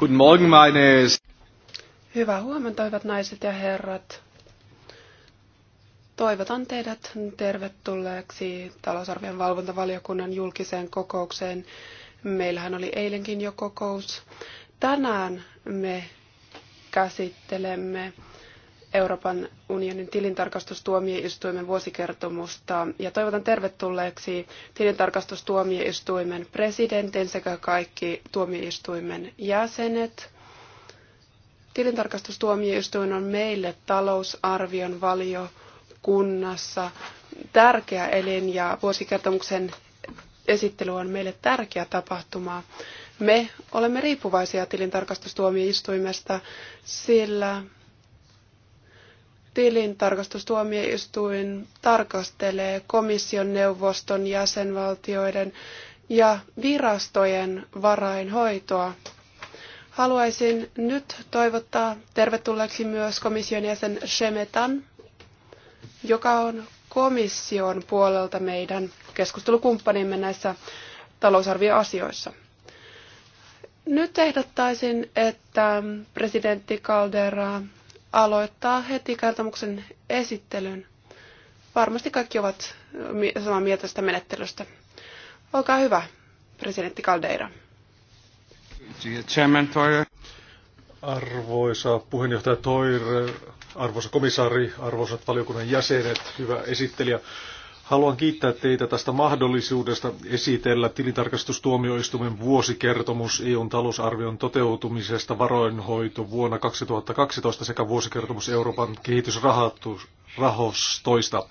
Guten Morgen, meine... Hyvää huomenta, hyvät naiset ja herrat. Toivotan teidät tervetulleeksi talousarvion valvontavaliokunnan julkiseen kokoukseen. Meillähän oli eilenkin jo kokous. Tänään me käsittelemme Euroopan unionin tilintarkastustuomioistuimen vuosikertomusta ja toivotan tervetulleeksi tilintarkastustuomioistuimen presidentin sekä kaikki tuomioistuimen jäsenet. Tilintarkastustuomioistuin on meille talousarvion valiokunnassa tärkeä elin ja vuosikertomuksen esittely on meille tärkeä tapahtuma. Me olemme riippuvaisia tilintarkastustuomioistuimesta, sillä tilintarkastustuomioistuin tarkastelee komission neuvoston jäsenvaltioiden ja virastojen varainhoitoa. Haluaisin nyt toivottaa tervetulleeksi myös komission jäsen Shemetan, joka on komission puolelta meidän keskustelukumppanimme näissä talousarvioasioissa. Nyt ehdottaisin, että presidentti Caldera aloittaa heti kertomuksen esittelyn. Varmasti kaikki ovat samaa mieltä tästä menettelystä. Olkaa hyvä, presidentti Caldeira. Arvoisa puheenjohtaja Toire, arvoisa komissaari, arvoisat valiokunnan jäsenet, hyvä esittelijä. Haluan kiittää teitä tästä mahdollisuudesta esitellä tilintarkastustuomioistuimen vuosikertomus EUn talousarvion toteutumisesta varoinhoito vuonna 2012 sekä vuosikertomus Euroopan kehitysrahoistoista.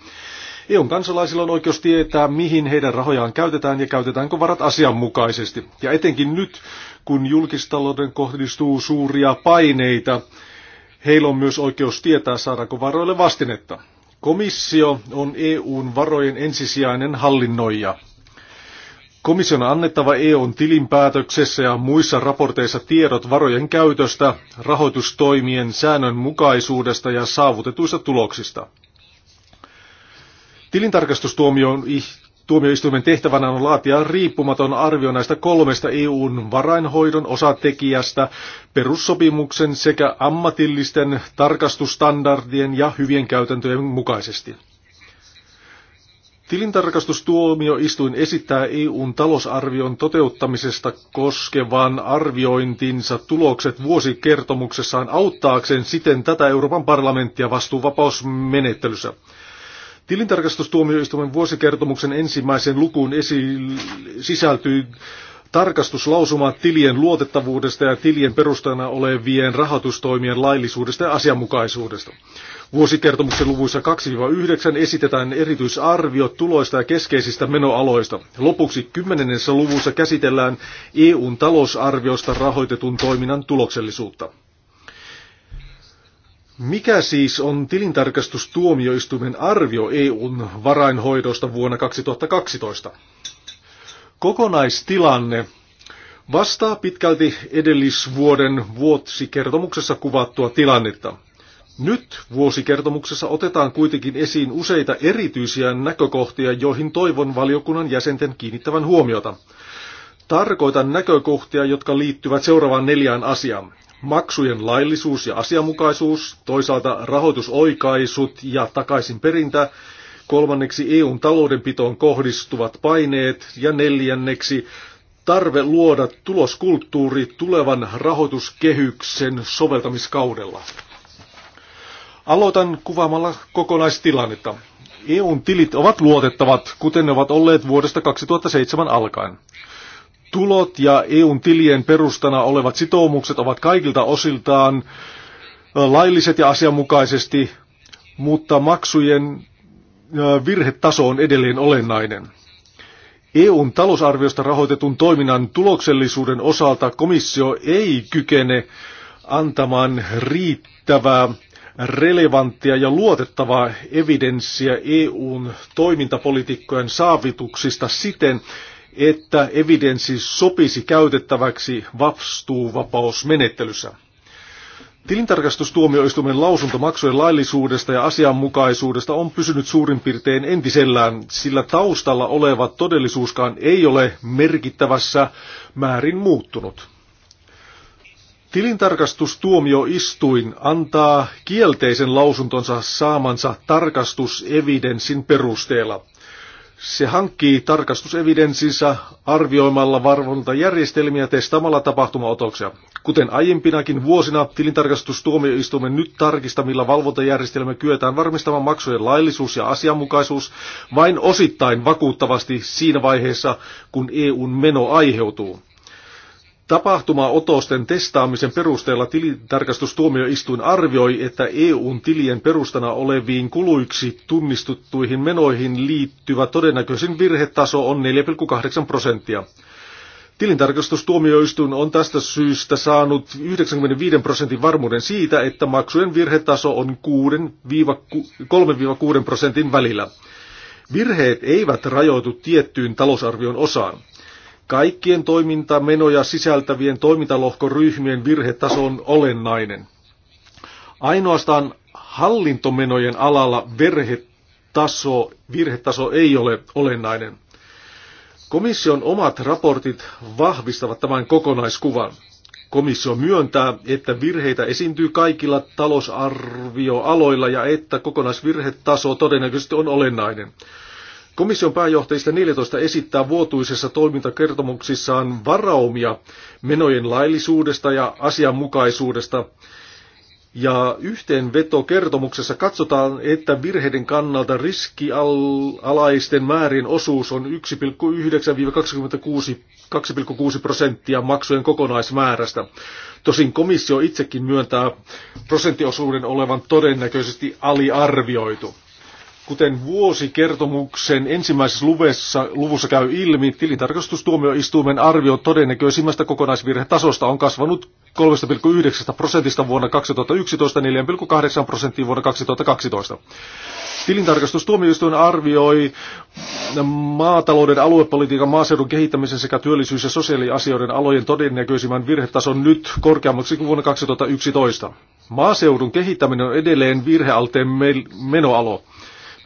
EUn kansalaisilla on oikeus tietää, mihin heidän rahojaan käytetään ja käytetäänkö varat asianmukaisesti. Ja etenkin nyt, kun julkistalouden kohdistuu suuria paineita, heillä on myös oikeus tietää, saadaanko varoille vastinetta. Komissio on EUn varojen ensisijainen hallinnoija. Komission on annettava EUn tilinpäätöksessä ja muissa raporteissa tiedot varojen käytöstä, rahoitustoimien säännönmukaisuudesta ja saavutetuista tuloksista. Tilintarkastustuomioon Tuomioistuimen tehtävänä on laatia riippumaton arvio näistä kolmesta EUn varainhoidon osatekijästä, perussopimuksen sekä ammatillisten tarkastustandardien ja hyvien käytäntöjen mukaisesti. Tilintarkastustuomioistuin esittää EUn talousarvion toteuttamisesta koskevan arviointinsa tulokset vuosikertomuksessaan auttaakseen siten tätä Euroopan parlamenttia vastuuvapausmenettelyssä. Tilintarkastustuomioistuimen vuosikertomuksen ensimmäisen lukuun esi- sisältyy tarkastuslausuma tilien luotettavuudesta ja tilien perustana olevien rahoitustoimien laillisuudesta ja asianmukaisuudesta. Vuosikertomuksen luvuissa 2-9 esitetään erityisarviot tuloista ja keskeisistä menoaloista. Lopuksi 10. luvussa käsitellään EUn talousarviosta rahoitetun toiminnan tuloksellisuutta. Mikä siis on tilintarkastustuomioistuimen arvio EUn varainhoidosta vuonna 2012? Kokonaistilanne vastaa pitkälti edellisvuoden vuosikertomuksessa kuvattua tilannetta. Nyt vuosikertomuksessa otetaan kuitenkin esiin useita erityisiä näkökohtia, joihin toivon valiokunnan jäsenten kiinnittävän huomiota. Tarkoitan näkökohtia, jotka liittyvät seuraavaan neljään asiaan maksujen laillisuus ja asianmukaisuus, toisaalta rahoitusoikaisut ja takaisinperintä, kolmanneksi EUn taloudenpitoon kohdistuvat paineet ja neljänneksi tarve luoda tuloskulttuuri tulevan rahoituskehyksen soveltamiskaudella. Aloitan kuvaamalla kokonaistilannetta. EUn tilit ovat luotettavat, kuten ne ovat olleet vuodesta 2007 alkaen tulot ja EUn tilien perustana olevat sitoumukset ovat kaikilta osiltaan lailliset ja asianmukaisesti, mutta maksujen virhetaso on edelleen olennainen. EUn talousarviosta rahoitetun toiminnan tuloksellisuuden osalta komissio ei kykene antamaan riittävää relevanttia ja luotettavaa evidenssiä EUn toimintapolitiikkojen saavituksista siten, että evidenssi sopisi käytettäväksi vastuuvapausmenettelyssä. Tilintarkastustuomioistuimen lausunto maksujen laillisuudesta ja asianmukaisuudesta on pysynyt suurin piirtein entisellään, sillä taustalla oleva todellisuuskaan ei ole merkittävässä määrin muuttunut. Tilintarkastustuomioistuin antaa kielteisen lausuntonsa saamansa tarkastusevidenssin perusteella. Se hankkii tarkastusevidenssinsä arvioimalla varvontajärjestelmiä testaamalla tapahtumaotoksia. Kuten aiempinakin vuosina, tilintarkastustuomioistuimen nyt tarkistamilla valvontajärjestelmä kyetään varmistamaan maksujen laillisuus ja asianmukaisuus vain osittain vakuuttavasti siinä vaiheessa, kun EUn meno aiheutuu. Tapahtuma-otosten testaamisen perusteella tilintarkastustuomioistuin arvioi, että EUn tilien perustana oleviin kuluiksi tunnistuttuihin menoihin liittyvä todennäköisin virhetaso on 4,8 prosenttia. Tilintarkastustuomioistuin on tästä syystä saanut 95 prosentin varmuuden siitä, että maksujen virhetaso on 3-6 prosentin välillä. Virheet eivät rajoitu tiettyyn talousarvion osaan. Kaikkien toimintamenoja sisältävien toimintalohkoryhmien virhetaso on olennainen. Ainoastaan hallintomenojen alalla virhetaso, virhetaso ei ole olennainen. Komission omat raportit vahvistavat tämän kokonaiskuvan. Komissio myöntää, että virheitä esiintyy kaikilla talousarvioaloilla ja että kokonaisvirhetaso todennäköisesti on olennainen. Komission pääjohtajista 14 esittää vuotuisessa toimintakertomuksissaan varaumia menojen laillisuudesta ja asianmukaisuudesta. Ja yhteenvetokertomuksessa katsotaan, että virheiden kannalta riskialaisten määrin osuus on 1,9-2,6 prosenttia maksujen kokonaismäärästä. Tosin komissio itsekin myöntää prosenttiosuuden olevan todennäköisesti aliarvioitu. Kuten vuosikertomuksen ensimmäisessä luvessa, luvussa käy ilmi, tilintarkastustuomioistuimen arvio todennäköisimmästä kokonaisvirhetasosta on kasvanut 3,9 prosentista vuonna 2011 4,8 prosenttia vuonna 2012. Tilintarkastustuomioistuin arvioi maatalouden aluepolitiikan maaseudun kehittämisen sekä työllisyys- ja sosiaaliasioiden alojen todennäköisimmän virhetason nyt korkeammaksi kuin vuonna 2011. Maaseudun kehittäminen on edelleen virhealteen menoalo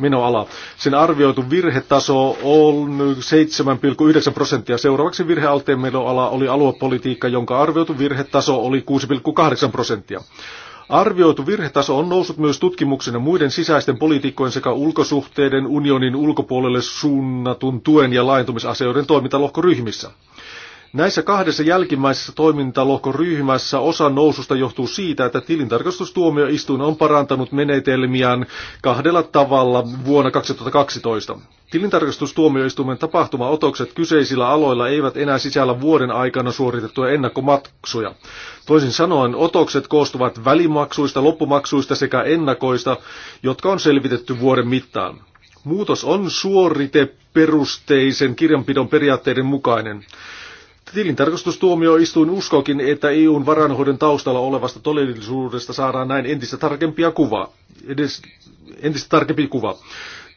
menoala. Sen arvioitu virhetaso on 7,9 prosenttia. Seuraavaksi virhealteen menoala oli aluepolitiikka, jonka arvioitu virhetaso oli 6,8 prosenttia. Arvioitu virhetaso on noussut myös tutkimuksena muiden sisäisten poliitikkojen sekä ulkosuhteiden unionin ulkopuolelle suunnatun tuen ja laajentumisasioiden toimintalohkoryhmissä. Näissä kahdessa jälkimmäisessä toimintalohkoryhmässä osa noususta johtuu siitä, että tilintarkastustuomioistuin on parantanut menetelmiään kahdella tavalla vuonna 2012. Tilintarkastustuomioistuimen tapahtumaotokset kyseisillä aloilla eivät enää sisällä vuoden aikana suoritettuja ennakkomaksuja. Toisin sanoen otokset koostuvat välimaksuista, loppumaksuista sekä ennakoista, jotka on selvitetty vuoden mittaan. Muutos on suoriteperusteisen kirjanpidon periaatteiden mukainen. Tilintarkastustuomioistuin uskokin, että EUn varanhoidon taustalla olevasta todellisuudesta saadaan näin entistä tarkempia kuva, edes entistä tarkempi kuva.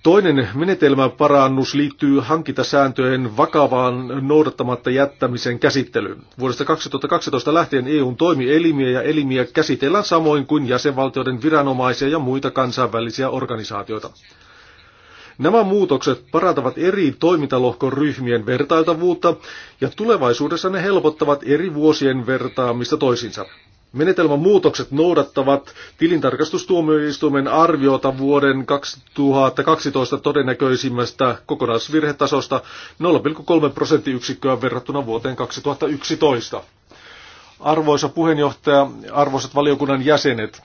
Toinen menetelmän parannus liittyy hankintasääntöjen vakavaan noudattamatta jättämisen käsittelyyn. Vuodesta 2012 lähtien EUn toimielimiä ja elimiä käsitellään samoin kuin jäsenvaltioiden viranomaisia ja muita kansainvälisiä organisaatioita. Nämä muutokset parantavat eri toimintalohkon ryhmien vertailtavuutta ja tulevaisuudessa ne helpottavat eri vuosien vertaamista toisiinsa. Menetelmän muutokset noudattavat tilintarkastustuomioistuimen arviota vuoden 2012 todennäköisimmästä kokonaisvirhetasosta 0,3 prosenttiyksikköä verrattuna vuoteen 2011. Arvoisa puheenjohtaja, arvoisat valiokunnan jäsenet,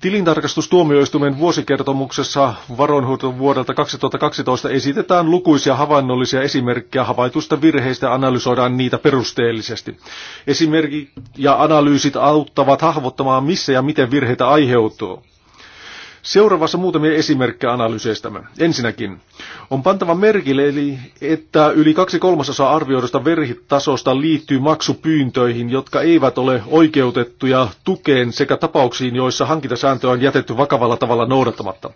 Tilintarkastustuomioistuimen vuosikertomuksessa varoinhuuton vuodelta 2012 esitetään lukuisia havainnollisia esimerkkejä havaituista virheistä ja analysoidaan niitä perusteellisesti. Esimerkit ja analyysit auttavat hahvottamaan, missä ja miten virheitä aiheutuu. Seuraavassa muutamia esimerkkejä analyyseistämme. Ensinnäkin, on pantava merkille, eli että yli kaksi kolmasosaa arvioidusta verhitasosta liittyy maksupyyntöihin, jotka eivät ole oikeutettuja tukeen sekä tapauksiin, joissa hankintasääntöä on jätetty vakavalla tavalla noudattamatta.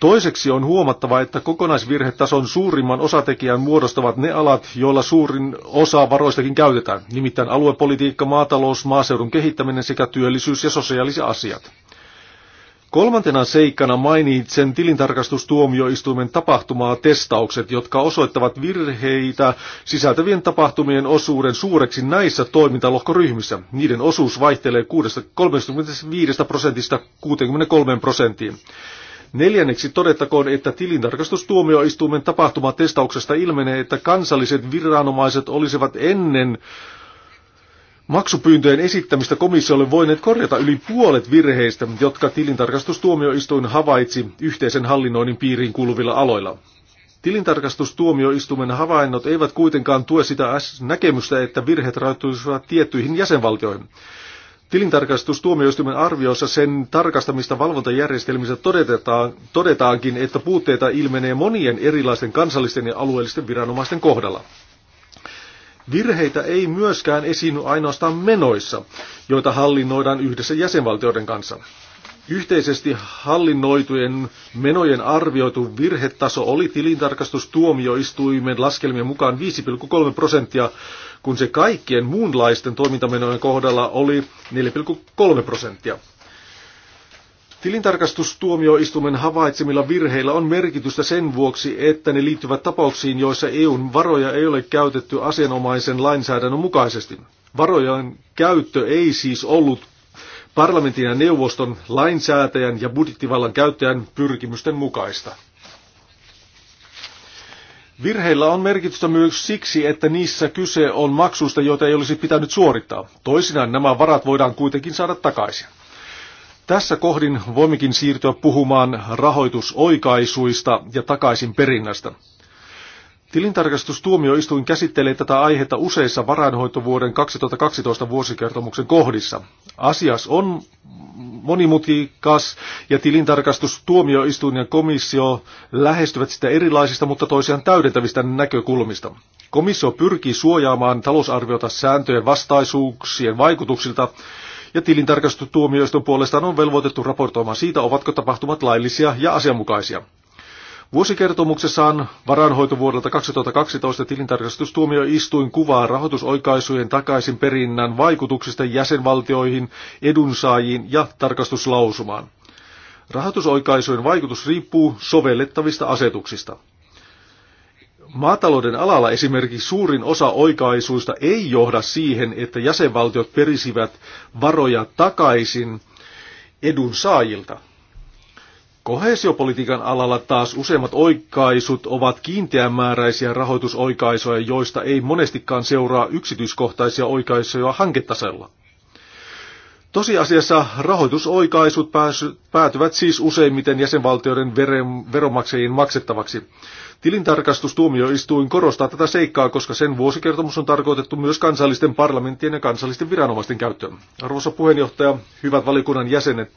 Toiseksi on huomattava, että kokonaisvirhetason suurimman osatekijän muodostavat ne alat, joilla suurin osa varoistakin käytetään, nimittäin aluepolitiikka, maatalous, maaseudun kehittäminen sekä työllisyys ja sosiaaliset asiat. Kolmantena seikkana mainitsen tilintarkastustuomioistuimen tapahtumaa testaukset, jotka osoittavat virheitä sisältävien tapahtumien osuuden suureksi näissä toimintalohkoryhmissä. Niiden osuus vaihtelee 35 prosentista 63 prosenttiin. Neljänneksi todettakoon, että tilintarkastustuomioistuimen tapahtumatestauksesta ilmenee, että kansalliset viranomaiset olisivat ennen Maksupyyntöjen esittämistä komissiolle voineet korjata yli puolet virheistä, jotka tilintarkastustuomioistuin havaitsi yhteisen hallinnoinnin piiriin kuuluvilla aloilla. Tilintarkastustuomioistuimen havainnot eivät kuitenkaan tue sitä näkemystä, että virheet rajoittuisivat tiettyihin jäsenvaltioihin. Tilintarkastustuomioistuimen arvioissa sen tarkastamista valvontajärjestelmissä todetaan, todetaankin, että puutteita ilmenee monien erilaisten kansallisten ja alueellisten viranomaisten kohdalla. Virheitä ei myöskään esiinny ainoastaan menoissa, joita hallinnoidaan yhdessä jäsenvaltioiden kanssa. Yhteisesti hallinnoitujen menojen arvioitu virhetaso oli tilintarkastustuomioistuimen laskelmien mukaan 5,3 prosenttia, kun se kaikkien muunlaisten toimintamenojen kohdalla oli 4,3 prosenttia. Tilintarkastustuomioistuimen havaitsemilla virheillä on merkitystä sen vuoksi, että ne liittyvät tapauksiin, joissa EUn varoja ei ole käytetty asianomaisen lainsäädännön mukaisesti. Varojen käyttö ei siis ollut parlamentin ja neuvoston lainsäätäjän ja budjettivallan käyttäjän pyrkimysten mukaista. Virheillä on merkitystä myös siksi, että niissä kyse on maksuista, joita ei olisi pitänyt suorittaa. Toisinaan nämä varat voidaan kuitenkin saada takaisin. Tässä kohdin voimmekin siirtyä puhumaan rahoitusoikaisuista ja takaisin perinnästä. Tilintarkastustuomioistuin käsittelee tätä aihetta useissa varainhoitovuoden 2012 vuosikertomuksen kohdissa. Asias on monimutikas ja tilintarkastustuomioistuin ja komissio lähestyvät sitä erilaisista, mutta toisiaan täydentävistä näkökulmista. Komissio pyrkii suojaamaan talousarviota sääntöjen vastaisuuksien vaikutuksilta ja tilintarkastustuomioiston puolestaan on velvoitettu raportoimaan siitä, ovatko tapahtumat laillisia ja asianmukaisia. Vuosikertomuksessaan varainhoitovuodelta 2012 tilintarkastustuomioistuin kuvaa rahoitusoikaisujen takaisin perinnän vaikutuksista jäsenvaltioihin, edunsaajiin ja tarkastuslausumaan. Rahoitusoikaisujen vaikutus riippuu sovellettavista asetuksista. Maatalouden alalla esimerkiksi suurin osa oikaisuista ei johda siihen, että jäsenvaltiot perisivät varoja takaisin edunsaajilta. Kohesiopolitiikan alalla taas useimmat oikaisut ovat kiinteämääräisiä rahoitusoikaisuja, joista ei monestikaan seuraa yksityiskohtaisia oikaisuja hanketasella. Tosiasiassa rahoitusoikaisut päätyvät siis useimmiten jäsenvaltioiden veren, veronmaksajien maksettavaksi. Tilintarkastustuomioistuin korostaa tätä seikkaa, koska sen vuosikertomus on tarkoitettu myös kansallisten parlamenttien ja kansallisten viranomaisten käyttöön. Arvoisa puheenjohtaja, hyvät valikunnan jäsenet,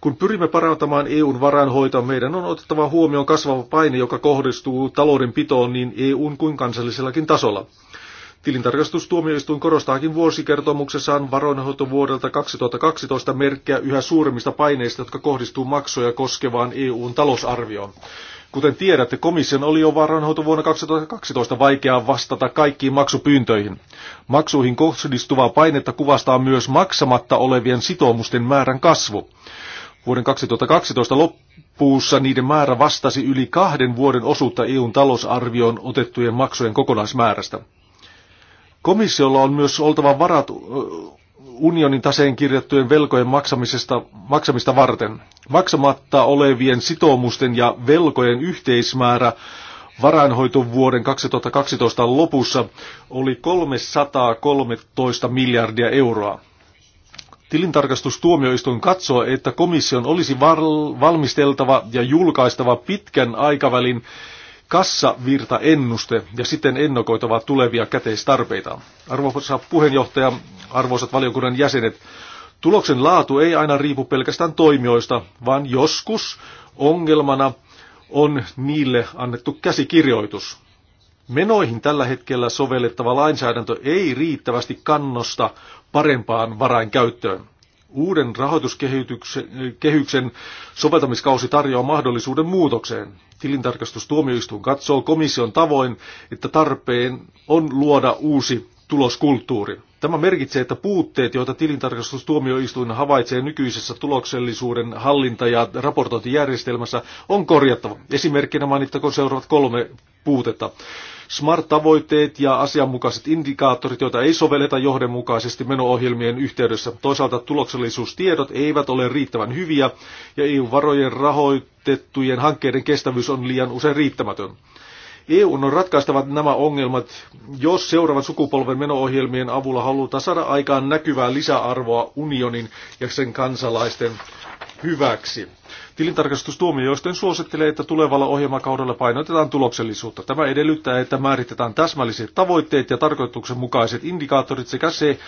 kun pyrimme parantamaan EUn varainhoitoa, meidän on otettava huomioon kasvava paine, joka kohdistuu taloudenpitoon niin EUn kuin kansallisellakin tasolla. Tilintarkastustuomioistuin korostaakin vuosikertomuksessaan vuodelta 2012 merkkiä yhä suuremmista paineista, jotka kohdistuu maksoja koskevaan EUn talousarvioon. Kuten tiedätte, komission oli jo varanhoito vuonna 2012 vaikeaa vastata kaikkiin maksupyyntöihin. Maksuihin kohdistuvaa painetta kuvastaa myös maksamatta olevien sitoumusten määrän kasvu. Vuoden 2012 loppuussa niiden määrä vastasi yli kahden vuoden osuutta EUn talousarvioon otettujen maksujen kokonaismäärästä. Komissiolla on myös oltava varat unionin taseen kirjattujen velkojen maksamisesta, maksamista varten. Maksamatta olevien sitoumusten ja velkojen yhteismäärä varainhoitovuoden 2012 lopussa oli 313 miljardia euroa. Tilintarkastustuomioistuin katsoo, että komission olisi valmisteltava ja julkaistava pitkän aikavälin kassavirtaennuste ja siten ennakoitava tulevia käteistarpeita. Arvoisa puheenjohtaja, arvoisat valiokunnan jäsenet, tuloksen laatu ei aina riipu pelkästään toimijoista, vaan joskus ongelmana on niille annettu käsikirjoitus. Menoihin tällä hetkellä sovellettava lainsäädäntö ei riittävästi kannosta parempaan varainkäyttöön. Uuden rahoituskehyksen soveltamiskausi tarjoaa mahdollisuuden muutokseen. Tilintarkastustuomioistuin katsoo komission tavoin, että tarpeen on luoda uusi tuloskulttuuri. Tämä merkitsee, että puutteet, joita tilintarkastustuomioistuin havaitsee nykyisessä tuloksellisuuden hallinta- ja raportointijärjestelmässä, on korjattava. Esimerkkinä mainittakoon seuraavat kolme puutetta smart-tavoitteet ja asianmukaiset indikaattorit, joita ei sovelleta johdonmukaisesti menoohjelmien yhteydessä. Toisaalta tuloksellisuustiedot eivät ole riittävän hyviä ja EU-varojen rahoitettujen hankkeiden kestävyys on liian usein riittämätön. EU on ratkaistava nämä ongelmat, jos seuraavan sukupolven menoohjelmien avulla halutaan saada aikaan näkyvää lisäarvoa unionin ja sen kansalaisten hyväksi. Tilintarkastustuomioistuin suosittelee, että tulevalla ohjelmakaudella painotetaan tuloksellisuutta. Tämä edellyttää, että määritetään täsmälliset tavoitteet ja tarkoituksenmukaiset indikaattorit sekä se,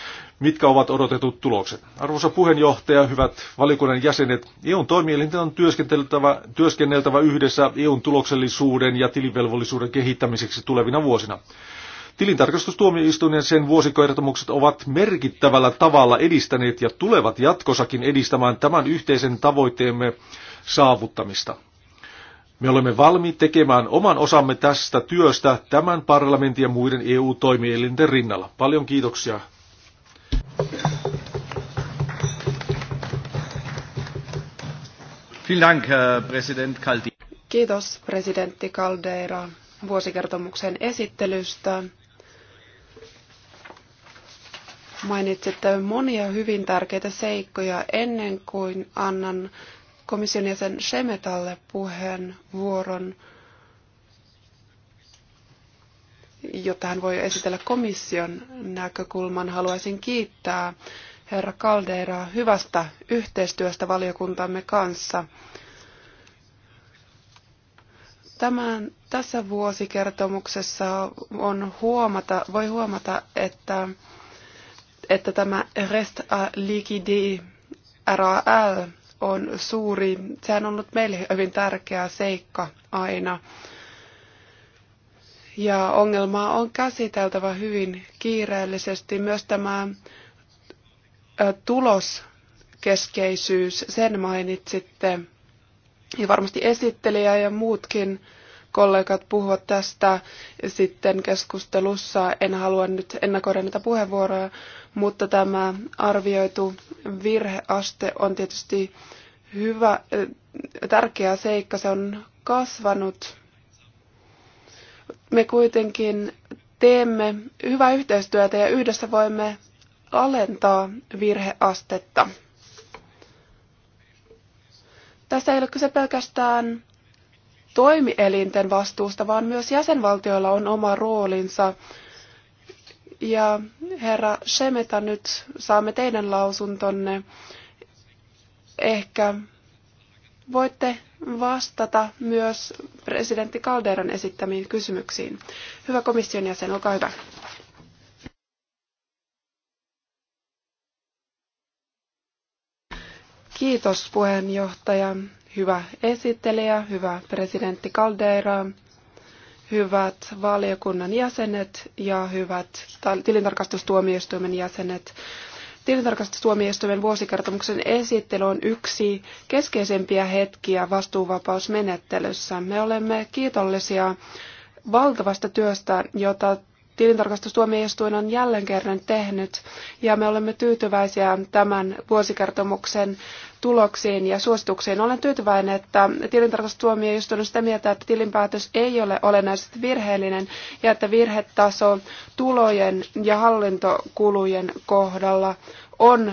mitkä ovat odotetut tulokset. Arvoisa puheenjohtaja, hyvät valiokunnan jäsenet, EUn toimielinten on työskenneltävä, työskenneltävä yhdessä EUn tuloksellisuuden ja tilivelvollisuuden kehittämiseksi tulevina vuosina. ja sen vuosikertomukset ovat merkittävällä tavalla edistäneet ja tulevat jatkossakin edistämään tämän yhteisen tavoitteemme saavuttamista. Me olemme valmiit tekemään oman osamme tästä työstä tämän parlamentin ja muiden EU-toimielinten rinnalla. Paljon kiitoksia. Kiitos presidentti Caldeira vuosikertomuksen esittelystä. Mainitsitte monia hyvin tärkeitä seikkoja ennen kuin annan komission jäsen Shemetalle puheenvuoron, jotta hän voi esitellä komission näkökulman. Haluaisin kiittää herra Calderaa hyvästä yhteistyöstä valiokuntamme kanssa. Tämän, tässä vuosikertomuksessa on huomata, voi huomata, että, että tämä Rest à liquide RAL on suuri. Sehän on ollut meille hyvin tärkeä seikka aina. Ja ongelmaa on käsiteltävä hyvin kiireellisesti. Myös tämä tuloskeskeisyys, sen mainitsitte. Ja varmasti esittelijä ja muutkin kollegat puhuvat tästä sitten keskustelussa. En halua nyt ennakoida näitä puheenvuoroja, mutta tämä arvioitu virheaste on tietysti hyvä, eh, tärkeä seikka. Se on kasvanut. Me kuitenkin teemme hyvää yhteistyötä ja yhdessä voimme alentaa virheastetta. Tässä ei ole kyse pelkästään toimielinten vastuusta, vaan myös jäsenvaltioilla on oma roolinsa. Ja herra Shemeta, nyt saamme teidän lausuntonne. Ehkä voitte vastata myös presidentti Calderan esittämiin kysymyksiin. Hyvä komission jäsen, olkaa hyvä. Kiitos puheenjohtaja hyvä esittelijä, hyvä presidentti Caldeira, hyvät valiokunnan jäsenet ja hyvät tilintarkastustuomioistuimen jäsenet. Tilintarkastustuomioistuimen vuosikertomuksen esittely on yksi keskeisempiä hetkiä vastuuvapausmenettelyssä. Me olemme kiitollisia valtavasta työstä, jota tilintarkastustuomioistuin on jälleen kerran tehnyt, ja me olemme tyytyväisiä tämän vuosikertomuksen tuloksiin ja suosituksiin. Olen tyytyväinen, että tilintarkastustuomioistuin on sitä mieltä, että tilinpäätös ei ole olennaisesti virheellinen ja että virhetaso tulojen ja hallintokulujen kohdalla on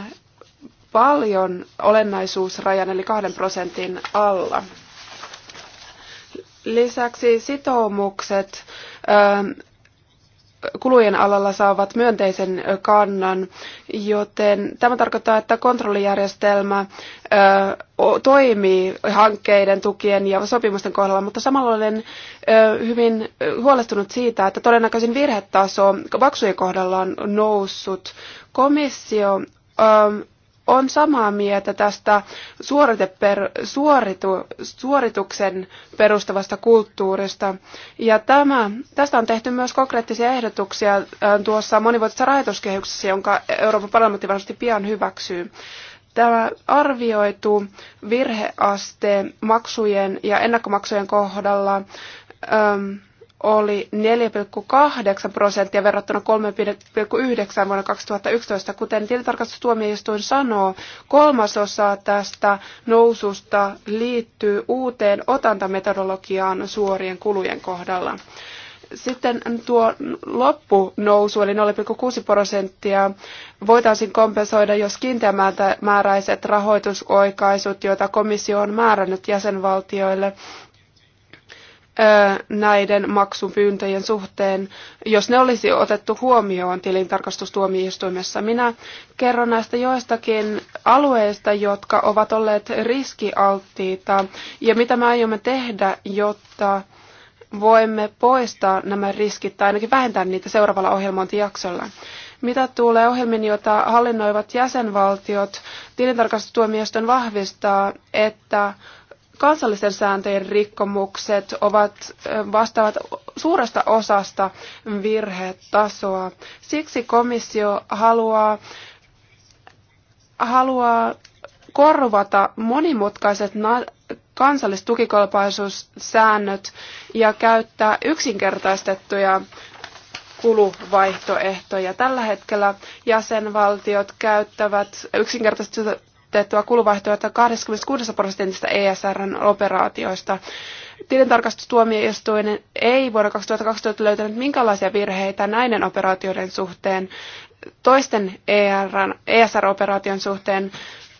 paljon olennaisuusrajan eli kahden prosentin alla. Lisäksi sitoumukset ähm, kulujen alalla saavat myönteisen kannan, joten tämä tarkoittaa, että kontrollijärjestelmä toimii hankkeiden, tukien ja sopimusten kohdalla, mutta samalla olen hyvin huolestunut siitä, että todennäköisin virhetaso maksujen kohdalla on noussut. Komissio on samaa mieltä tästä suoriteper, suoritu, suorituksen perustavasta kulttuurista. Ja tämä, tästä on tehty myös konkreettisia ehdotuksia tuossa monivuotisessa rahoituskehyksessä, jonka Euroopan parlamentti varmasti pian hyväksyy. Tämä arvioitu virheaste maksujen ja ennakkomaksujen kohdalla äm, oli 4,8 prosenttia verrattuna 3,9 vuonna 2011. Kuten tilintarkastustuomioistuin sanoo, kolmasosa tästä noususta liittyy uuteen otantametodologiaan suorien kulujen kohdalla. Sitten tuo loppunousu, eli 0,6 prosenttia, voitaisiin kompensoida, jos kiinteämääräiset rahoitusoikaisut, joita komissio on määrännyt jäsenvaltioille, näiden maksunpyyntöjen suhteen, jos ne olisi otettu huomioon tilintarkastustuomioistuimessa. Minä kerron näistä joistakin alueista, jotka ovat olleet riskialttiita ja mitä me aiomme tehdä, jotta voimme poistaa nämä riskit tai ainakin vähentää niitä seuraavalla ohjelmointijaksolla. Mitä tulee ohjelmiin, joita hallinnoivat jäsenvaltiot, tilintarkastustuomioistuin vahvistaa, että kansallisten sääntöjen rikkomukset ovat vastaavat suuresta osasta virhetasoa. Siksi komissio haluaa, haluaa korvata monimutkaiset na- kansalliset ja käyttää yksinkertaistettuja kuluvaihtoehtoja. Tällä hetkellä jäsenvaltiot käyttävät yksinkertaistettuja toteutettua kuluvaihtoehtoa 26 prosentista ESRn operaatioista. Tilintarkastustuomioistuin ei vuonna 2012 löytänyt minkälaisia virheitä näiden operaatioiden suhteen, toisten ESR-operaation e suhteen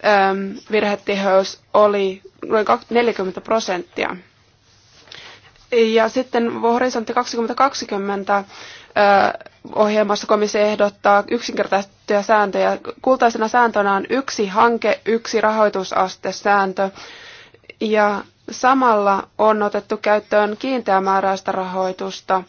äm, virhetiheys oli noin 40 prosenttia. Ja sitten Horisontti 2020 ää, ohjelmassa komissio ehdottaa yksinkertaistettuja sääntöjä. Kultaisena sääntönä on yksi hanke, yksi rahoitusaste sääntö. Ja samalla on otettu käyttöön kiinteämääräistä rahoitusta.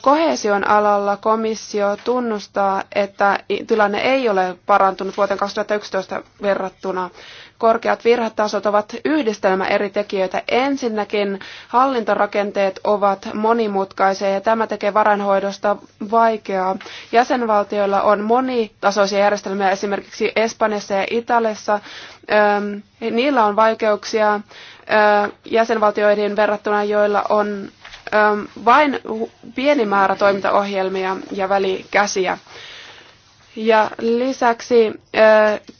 Kohesion alalla komissio tunnustaa, että tilanne ei ole parantunut vuoteen 2011 verrattuna korkeat virhetasot ovat yhdistelmä eri tekijöitä. Ensinnäkin hallintorakenteet ovat monimutkaisia ja tämä tekee varainhoidosta vaikeaa. Jäsenvaltioilla on monitasoisia järjestelmiä esimerkiksi Espanjassa ja Italiassa. niillä on vaikeuksia jäsenvaltioihin verrattuna, joilla on vain pieni määrä toimintaohjelmia ja välikäsiä. Ja lisäksi,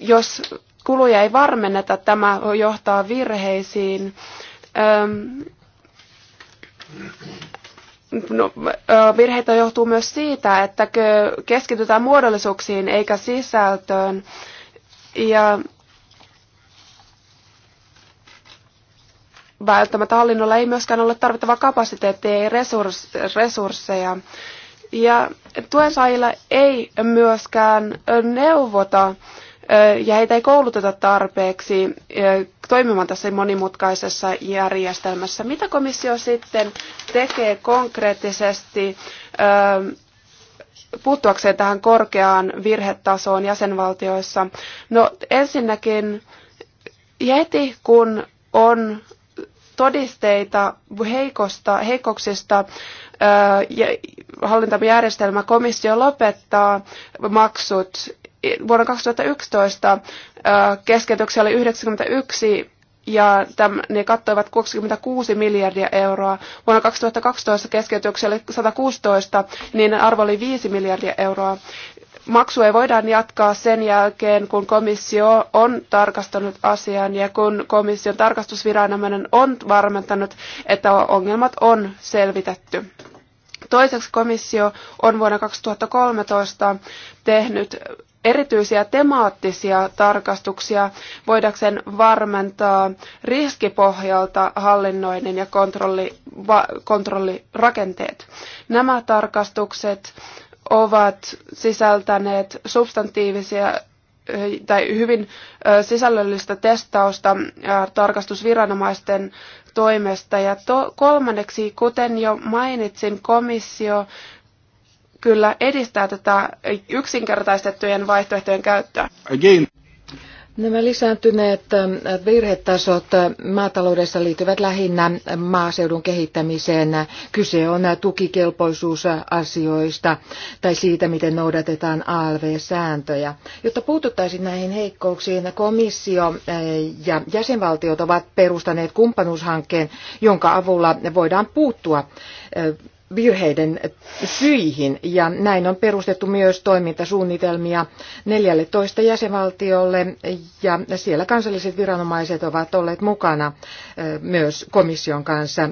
jos kuluja ei varmenneta, tämä johtaa virheisiin. No, virheitä johtuu myös siitä, että keskitytään muodollisuuksiin eikä sisältöön. Ja välttämättä hallinnolla ei myöskään ole tarvittavaa kapasiteettia ja resursseja. Ja tuensaajilla ei myöskään neuvota ja heitä ei kouluteta tarpeeksi toimimaan tässä monimutkaisessa järjestelmässä. Mitä komissio sitten tekee konkreettisesti puuttuakseen tähän korkeaan virhetasoon jäsenvaltioissa? No ensinnäkin heti kun on todisteita heikosta, heikoksista hallintamajärjestelmä komissio lopettaa maksut vuonna 2011 keskeytyksiä oli 91 ja täm, ne kattoivat 66 miljardia euroa. Vuonna 2012 keskeytyksiä oli 116, niin arvo oli 5 miljardia euroa. Maksu ei voidaan jatkaa sen jälkeen, kun komissio on tarkastanut asian ja kun komission tarkastusviranomainen on varmentanut, että ongelmat on selvitetty. Toiseksi komissio on vuonna 2013 tehnyt erityisiä temaattisia tarkastuksia voidakseen varmentaa riskipohjalta hallinnoinnin ja kontrolli, va, kontrollirakenteet. Nämä tarkastukset ovat sisältäneet substantiivisia tai hyvin sisällöllistä testausta tarkastusviranomaisten toimesta. Ja to, kolmanneksi, kuten jo mainitsin, komissio kyllä edistää tätä yksinkertaistettujen vaihtoehtojen käyttöä. Again. Nämä lisääntyneet äh, virhetasot maataloudessa liittyvät lähinnä maaseudun kehittämiseen. Kyse on tukikelpoisuusasioista tai siitä, miten noudatetaan ALV-sääntöjä. Jotta puututtaisiin näihin heikkouksiin, komissio äh, ja jäsenvaltiot ovat perustaneet kumppanuushankkeen, jonka avulla voidaan puuttua äh, virheiden syihin ja näin on perustettu myös toimintasuunnitelmia 14 jäsenvaltiolle ja siellä kansalliset viranomaiset ovat olleet mukana myös komission kanssa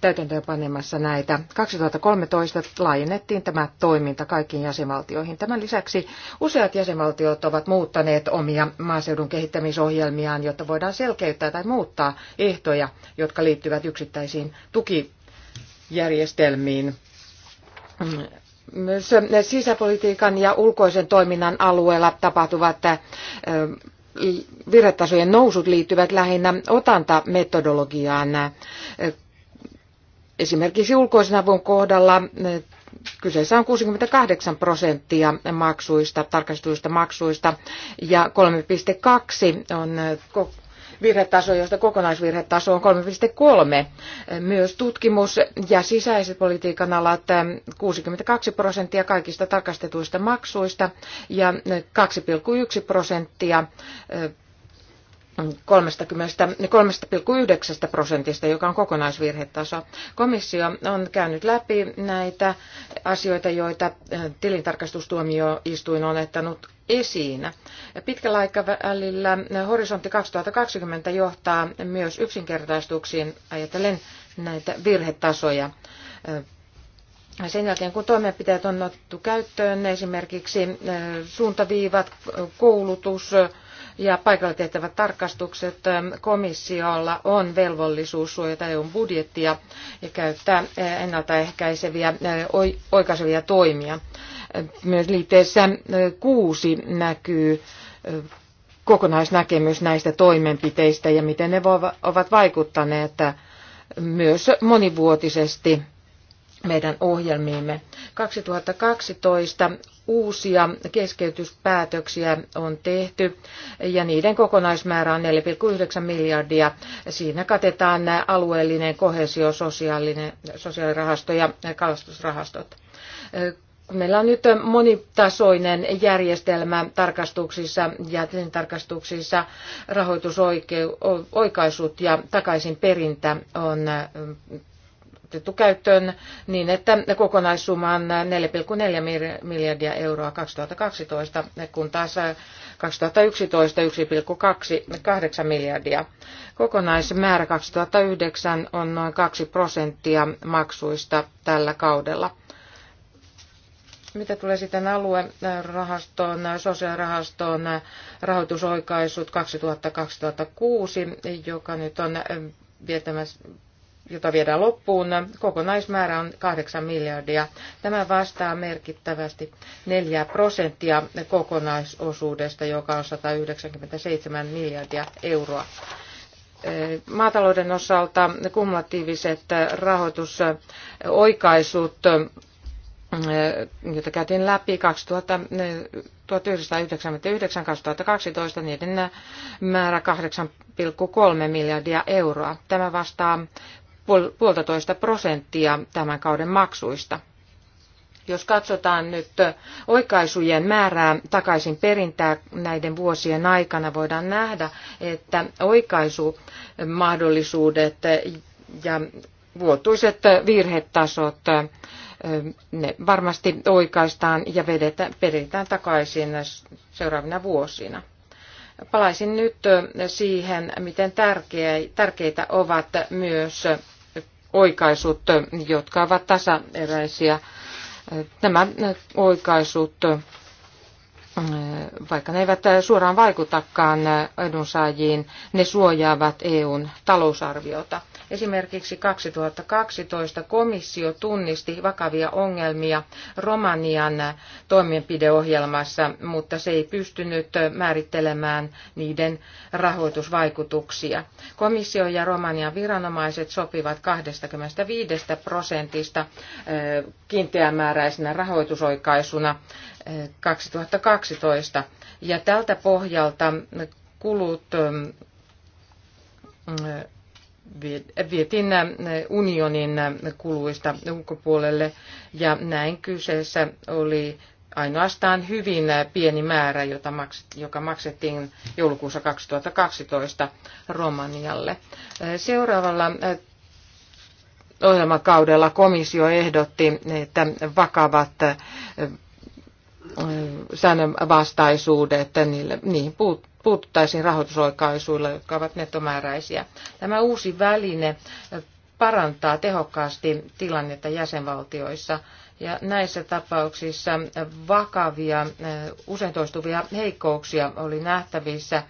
täytäntöönpanemassa näitä. 2013 laajennettiin tämä toiminta kaikkiin jäsenvaltioihin. Tämän lisäksi useat jäsenvaltiot ovat muuttaneet omia maaseudun kehittämisohjelmiaan, jotta voidaan selkeyttää tai muuttaa ehtoja, jotka liittyvät yksittäisiin tuki järjestelmiin myös eh, sisäpolitiikan ja ulkoisen toiminnan alueella tapahtuvat eh, virretasojen nousut liittyvät lähinnä otantametodologiaan. Eh, esimerkiksi ulkoisen avun kohdalla kyseessä on 68 prosenttia maksuista, tarkastetuista maksuista ja 3,2 on virhetaso, josta kokonaisvirhetaso on 3,3. Myös tutkimus ja sisäiset politiikan alat 62 ähm, prosenttia kaikista tarkastetuista maksuista ja 2,1 äh, prosenttia äh, 3,9 niin prosentista, joka on kokonaisvirhetaso. Komissio on käynyt läpi näitä asioita, joita eh, tilintarkastustuomioistuin on ottanut esiin. Pitkällä aikavälillä horisontti 2020 johtaa myös yksinkertaistuksiin ajatellen näitä virhetasoja. Eh, sen jälkeen, kun toimenpiteet on otettu käyttöön, esimerkiksi eh, suuntaviivat, koulutus, ja paikalla tehtävät tarkastukset ähm, komissiolla on velvollisuus suojata EUn budjettia ja käyttää äh, ennaltaehkäiseviä äh, oikaisevia toimia. Äh, myös liitteessä kuusi näkyy kokonaisnäkemys näistä toimenpiteistä ja miten ne ovat vaikuttaneet myös monivuotisesti meidän ohjelmiimme. 2012 uusia keskeytyspäätöksiä on tehty ja niiden kokonaismäärä on 4,9 miljardia. Siinä katetaan alueellinen kohesio, sosiaalinen, sosiaalirahasto ja kalastusrahastot. Meillä on nyt monitasoinen järjestelmä tarkastuksissa ja tarkastuksissa rahoitusoikaisut ja takaisinperintä on otettu käyttöön niin, että kokonaissumma on 4,4 miljardia euroa 2012, kun taas 2011 1,8 miljardia. Kokonaismäärä 2009 on noin 2 prosenttia maksuista tällä kaudella. Mitä tulee sitten aluerahastoon, sosiaalirahastoon, rahoitusoikaisut 2000-2006, joka nyt on jota viedään loppuun, kokonaismäärä on 8 miljardia. Tämä vastaa merkittävästi 4 prosenttia kokonaisosuudesta, joka on 197 miljardia euroa. Maatalouden osalta kumulatiiviset rahoitusoikaisut, joita käytiin läpi 1999-2012, niiden määrä 8,3 miljardia euroa. Tämä vastaa puolitoista prosenttia tämän kauden maksuista. Jos katsotaan nyt oikaisujen määrää takaisin perintää näiden vuosien aikana, voidaan nähdä, että oikaisumahdollisuudet ja vuotuiset virhetasot ne varmasti oikaistaan ja vedetään, peritään takaisin seuraavina vuosina. Palaisin nyt siihen, miten tärkeitä ovat myös oikaisut, jotka ovat tasaeräisiä. Nämä oikaisut vaikka ne eivät suoraan vaikutakaan edunsaajiin, ne suojaavat EUn talousarviota. Esimerkiksi 2012 komissio tunnisti vakavia ongelmia Romanian toimenpideohjelmassa, mutta se ei pystynyt määrittelemään niiden rahoitusvaikutuksia. Komissio ja Romanian viranomaiset sopivat 25 prosentista kiinteämääräisenä rahoitusoikaisuna 2012. Ja tältä pohjalta kulut mm, mm, vietiin unionin kuluista ulkopuolelle ja näin kyseessä oli ainoastaan hyvin pieni määrä, jota maksettiin, joka maksettiin joulukuussa 2012 Romanialle. Seuraavalla ohjelmakaudella komissio ehdotti, että vakavat säännönvastaisuudet, niille, niihin puututtaisiin rahoitusoikaisuilla, jotka ovat nettomääräisiä. Tämä uusi väline parantaa tehokkaasti tilannetta jäsenvaltioissa. Ja näissä tapauksissa vakavia, usein toistuvia heikkouksia oli nähtävissä.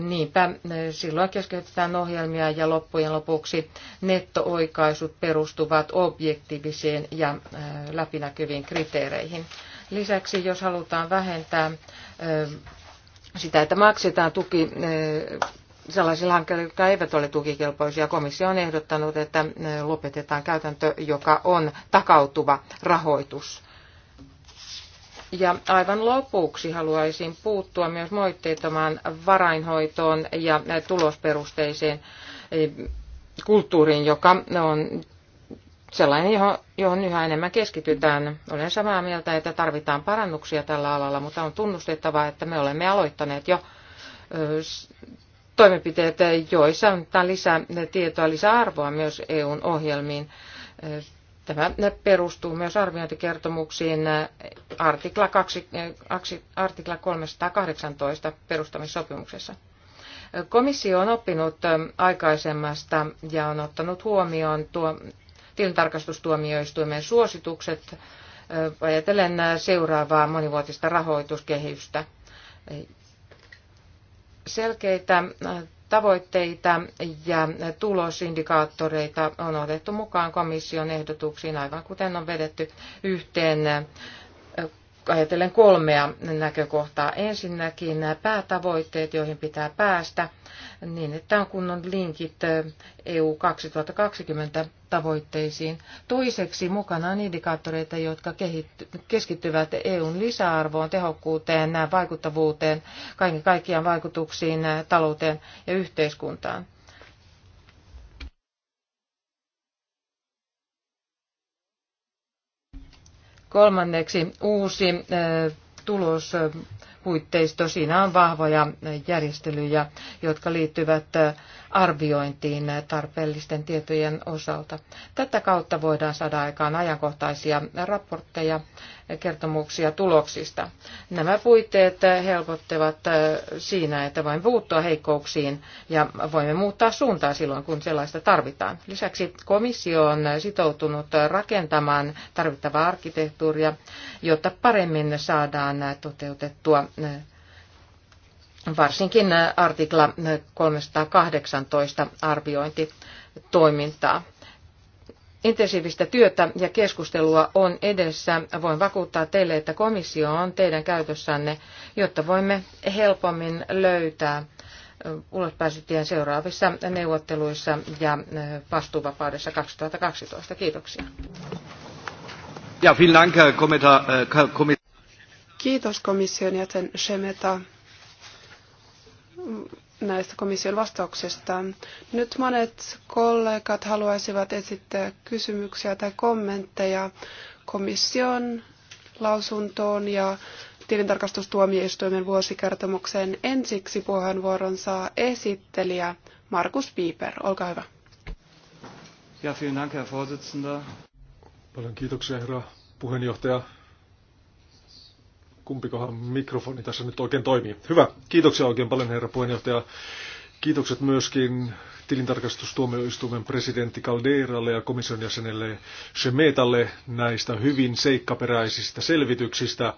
Niinpä silloin keskeytetään ohjelmia ja loppujen lopuksi nettooikaisut perustuvat objektiivisiin ja läpinäkyviin kriteereihin. Lisäksi, jos halutaan vähentää sitä, että maksetaan tuki sellaisilla hankkeilla, jotka eivät ole tukikelpoisia. Komissio on ehdottanut, että lopetetaan käytäntö, joka on takautuva rahoitus. Ja aivan lopuksi haluaisin puuttua myös moitteettomaan varainhoitoon ja tulosperusteiseen kulttuuriin, joka on sellainen, johon, johon yhä enemmän keskitytään. Olen samaa mieltä, että tarvitaan parannuksia tällä alalla, mutta on tunnustettava, että me olemme aloittaneet jo toimenpiteet, joissa on lisää tietoa, lisää arvoa myös EUn ohjelmiin. Tämä perustuu myös arviointikertomuksiin artikla, 2, artikla 318 perustamissopimuksessa. Komissio on oppinut aikaisemmasta ja on ottanut huomioon tuo tilintarkastustuomioistuimen suositukset ajatellen seuraavaa monivuotista rahoituskehystä. Selkeitä tavoitteita ja tulosindikaattoreita on otettu mukaan komission ehdotuksiin, aivan kuten on vedetty yhteen ajatellen kolmea näkökohtaa. Ensinnäkin nämä päätavoitteet, joihin pitää päästä, niin että on kunnon linkit EU 2020 tavoitteisiin. Toiseksi mukana on indikaattoreita, jotka keskittyvät EUn lisäarvoon, tehokkuuteen, vaikuttavuuteen, kaiken kaikkiaan vaikutuksiin talouteen ja yhteiskuntaan. Kolmanneksi uusi tulospuitteisto. Siinä on vahvoja järjestelyjä, jotka liittyvät arviointiin tarpeellisten tietojen osalta. Tätä kautta voidaan saada aikaan ajankohtaisia raportteja kertomuksia tuloksista. Nämä puitteet helpottavat äh, siinä, että voimme puuttua heikkouksiin ja voimme muuttaa suuntaa silloin, kun sellaista tarvitaan. Lisäksi komissio on sitoutunut rakentamaan tarvittavaa arkkitehtuuria, jotta paremmin saadaan toteutettua äh, varsinkin artikla 318 arviointitoimintaa intensiivistä työtä ja keskustelua on edessä. Voin vakuuttaa teille, että komissio on teidän käytössänne, jotta voimme helpommin löytää äh, ulospääsytien seuraavissa neuvotteluissa ja äh, vastuuvapaudessa 2012. Kiitoksia. Ja, dank, komita, komita. Äh, Kiitos komission jäsen Shemeta näistä komission vastauksista. Nyt monet kollegat haluaisivat esittää kysymyksiä tai kommentteja komission lausuntoon ja tilintarkastustuomioistuimen vuosikertomukseen. Ensiksi puheenvuoron saa esittelijä Markus Piiper. Olkaa hyvä. Ja, vielen Dank, Herr Paljon kiitoksia, herra puheenjohtaja. Kumpikohan mikrofoni tässä nyt oikein toimii? Hyvä. Kiitoksia oikein paljon, herra puheenjohtaja. Kiitokset myöskin tilintarkastustuomioistuimen presidentti Calderalle ja komission jäsenelle Shemetalle näistä hyvin seikkaperäisistä selvityksistä.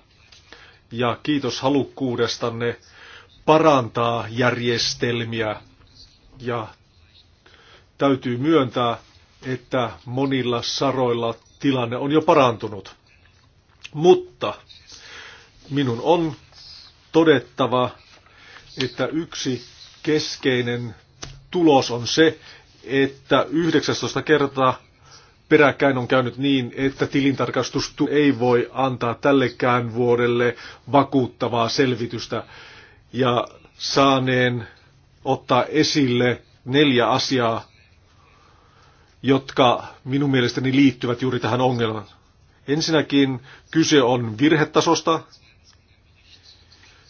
Ja kiitos halukkuudestanne parantaa järjestelmiä. Ja täytyy myöntää, että monilla saroilla tilanne on jo parantunut. Mutta minun on todettava, että yksi keskeinen tulos on se, että 19 kertaa peräkkäin on käynyt niin, että tilintarkastus ei voi antaa tällekään vuodelle vakuuttavaa selvitystä ja saaneen ottaa esille neljä asiaa, jotka minun mielestäni liittyvät juuri tähän ongelmaan. Ensinnäkin kyse on virhetasosta,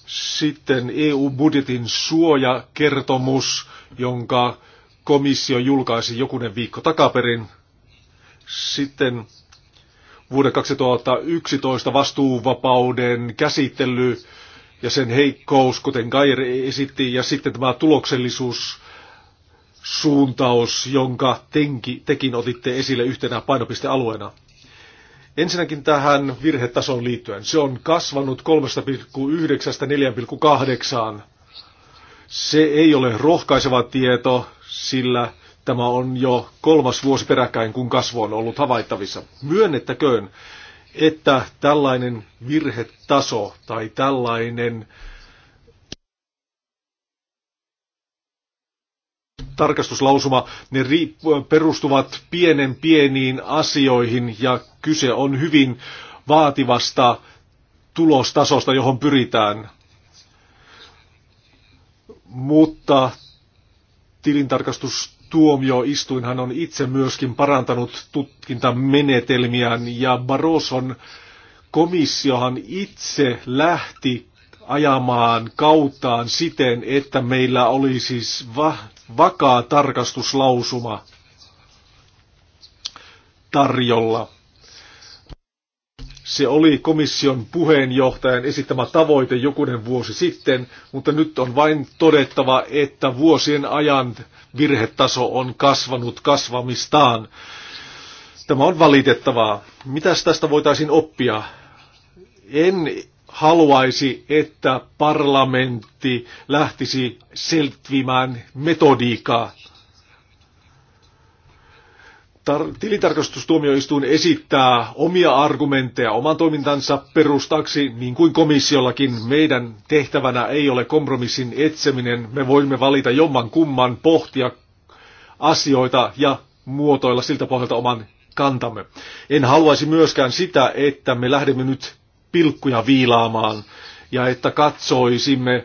sitten EU-budjetin suojakertomus, jonka komissio julkaisi jokunen viikko takaperin. Sitten vuoden 2011 vastuuvapauden käsittely ja sen heikkous, kuten Gair esitti, ja sitten tämä tuloksellisuus suuntaus, jonka tenki, tekin otitte esille yhtenä painopistealueena. Ensinnäkin tähän virhetasoon liittyen. Se on kasvanut 3,9-4,8. Se ei ole rohkaiseva tieto, sillä tämä on jo kolmas vuosi peräkkäin, kun kasvu on ollut havaittavissa. Myönnettäköön, että tällainen virhetaso tai tällainen äh, tarkastuslausuma, ne perustuvat pienen pieniin asioihin ja kyse on hyvin vaativasta tulostasosta, johon pyritään. Mutta tilintarkastustuomioistuinhan on itse myöskin parantanut tutkintamenetelmiään ja Baroson komissiohan itse lähti ajamaan kauttaan siten, että meillä oli siis va- vakaa tarkastuslausuma tarjolla. Se oli komission puheenjohtajan esittämä tavoite jokunen vuosi sitten, mutta nyt on vain todettava, että vuosien ajan virhetaso on kasvanut kasvamistaan. Tämä on valitettavaa. Mitäs tästä voitaisiin oppia? En haluaisi, että parlamentti lähtisi selvimään metodiikkaa. Tar- tilitarkastustuomioistuin esittää omia argumentteja oman toimintansa perustaksi, niin kuin komissiollakin. Meidän tehtävänä ei ole kompromissin etseminen. Me voimme valita jomman kumman, pohtia asioita ja muotoilla siltä pohjalta oman kantamme. En haluaisi myöskään sitä, että me lähdemme nyt pilkkuja viilaamaan ja että katsoisimme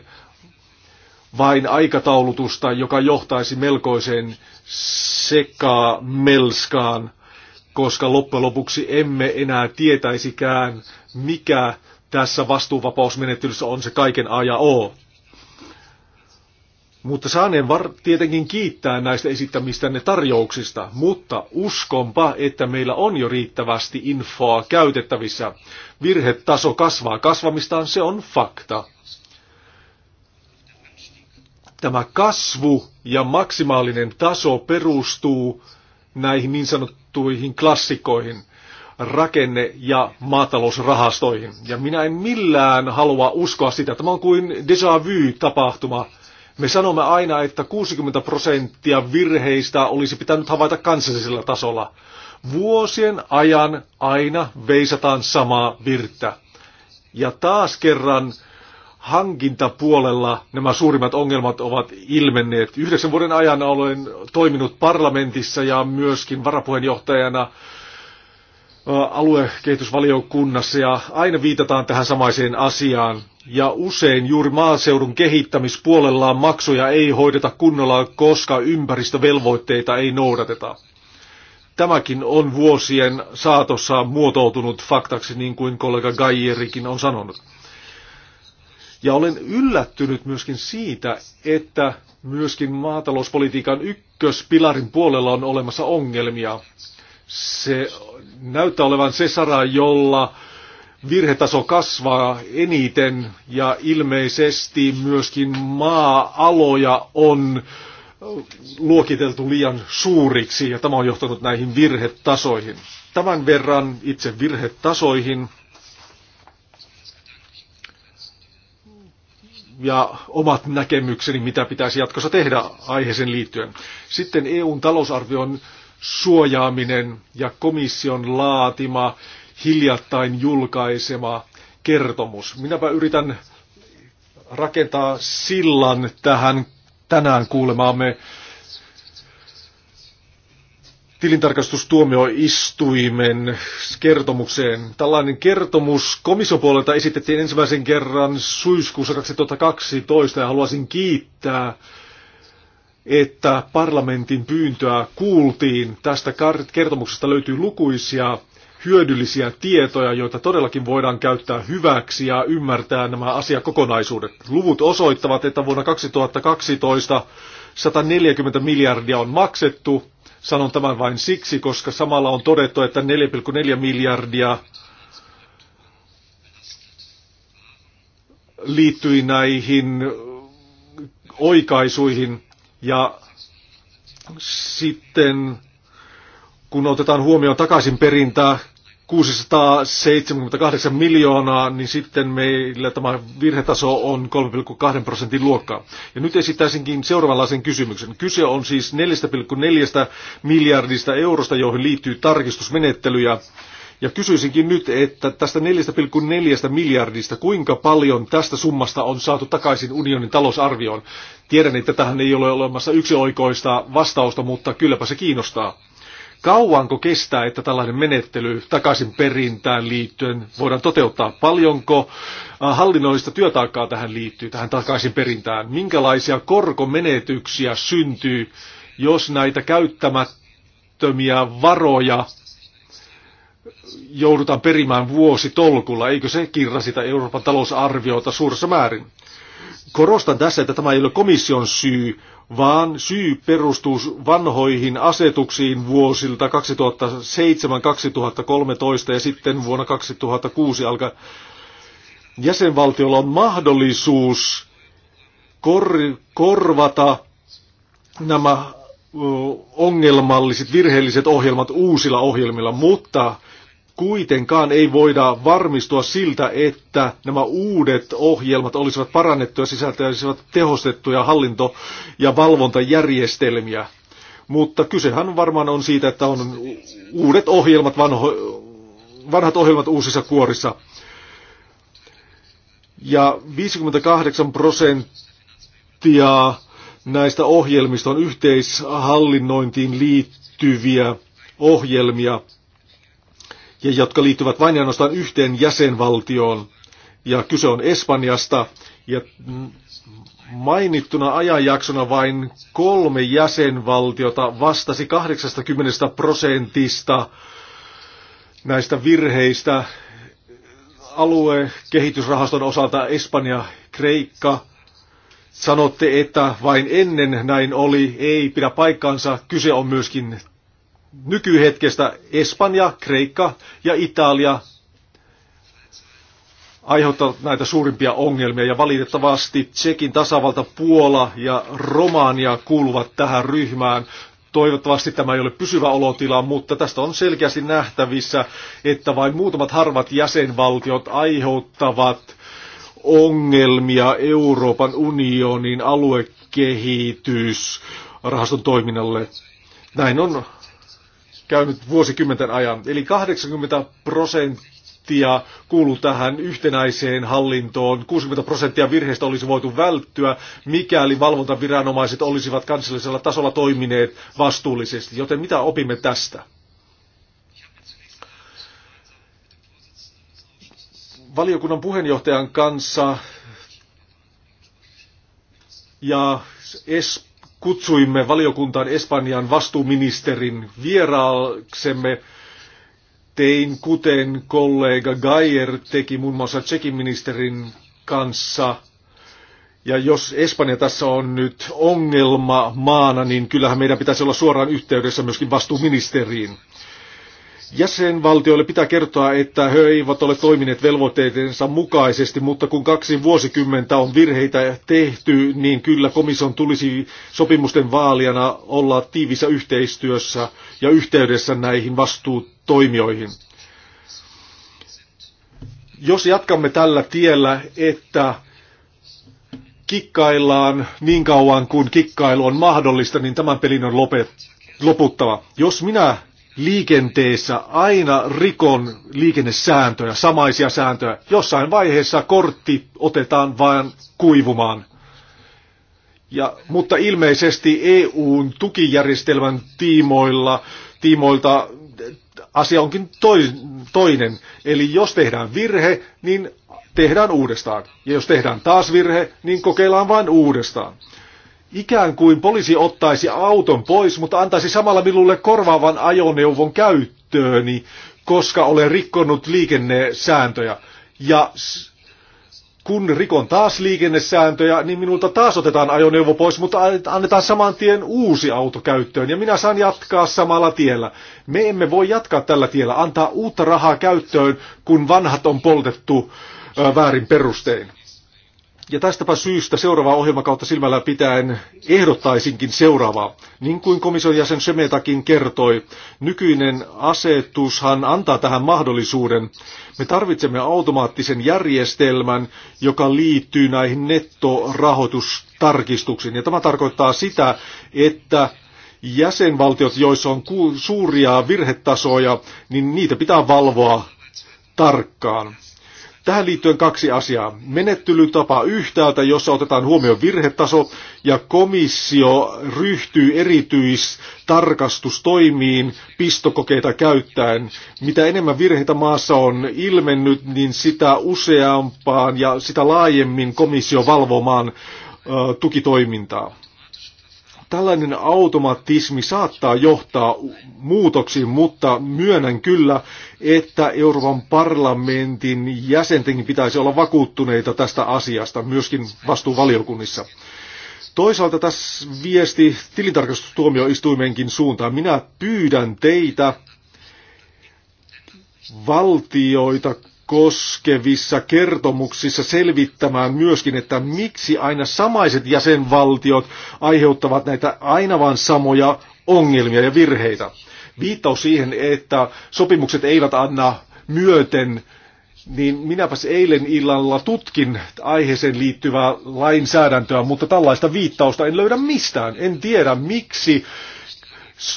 vain aikataulutusta, joka johtaisi melkoiseen sekamelskaan, koska loppujen lopuksi emme enää tietäisikään, mikä tässä vastuuvapausmenettelyssä on se kaiken A ja O. Mutta saaneen var- tietenkin kiittää näistä esittämistänne tarjouksista, mutta uskonpa, että meillä on jo riittävästi infoa käytettävissä. Virhetaso kasvaa kasvamistaan, se on fakta. Tämä kasvu ja maksimaalinen taso perustuu näihin niin sanottuihin klassikoihin, rakenne- ja maatalousrahastoihin. Ja minä en millään halua uskoa sitä. Tämä on kuin déjà vu-tapahtuma – me sanomme aina, että 60 prosenttia virheistä olisi pitänyt havaita kansallisella tasolla. Vuosien ajan aina veisataan samaa virttä. Ja taas kerran hankintapuolella nämä suurimmat ongelmat ovat ilmenneet. Yhdeksän vuoden ajan olen toiminut parlamentissa ja myöskin varapuheenjohtajana aluekehitysvaliokunnassa ja aina viitataan tähän samaiseen asiaan. Ja usein juuri maaseudun kehittämispuolellaan maksuja ei hoideta kunnolla, koska ympäristövelvoitteita ei noudateta. Tämäkin on vuosien saatossa muotoutunut faktaksi, niin kuin kollega Gajerikin on sanonut. Ja olen yllättynyt myöskin siitä, että myöskin maatalouspolitiikan ykköspilarin puolella on olemassa ongelmia. Se näyttää olevan se sara, jolla virhetaso kasvaa eniten ja ilmeisesti myöskin maa-aloja on äh, luokiteltu liian suuriksi ja tämä on johtanut näihin virhetasoihin. Tämän verran itse virhetasoihin ja omat näkemykseni, mitä pitäisi jatkossa tehdä aiheeseen liittyen. Sitten EUn talousarvion suojaaminen ja komission laatima hiljattain julkaisema kertomus. Minäpä yritän rakentaa sillan tähän tänään kuulemaamme tilintarkastustuomioistuimen kertomukseen. Tällainen kertomus komission esitettiin ensimmäisen kerran syyskuussa 2012 ja haluaisin kiittää että parlamentin pyyntöä kuultiin. Tästä kertomuksesta löytyy lukuisia hyödyllisiä tietoja, joita todellakin voidaan käyttää hyväksi ja ymmärtää nämä asiakokonaisuudet. Luvut osoittavat, että vuonna 2012 140 miljardia on maksettu. Sanon tämän vain siksi, koska samalla on todettu, että 4,4 miljardia liittyi näihin oikaisuihin ja sitten kun otetaan huomioon takaisin perintää 678 miljoonaa, niin sitten meillä tämä virhetaso on 3,2 prosentin luokkaa. Ja nyt esittäisinkin seuraavanlaisen kysymyksen. Kyse on siis 4,4 miljardista eurosta, joihin liittyy tarkistusmenettelyjä. Ja kysyisinkin nyt, että tästä 4,4 miljardista, kuinka paljon tästä summasta on saatu takaisin unionin talousarvioon? Tiedän, että tähän ei ole olemassa yksioikoista vastausta, mutta kylläpä se kiinnostaa. Kauanko kestää, että tällainen menettely takaisin perintään liittyen voidaan toteuttaa? Paljonko hallinnollista työtaakkaa tähän liittyy, tähän takaisin perintään? Minkälaisia korkomenetyksiä syntyy, jos näitä käyttämättömiä varoja joudutaan perimään vuosi tolkulla? Eikö se kirra sitä Euroopan talousarviota suuressa määrin? Korostan tässä, että tämä ei ole komission syy, vaan syy perustuu vanhoihin asetuksiin vuosilta 2007-2013 ja sitten vuonna 2006 alkaa jäsenvaltiolla on mahdollisuus kor- korvata nämä ongelmalliset, virheelliset ohjelmat uusilla ohjelmilla, mutta kuitenkaan ei voida varmistua siltä, että nämä uudet ohjelmat olisivat parannettuja, sisältäisivät tehostettuja hallinto- ja valvontajärjestelmiä. Mutta kysehän varmaan on siitä, että on uudet ohjelmat, vanho, vanhat ohjelmat uusissa kuorissa. Ja 58 prosenttia näistä ohjelmista on yhteishallinnointiin liittyviä ohjelmia ja jotka liittyvät vain ainoastaan yhteen jäsenvaltioon. Ja kyse on Espanjasta, ja mainittuna ajanjaksona vain kolme jäsenvaltiota vastasi 80 prosentista näistä virheistä aluekehitysrahaston osalta Espanja, Kreikka. Sanotte, että vain ennen näin oli, ei pidä paikkaansa. Kyse on myöskin nykyhetkestä Espanja, Kreikka ja Italia aiheuttavat näitä suurimpia ongelmia ja valitettavasti Tsekin tasavalta, Puola ja Romania kuuluvat tähän ryhmään. Toivottavasti tämä ei ole pysyvä olotila, mutta tästä on selkeästi nähtävissä, että vain muutamat harvat jäsenvaltiot aiheuttavat ongelmia Euroopan unionin aluekehitys rahaston toiminnalle. Näin on käynyt vuosikymmenten ajan. Eli 80 prosenttia kuuluu tähän yhtenäiseen hallintoon. 60 prosenttia virheistä olisi voitu välttyä, mikäli valvontaviranomaiset olisivat kansallisella tasolla toimineet vastuullisesti. Joten mitä opimme tästä? Valiokunnan puheenjohtajan kanssa ja Espoo kutsuimme valiokuntaan Espanjan vastuuministerin vieraaksemme. Tein kuten kollega Gaier teki muun muassa Tsekin ministerin kanssa. Ja jos Espanja tässä on nyt ongelma maana, niin kyllähän meidän pitäisi olla suoraan yhteydessä myöskin vastuuministeriin. Jäsenvaltioille pitää kertoa, että he eivät ole toimineet velvoitteidensa mukaisesti, mutta kun kaksi vuosikymmentä on virheitä tehty, niin kyllä komission tulisi sopimusten vaalijana olla tiivissä yhteistyössä ja yhteydessä näihin vastuutoimijoihin. Jos jatkamme tällä tiellä, että kikkaillaan niin kauan kuin kikkailu on mahdollista, niin tämän pelin on lopet, loputtava. Jos minä liikenteessä aina rikon liikennesääntöjä, samaisia sääntöjä. Jossain vaiheessa kortti otetaan vain kuivumaan. Ja, mutta ilmeisesti EUn tukijärjestelmän tiimoilla, tiimoilta asia onkin toinen. Eli jos tehdään virhe, niin tehdään uudestaan. Ja jos tehdään taas virhe, niin kokeillaan vain uudestaan. Ikään kuin poliisi ottaisi auton pois, mutta antaisi samalla minulle korvaavan ajoneuvon käyttööni, koska olen rikkonut liikennesääntöjä. Ja kun rikon taas liikennesääntöjä, niin minulta taas otetaan ajoneuvo pois, mutta annetaan saman tien uusi auto käyttöön ja minä saan jatkaa samalla tiellä. Me emme voi jatkaa tällä tiellä, antaa uutta rahaa käyttöön, kun vanhat on poltettu väärin perustein. Ja tästäpä syystä seuraavaa ohjelmakautta silmällä pitäen ehdottaisinkin seuraavaa. Niin kuin komission jäsen Semetakin kertoi, nykyinen asetushan antaa tähän mahdollisuuden. Me tarvitsemme automaattisen järjestelmän, joka liittyy näihin nettorahoitustarkistuksiin. Ja tämä tarkoittaa sitä, että jäsenvaltiot, joissa on suuria virhetasoja, niin niitä pitää valvoa tarkkaan. Tähän liittyen kaksi asiaa. Menettelytapa yhtäältä, jossa otetaan huomioon virhetaso ja komissio ryhtyy erityistarkastustoimiin pistokokeita käyttäen. Mitä enemmän virheitä maassa on ilmennyt, niin sitä useampaan ja sitä laajemmin komissio valvomaan ö, tukitoimintaa. Tällainen automatismi saattaa johtaa muutoksiin, mutta myönnän kyllä, että Euroopan parlamentin jäsentenkin pitäisi olla vakuuttuneita tästä asiasta, myöskin vastuuvaliokunnissa. Toisaalta tässä viesti tilintarkastustuomioistuimenkin suuntaan. Minä pyydän teitä valtioita koskevissa kertomuksissa selvittämään myöskin, että miksi aina samaiset jäsenvaltiot aiheuttavat näitä aina vain samoja ongelmia ja virheitä. Viittaus siihen, että sopimukset eivät anna myöten, niin minäpäs eilen illalla tutkin aiheeseen liittyvää lainsäädäntöä, mutta tällaista viittausta en löydä mistään. En tiedä, miksi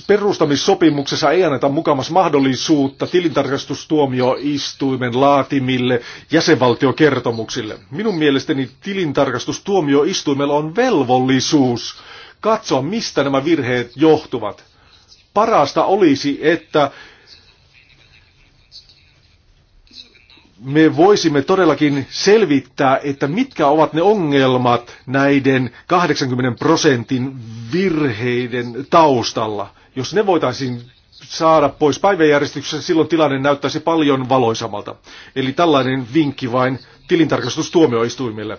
perustamissopimuksessa ei anneta mukamas mahdollisuutta tilintarkastustuomioistuimen laatimille jäsenvaltiokertomuksille. Minun mielestäni tilintarkastustuomioistuimella on velvollisuus katsoa, mistä nämä virheet johtuvat. Parasta olisi, että me voisimme todellakin selvittää, että mitkä ovat ne ongelmat näiden 80 prosentin virheiden taustalla. Jos ne voitaisiin saada pois päiväjärjestyksessä, silloin tilanne näyttäisi paljon valoisammalta. Eli tällainen vinkki vain tilintarkastustuomioistuimille.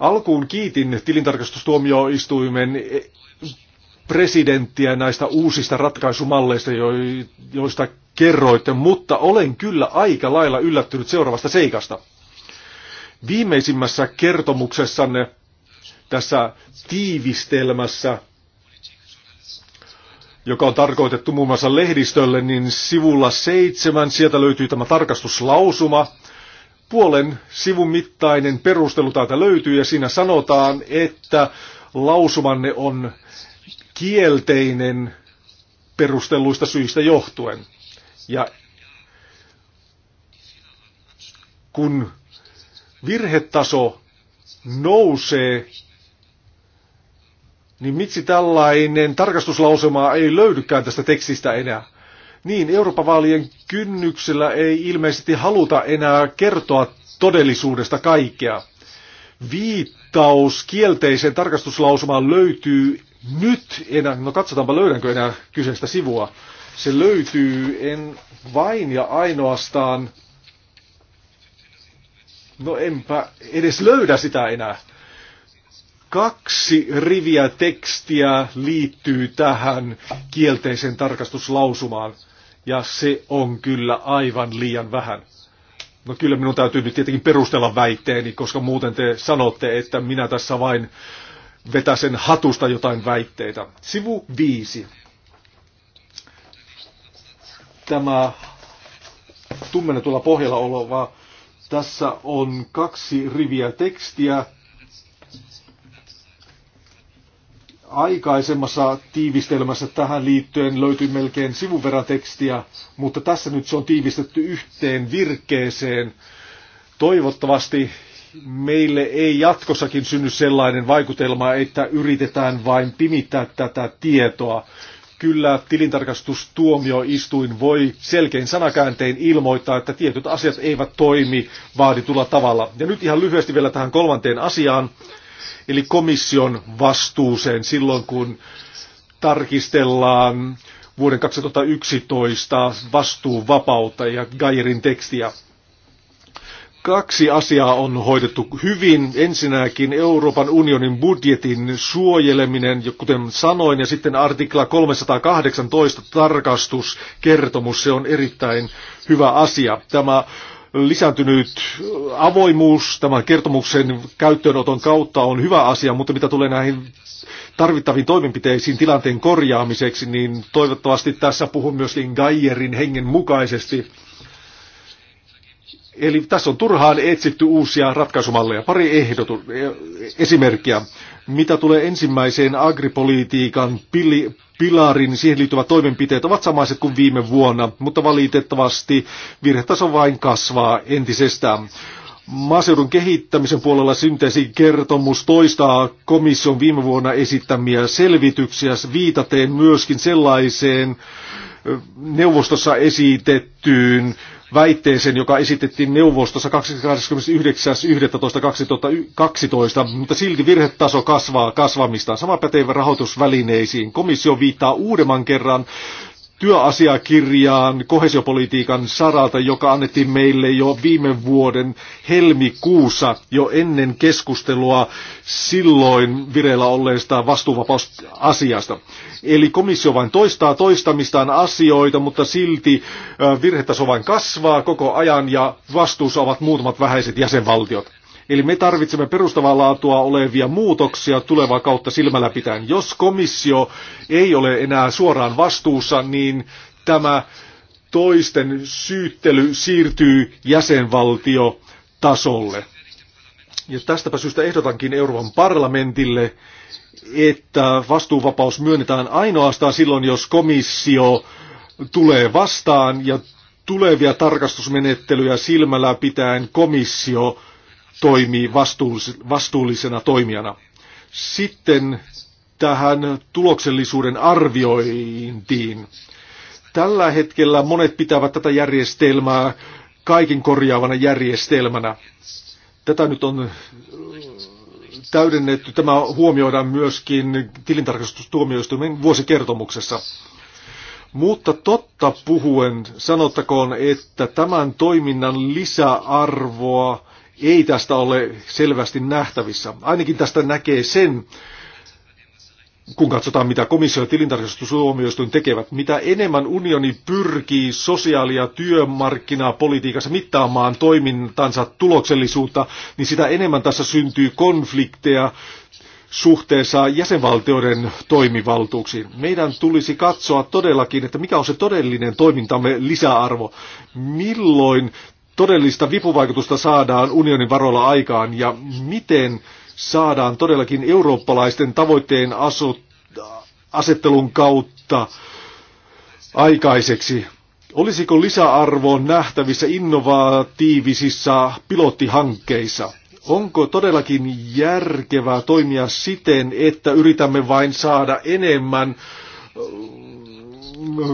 Alkuun kiitin tilintarkastustuomioistuimen presidenttiä näistä uusista ratkaisumalleista, joista kerroitte, mutta olen kyllä aika lailla yllättynyt seuraavasta seikasta. Viimeisimmässä kertomuksessanne tässä tiivistelmässä, joka on tarkoitettu muun muassa lehdistölle, niin sivulla seitsemän, sieltä löytyy tämä tarkastuslausuma. Puolen sivun mittainen perustelu täältä löytyy ja siinä sanotaan, että lausumanne on kielteinen perustelluista syistä johtuen. Ja kun virhetaso nousee, niin miksi tällainen tarkastuslausema ei löydykään tästä tekstistä enää? Niin, Euroopan vaalien kynnyksellä ei ilmeisesti haluta enää kertoa todellisuudesta kaikkea. Viittaus kielteiseen tarkastuslausumaan löytyy nyt enää, no katsotaanpa löydänkö enää kyseistä sivua se löytyy en vain ja ainoastaan, no enpä edes löydä sitä enää. Kaksi riviä tekstiä liittyy tähän kielteisen tarkastuslausumaan, ja se on kyllä aivan liian vähän. No kyllä minun täytyy nyt tietenkin perustella väitteeni, koska muuten te sanotte, että minä tässä vain vetäsen hatusta jotain väitteitä. Sivu viisi tämä tummennetulla pohjalla oleva, tässä on kaksi riviä tekstiä. Aikaisemmassa tiivistelmässä tähän liittyen löytyi melkein sivun verran tekstiä, mutta tässä nyt se on tiivistetty yhteen virkeeseen Toivottavasti meille ei jatkossakin synny sellainen vaikutelma, että yritetään vain pimittää tätä tietoa kyllä tilintarkastustuomioistuin voi selkein sanakääntein ilmoittaa, että tietyt asiat eivät toimi vaaditulla tavalla. Ja nyt ihan lyhyesti vielä tähän kolmanteen asiaan, eli komission vastuuseen silloin, kun tarkistellaan vuoden 2011 vastuuvapautta ja Gairin tekstiä. Kaksi asiaa on hoidettu hyvin. Ensinnäkin Euroopan unionin budjetin suojeleminen, kuten sanoin, ja sitten artikla 318 tarkastuskertomus, se on erittäin hyvä asia. Tämä lisääntynyt avoimuus tämän kertomuksen käyttöönoton kautta on hyvä asia, mutta mitä tulee näihin tarvittaviin toimenpiteisiin tilanteen korjaamiseksi, niin toivottavasti tässä puhun myöskin Gaierin hengen mukaisesti Eli tässä on turhaan etsitty uusia ratkaisumalleja. Pari ehdotu, e- esimerkkiä. Mitä tulee ensimmäiseen agripolitiikan pili, pilarin, siihen liittyvät toimenpiteet ovat samaiset kuin viime vuonna, mutta valitettavasti virhetaso vain kasvaa entisestään. Maaseudun kehittämisen puolella synteesi kertomus toistaa komission viime vuonna esittämiä selvityksiä, viitaten myöskin sellaiseen neuvostossa esitettyyn väitteeseen, joka esitettiin neuvostossa 29.11.2012, mutta silti virhetaso kasvaa kasvamista. Sama pätee rahoitusvälineisiin. Komissio viittaa uudemman kerran työasiakirjaan kohesiopolitiikan saralta, joka annettiin meille jo viime vuoden helmikuussa, jo ennen keskustelua silloin vireillä olleesta vastuuvapausasiasta. Eli komissio vain toistaa toistamistaan asioita, mutta silti virhetaso vain kasvaa koko ajan ja vastuussa ovat muutamat vähäiset jäsenvaltiot. Eli me tarvitsemme perustavaa laatua olevia muutoksia tulevaa kautta silmällä pitäen. Jos komissio ei ole enää suoraan vastuussa, niin tämä toisten syyttely siirtyy jäsenvaltio tasolle Ja tästäpä syystä ehdotankin Euroopan parlamentille, että vastuuvapaus myönnetään ainoastaan silloin, jos komissio tulee vastaan ja tulevia tarkastusmenettelyjä silmällä pitäen komissio toimii vastuullisena toimijana. Sitten tähän tuloksellisuuden arviointiin. Tällä hetkellä monet pitävät tätä järjestelmää kaiken korjaavana järjestelmänä. Tätä nyt on äh, täydennetty. Tämä huomioidaan myöskin tilintarkastustuomioistuimen vuosikertomuksessa. Mutta totta puhuen sanottakoon, että tämän toiminnan lisäarvoa ei tästä ole selvästi nähtävissä. Ainakin tästä näkee sen, kun katsotaan, mitä komissio ja tilintarkastustuomioistuin tekevät, mitä enemmän unioni pyrkii sosiaali- ja työmarkkinapolitiikassa mittaamaan toimintansa tuloksellisuutta, niin sitä enemmän tässä syntyy konflikteja suhteessa jäsenvaltioiden toimivaltuuksiin. Meidän tulisi katsoa todellakin, että mikä on se todellinen toimintamme lisäarvo. Milloin todellista vipuvaikutusta saadaan unionin varoilla aikaan ja miten saadaan todellakin eurooppalaisten tavoitteen asettelun kautta aikaiseksi. Olisiko lisäarvo nähtävissä innovatiivisissa pilottihankkeissa? Onko todellakin järkevää toimia siten, että yritämme vain saada enemmän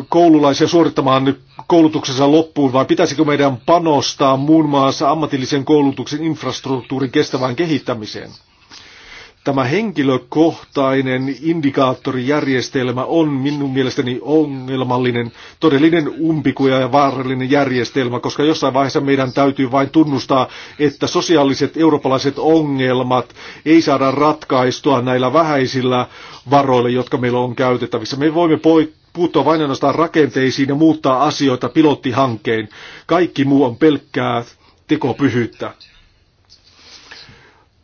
koululaisia suorittamaan nyt koulutuksensa loppuun vai pitäisikö meidän panostaa muun muassa ammatillisen koulutuksen infrastruktuurin kestävään kehittämiseen? Tämä henkilökohtainen indikaattorijärjestelmä on minun mielestäni ongelmallinen, todellinen umpikuja ja vaarallinen järjestelmä, koska jossain vaiheessa meidän täytyy vain tunnustaa, että sosiaaliset eurooppalaiset ongelmat ei saada ratkaistua näillä vähäisillä varoilla, jotka meillä on käytettävissä. Me voimme poikkeaa puuttua vain ainoastaan rakenteisiin ja muuttaa asioita pilottihankkeen. Kaikki muu on pelkkää tekopyhyyttä.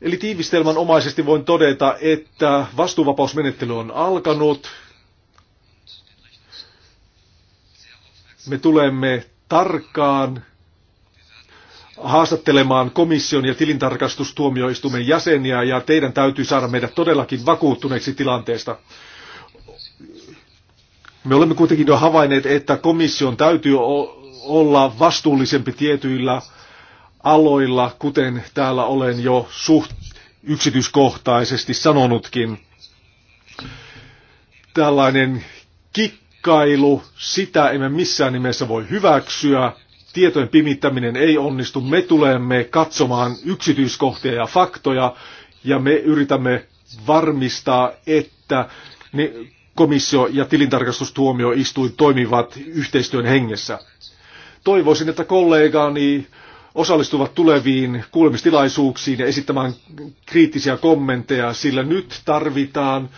Eli tiivistelmän omaisesti voin todeta, että vastuuvapausmenettely on alkanut. Me tulemme tarkkaan haastattelemaan komission ja tilintarkastustuomioistuimen jäseniä ja teidän täytyy saada meidät todellakin vakuuttuneeksi tilanteesta. Me olemme kuitenkin jo havainneet, että komission täytyy olla vastuullisempi tietyillä aloilla, kuten täällä olen jo suht yksityiskohtaisesti sanonutkin. Tällainen kikkailu, sitä emme missään nimessä voi hyväksyä. Tietojen pimittäminen ei onnistu. Me tulemme katsomaan yksityiskohtia ja faktoja ja me yritämme varmistaa, että ne komissio ja tilintarkastustuomioistuin toimivat yhteistyön hengessä. Toivoisin, että kollegaani osallistuvat tuleviin kuulemistilaisuuksiin ja esittämään kriittisiä kommentteja, sillä nyt tarvitaan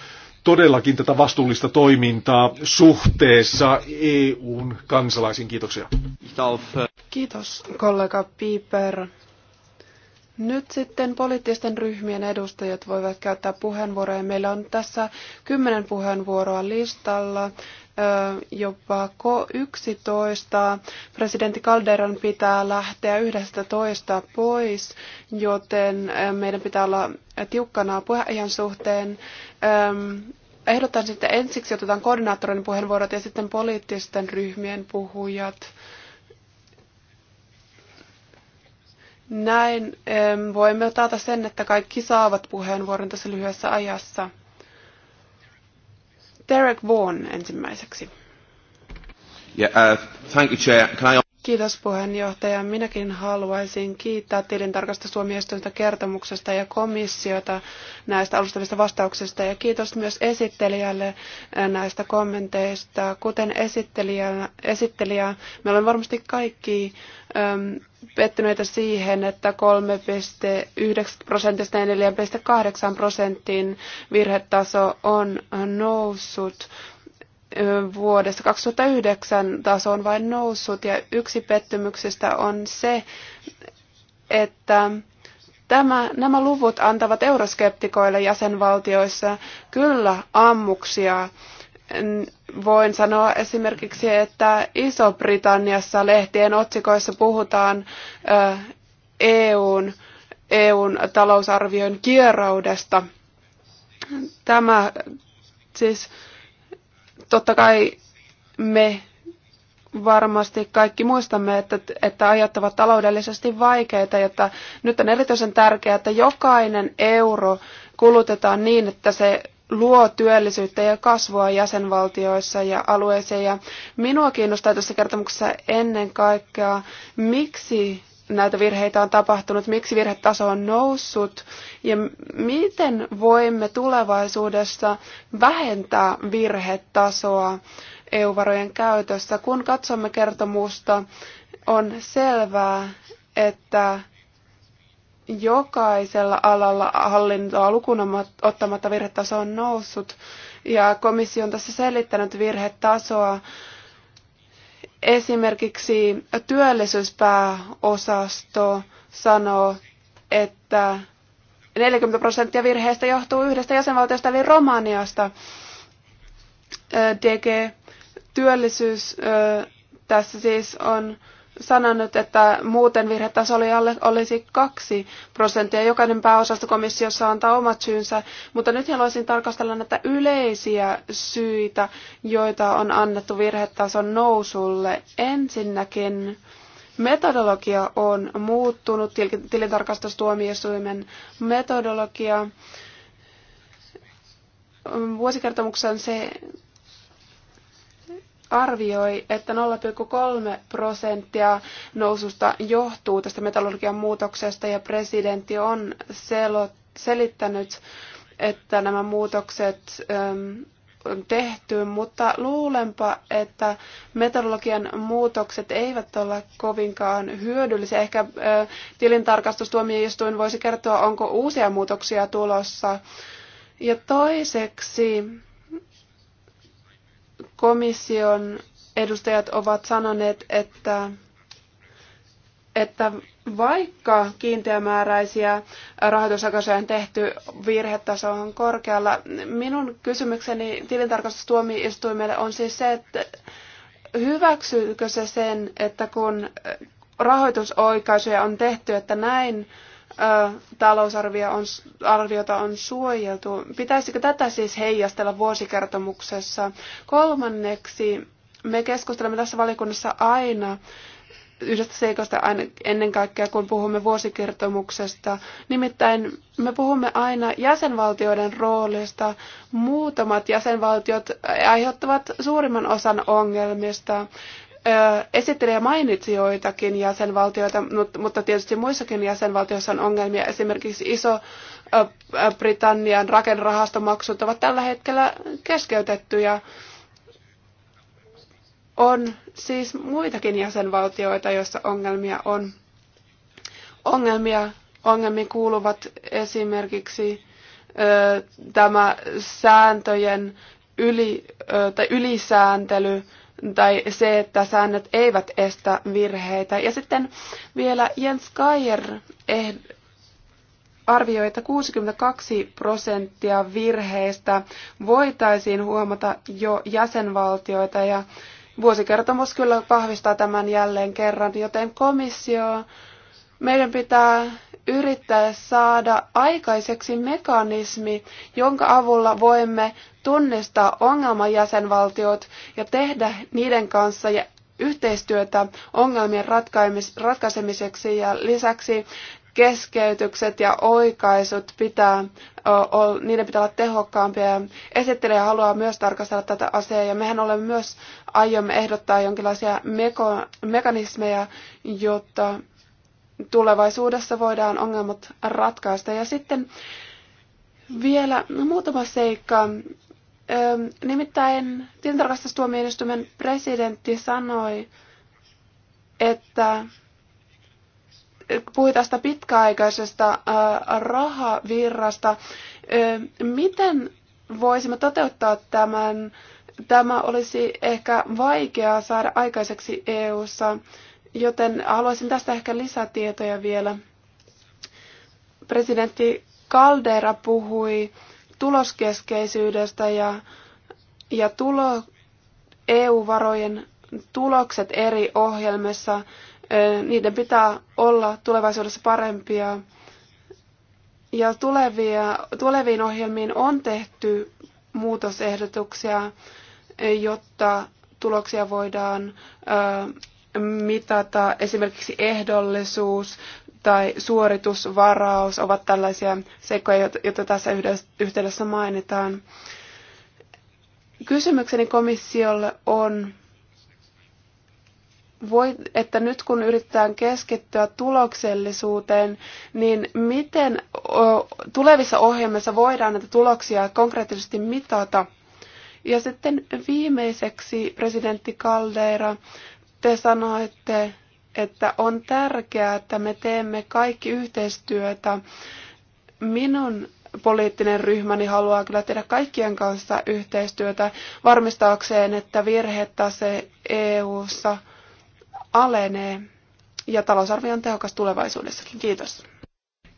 todellakin tätä vastuullista toimintaa suhteessa EUn kansalaisiin. Kiitoksia. Kiitos kollega Piper. Nyt sitten poliittisten ryhmien edustajat voivat käyttää puheenvuoroja. Meillä on tässä kymmenen puheenvuoroa listalla, jopa K11. Presidentti Calderon pitää lähteä yhdestä toista pois, joten meidän pitää olla tiukkana puheenjohtajan suhteen. Ehdotan sitten ensiksi otetaan koordinaattorin puheenvuorot ja sitten poliittisten ryhmien puhujat. Näin voimme taata sen, että kaikki saavat puheenvuoron tässä lyhyessä ajassa. Derek Vaughan ensimmäiseksi. Yeah, uh, thank you, Chair. Can I... Kiitos puheenjohtaja. Minäkin haluaisin kiittää tilintarkastustuomioistuinta kertomuksesta ja komissiota näistä alustavista vastauksista ja kiitos myös esittelijälle näistä kommenteista. Kuten esittelijä, esittelijä me olemme varmasti kaikki äm, pettyneitä siihen, että 3,9 prosentista ja 4,8 prosentin virhetaso on noussut vuodesta 2009 taso on vain noussut ja yksi pettymyksestä on se, että tämä, nämä luvut antavat euroskeptikoille jäsenvaltioissa kyllä ammuksia. Voin sanoa esimerkiksi, että Iso-Britanniassa lehtien otsikoissa puhutaan EUn, EUn talousarvion kierroudesta. Tämä siis totta kai me varmasti kaikki muistamme, että, että ajat ovat taloudellisesti vaikeita, että nyt on erityisen tärkeää, että jokainen euro kulutetaan niin, että se luo työllisyyttä ja kasvua jäsenvaltioissa ja alueissa. Ja minua kiinnostaa tässä kertomuksessa ennen kaikkea, miksi näitä virheitä on tapahtunut, miksi virhetaso on noussut ja miten voimme tulevaisuudessa vähentää virhetasoa EU-varojen käytössä. Kun katsomme kertomusta, on selvää, että jokaisella alalla hallintoa lukuun ottamatta virhetaso on noussut ja komissio on tässä selittänyt virhetasoa Esimerkiksi työllisyyspääosasto sanoo, että 40 prosenttia virheistä johtuu yhdestä jäsenvaltiosta eli Romaniasta. DG Työllisyys tässä siis on sanonut, että muuten virhetaso oli alle, olisi kaksi prosenttia. Jokainen pääosastokomissiossa antaa omat syynsä, mutta nyt haluaisin tarkastella näitä yleisiä syitä, joita on annettu virhetason nousulle. Ensinnäkin metodologia on muuttunut, tilintarkastustuomioistuimen metodologia. Vuosikertomuksen se arvioi, että 0,3 prosenttia noususta johtuu tästä metallurgian muutoksesta ja presidentti on selittänyt, että nämä muutokset ähm, on tehty, mutta luulenpa, että metallurgian muutokset eivät ole kovinkaan hyödyllisiä. Ehkä äh, tilintarkastustuomioistuin voisi kertoa, onko uusia muutoksia tulossa. Ja toiseksi komission edustajat ovat sanoneet, että, että vaikka kiinteämääräisiä rahoitusakasoja on tehty, virhetaso on korkealla. Minun kysymykseni tilintarkastustuomioistuimelle on siis se, että hyväksyykö se sen, että kun rahoitusoikaisuja on tehty, että näin talousarviota on suojeltu. Pitäisikö tätä siis heijastella vuosikertomuksessa? Kolmanneksi, me keskustelemme tässä valiokunnassa aina yhdestä seikasta aina, ennen kaikkea, kun puhumme vuosikertomuksesta. Nimittäin me puhumme aina jäsenvaltioiden roolista. Muutamat jäsenvaltiot aiheuttavat suurimman osan ongelmista esittelijä mainitsi joitakin jäsenvaltioita, mutta tietysti muissakin jäsenvaltioissa on ongelmia. Esimerkiksi Iso-Britannian rakennerahastomaksut ovat tällä hetkellä keskeytettyjä. On siis muitakin jäsenvaltioita, joissa ongelmia on. Ongelmia, ongelmiin kuuluvat esimerkiksi ö, tämä sääntöjen yli, ö, tai ylisääntely, tai se, että säännöt eivät estä virheitä. Ja sitten vielä Jens Kajer eh- arvioi, että 62 prosenttia virheistä voitaisiin huomata jo jäsenvaltioita ja vuosikertomus kyllä vahvistaa tämän jälleen kerran, joten komissio, meidän pitää yrittää saada aikaiseksi mekanismi, jonka avulla voimme tunnistaa ongelmajäsenvaltiot ja tehdä niiden kanssa yhteistyötä ongelmien ratkaisemiseksi ja lisäksi keskeytykset ja oikaisut pitää, niiden pitää olla tehokkaampia. Esittelijä haluaa myös tarkastella tätä asiaa ja mehän olemme myös aiomme ehdottaa jonkinlaisia meko, mekanismeja, jotta tulevaisuudessa voidaan ongelmat ratkaista. Ja sitten vielä muutama seikka. Nimittäin tilintarkastustuomioistuimen presidentti sanoi, että puhui tästä pitkäaikaisesta rahavirrasta. Miten voisimme toteuttaa tämän? Tämä olisi ehkä vaikeaa saada aikaiseksi EU:ssa. ssa Joten haluaisin tästä ehkä lisätietoja vielä. Presidentti Caldera puhui tuloskeskeisyydestä ja, ja tulo, EU-varojen tulokset eri ohjelmissa, niiden pitää olla tulevaisuudessa parempia. Ja tulevia, tuleviin ohjelmiin on tehty muutosehdotuksia, jotta tuloksia voidaan mitata. Esimerkiksi ehdollisuus tai suoritusvaraus ovat tällaisia seikkoja, joita tässä yhteydessä mainitaan. Kysymykseni komissiolle on, voi, että nyt kun yritetään keskittyä tuloksellisuuteen, niin miten tulevissa ohjelmissa voidaan näitä tuloksia konkreettisesti mitata? Ja sitten viimeiseksi presidentti Caldeira te sanoitte, että on tärkeää, että me teemme kaikki yhteistyötä. Minun poliittinen ryhmäni haluaa kyllä tehdä kaikkien kanssa yhteistyötä varmistaakseen, että virhetase EU-ssa alenee ja talousarvio on tehokas tulevaisuudessakin. Kiitos.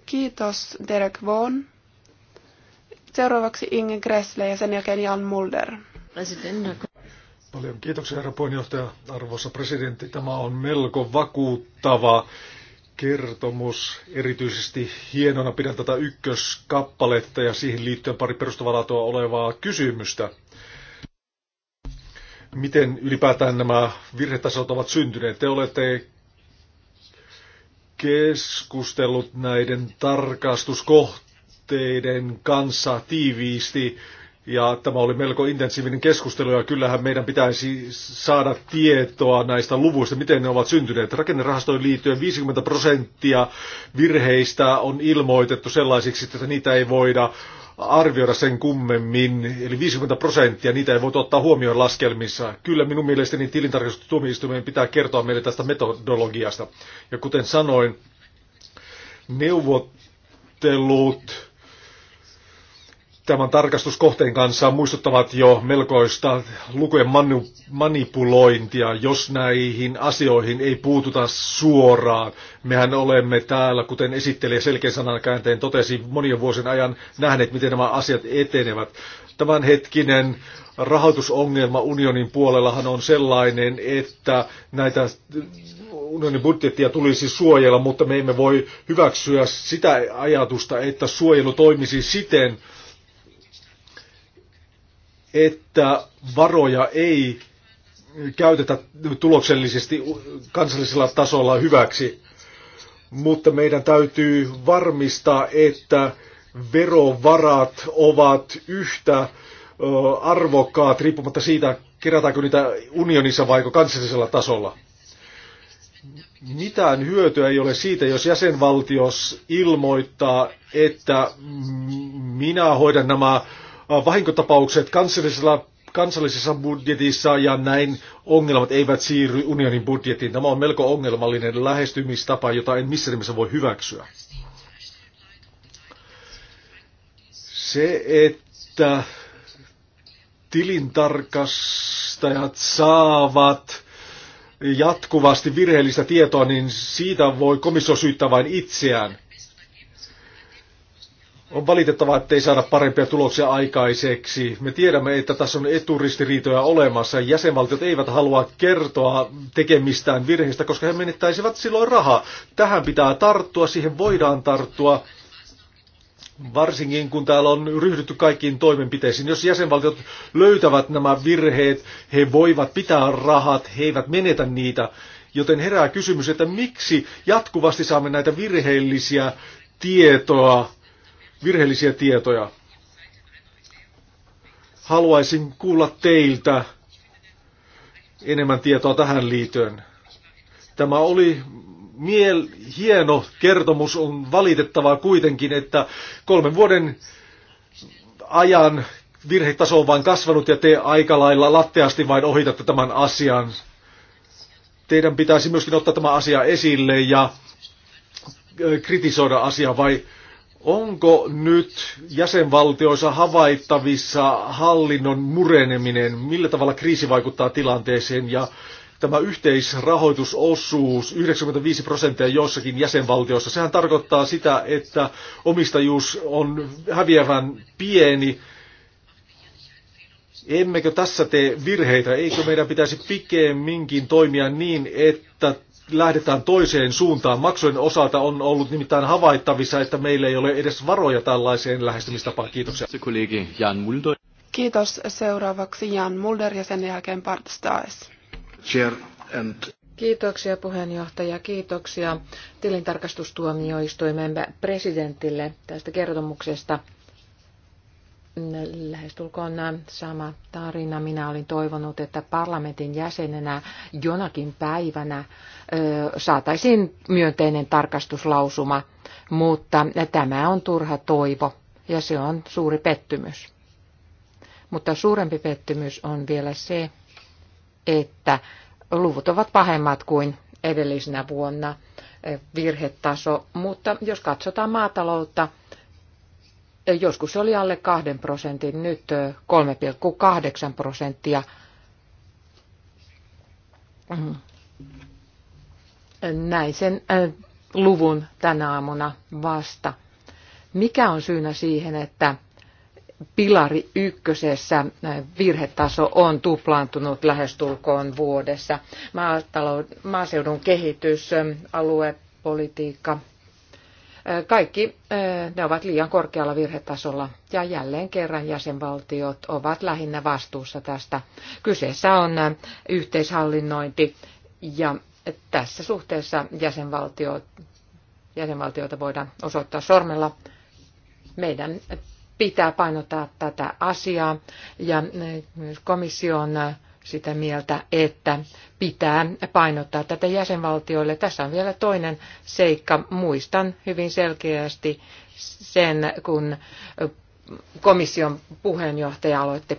Kiitos Derek Vaughan. Seuraavaksi Inge Gressle ja sen jälkeen Jan Mulder. Paljon kiitoksia, herra puheenjohtaja, arvoisa presidentti. Tämä on melko vakuuttava kertomus. Erityisesti hienona pidän tätä ykköskappaletta ja siihen liittyen pari perustavalatua olevaa kysymystä. Miten ylipäätään nämä virhetasot ovat syntyneet? Te olette keskustellut näiden tarkastuskohteiden kanssa tiiviisti ja tämä oli melko intensiivinen keskustelu ja kyllähän meidän pitäisi saada tietoa näistä luvuista, miten ne ovat syntyneet. Rakennerahastoihin liittyen 50 prosenttia virheistä on ilmoitettu sellaisiksi, että niitä ei voida arvioida sen kummemmin, eli 50 prosenttia, niitä ei voi ottaa huomioon laskelmissa. Kyllä minun mielestäni tilintarkastustuomioistuimen pitää kertoa meille tästä metodologiasta. Ja kuten sanoin, neuvottelut tämän tarkastuskohteen kanssa muistuttavat jo melkoista lukujen manipulointia, jos näihin asioihin ei puututa suoraan. Mehän olemme täällä, kuten esittelijä selkeän sanan käänteen totesi, monien vuosien ajan nähneet, miten nämä asiat etenevät. Tämänhetkinen rahoitusongelma unionin puolellahan on sellainen, että näitä unionin budjettia tulisi suojella, mutta me emme voi hyväksyä sitä ajatusta, että suojelu toimisi siten, että varoja ei käytetä tuloksellisesti kansallisella tasolla hyväksi, mutta meidän täytyy varmistaa, että verovarat ovat yhtä arvokkaat riippumatta siitä, kerätäänkö niitä unionissa vai kansallisella tasolla. Mitään hyötyä ei ole siitä, jos jäsenvaltios ilmoittaa, että minä hoidan nämä Äh, vahinkotapaukset kansallisella kansallisessa budjetissa ja näin ongelmat eivät siirry unionin budjettiin. Tämä on melko ongelmallinen lähestymistapa, jota en missään nimessä voi hyväksyä. Se, että tilintarkastajat saavat jatkuvasti virheellistä tietoa, niin siitä voi komissio syyttää vain itseään. On valitettavaa, ettei saada parempia tuloksia aikaiseksi. Me tiedämme, että tässä on eturistiriitoja olemassa. Jäsenvaltiot eivät halua kertoa tekemistään virheistä, koska he menettäisivät silloin rahaa. Tähän pitää tarttua, siihen voidaan tarttua. Varsinkin kun täällä on ryhdytty kaikkiin toimenpiteisiin. Jos jäsenvaltiot löytävät nämä virheet, he voivat pitää rahat, he eivät menetä niitä. Joten herää kysymys, että miksi jatkuvasti saamme näitä virheellisiä tietoa virheellisiä tietoja. Haluaisin kuulla teiltä enemmän tietoa tähän liittyen. Tämä oli miel, hieno kertomus. On valitettavaa kuitenkin, että kolmen vuoden ajan virhetaso on vain kasvanut ja te aika lailla latteasti vain ohitatte tämän asian. Teidän pitäisi myöskin ottaa tämä asia esille ja kritisoida asiaa vai Onko nyt jäsenvaltioissa havaittavissa hallinnon mureneminen? Millä tavalla kriisi vaikuttaa tilanteeseen ja tämä yhteisrahoitusosuus 95 prosenttia jossakin jäsenvaltiossa, sehän tarkoittaa sitä, että omistajuus on häviävän pieni. Emmekö tässä tee virheitä? Eikö meidän pitäisi pikemminkin toimia niin, että lähdetään toiseen suuntaan. Maksujen osalta on ollut nimittäin havaittavissa, että meillä ei ole edes varoja tällaiseen lähestymistapaan. Kiitoksia. Kiitos. Seuraavaksi Jan Mulder ja sen jälkeen Bart Stais. Kiitoksia puheenjohtaja, kiitoksia tilintarkastustuomioistuimen presidentille tästä kertomuksesta. Lähestulkoon sama tarina. Minä olin toivonut, että parlamentin jäsenenä jonakin päivänä saataisiin myönteinen tarkastuslausuma, mutta tämä on turha toivo ja se on suuri pettymys. Mutta suurempi pettymys on vielä se, että luvut ovat pahemmat kuin edellisenä vuonna virhetaso, mutta jos katsotaan maataloutta, joskus oli alle 2 prosentin, nyt 3,8 prosenttia. Mm näin sen luvun tänä aamuna vasta. Mikä on syynä siihen, että pilari ykkösessä virhetaso on tuplaantunut lähestulkoon vuodessa? Maaseudun kehitys, aluepolitiikka, kaikki ne ovat liian korkealla virhetasolla ja jälleen kerran jäsenvaltiot ovat lähinnä vastuussa tästä. Kyseessä on yhteishallinnointi ja tässä suhteessa jäsenvaltio, jäsenvaltioita voidaan osoittaa sormella. Meidän pitää painottaa tätä asiaa ja myös komissio on sitä mieltä, että pitää painottaa tätä jäsenvaltioille. Tässä on vielä toinen seikka. Muistan hyvin selkeästi sen, kun komission puheenjohtaja aloitti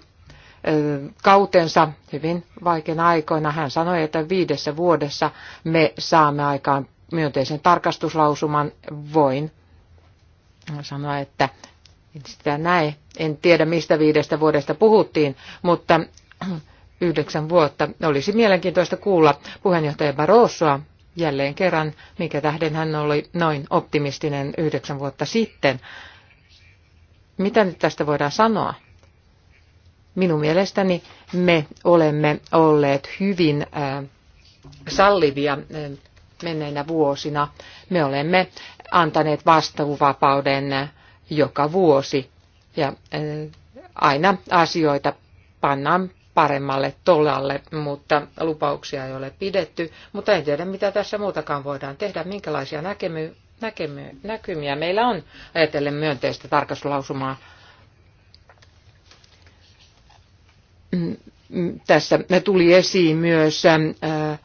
kautensa hyvin vaikeina aikoina. Hän sanoi, että viidessä vuodessa me saamme aikaan myönteisen tarkastuslausuman. Voin sanoa, että en sitä näe. En tiedä, mistä viidestä vuodesta puhuttiin, mutta yhdeksän vuotta. Olisi mielenkiintoista kuulla puheenjohtaja Barrosoa jälleen kerran, mikä tähden hän oli noin optimistinen yhdeksän vuotta sitten. Mitä nyt tästä voidaan sanoa? Minun mielestäni me olemme olleet hyvin äh, sallivia äh, menneinä vuosina. Me olemme antaneet vastuuvapauden äh, joka vuosi ja aina asioita pannaan paremmalle tolalle, mutta lupauksia ei ole pidetty. Mutta en tiedä, mitä tässä muutakaan voidaan tehdä, minkälaisia näkemy, näkemy, näkymiä meillä on ajatellen myönteistä tarkastuslausumaa Mm, mm, tässä tuli esiin myös äh,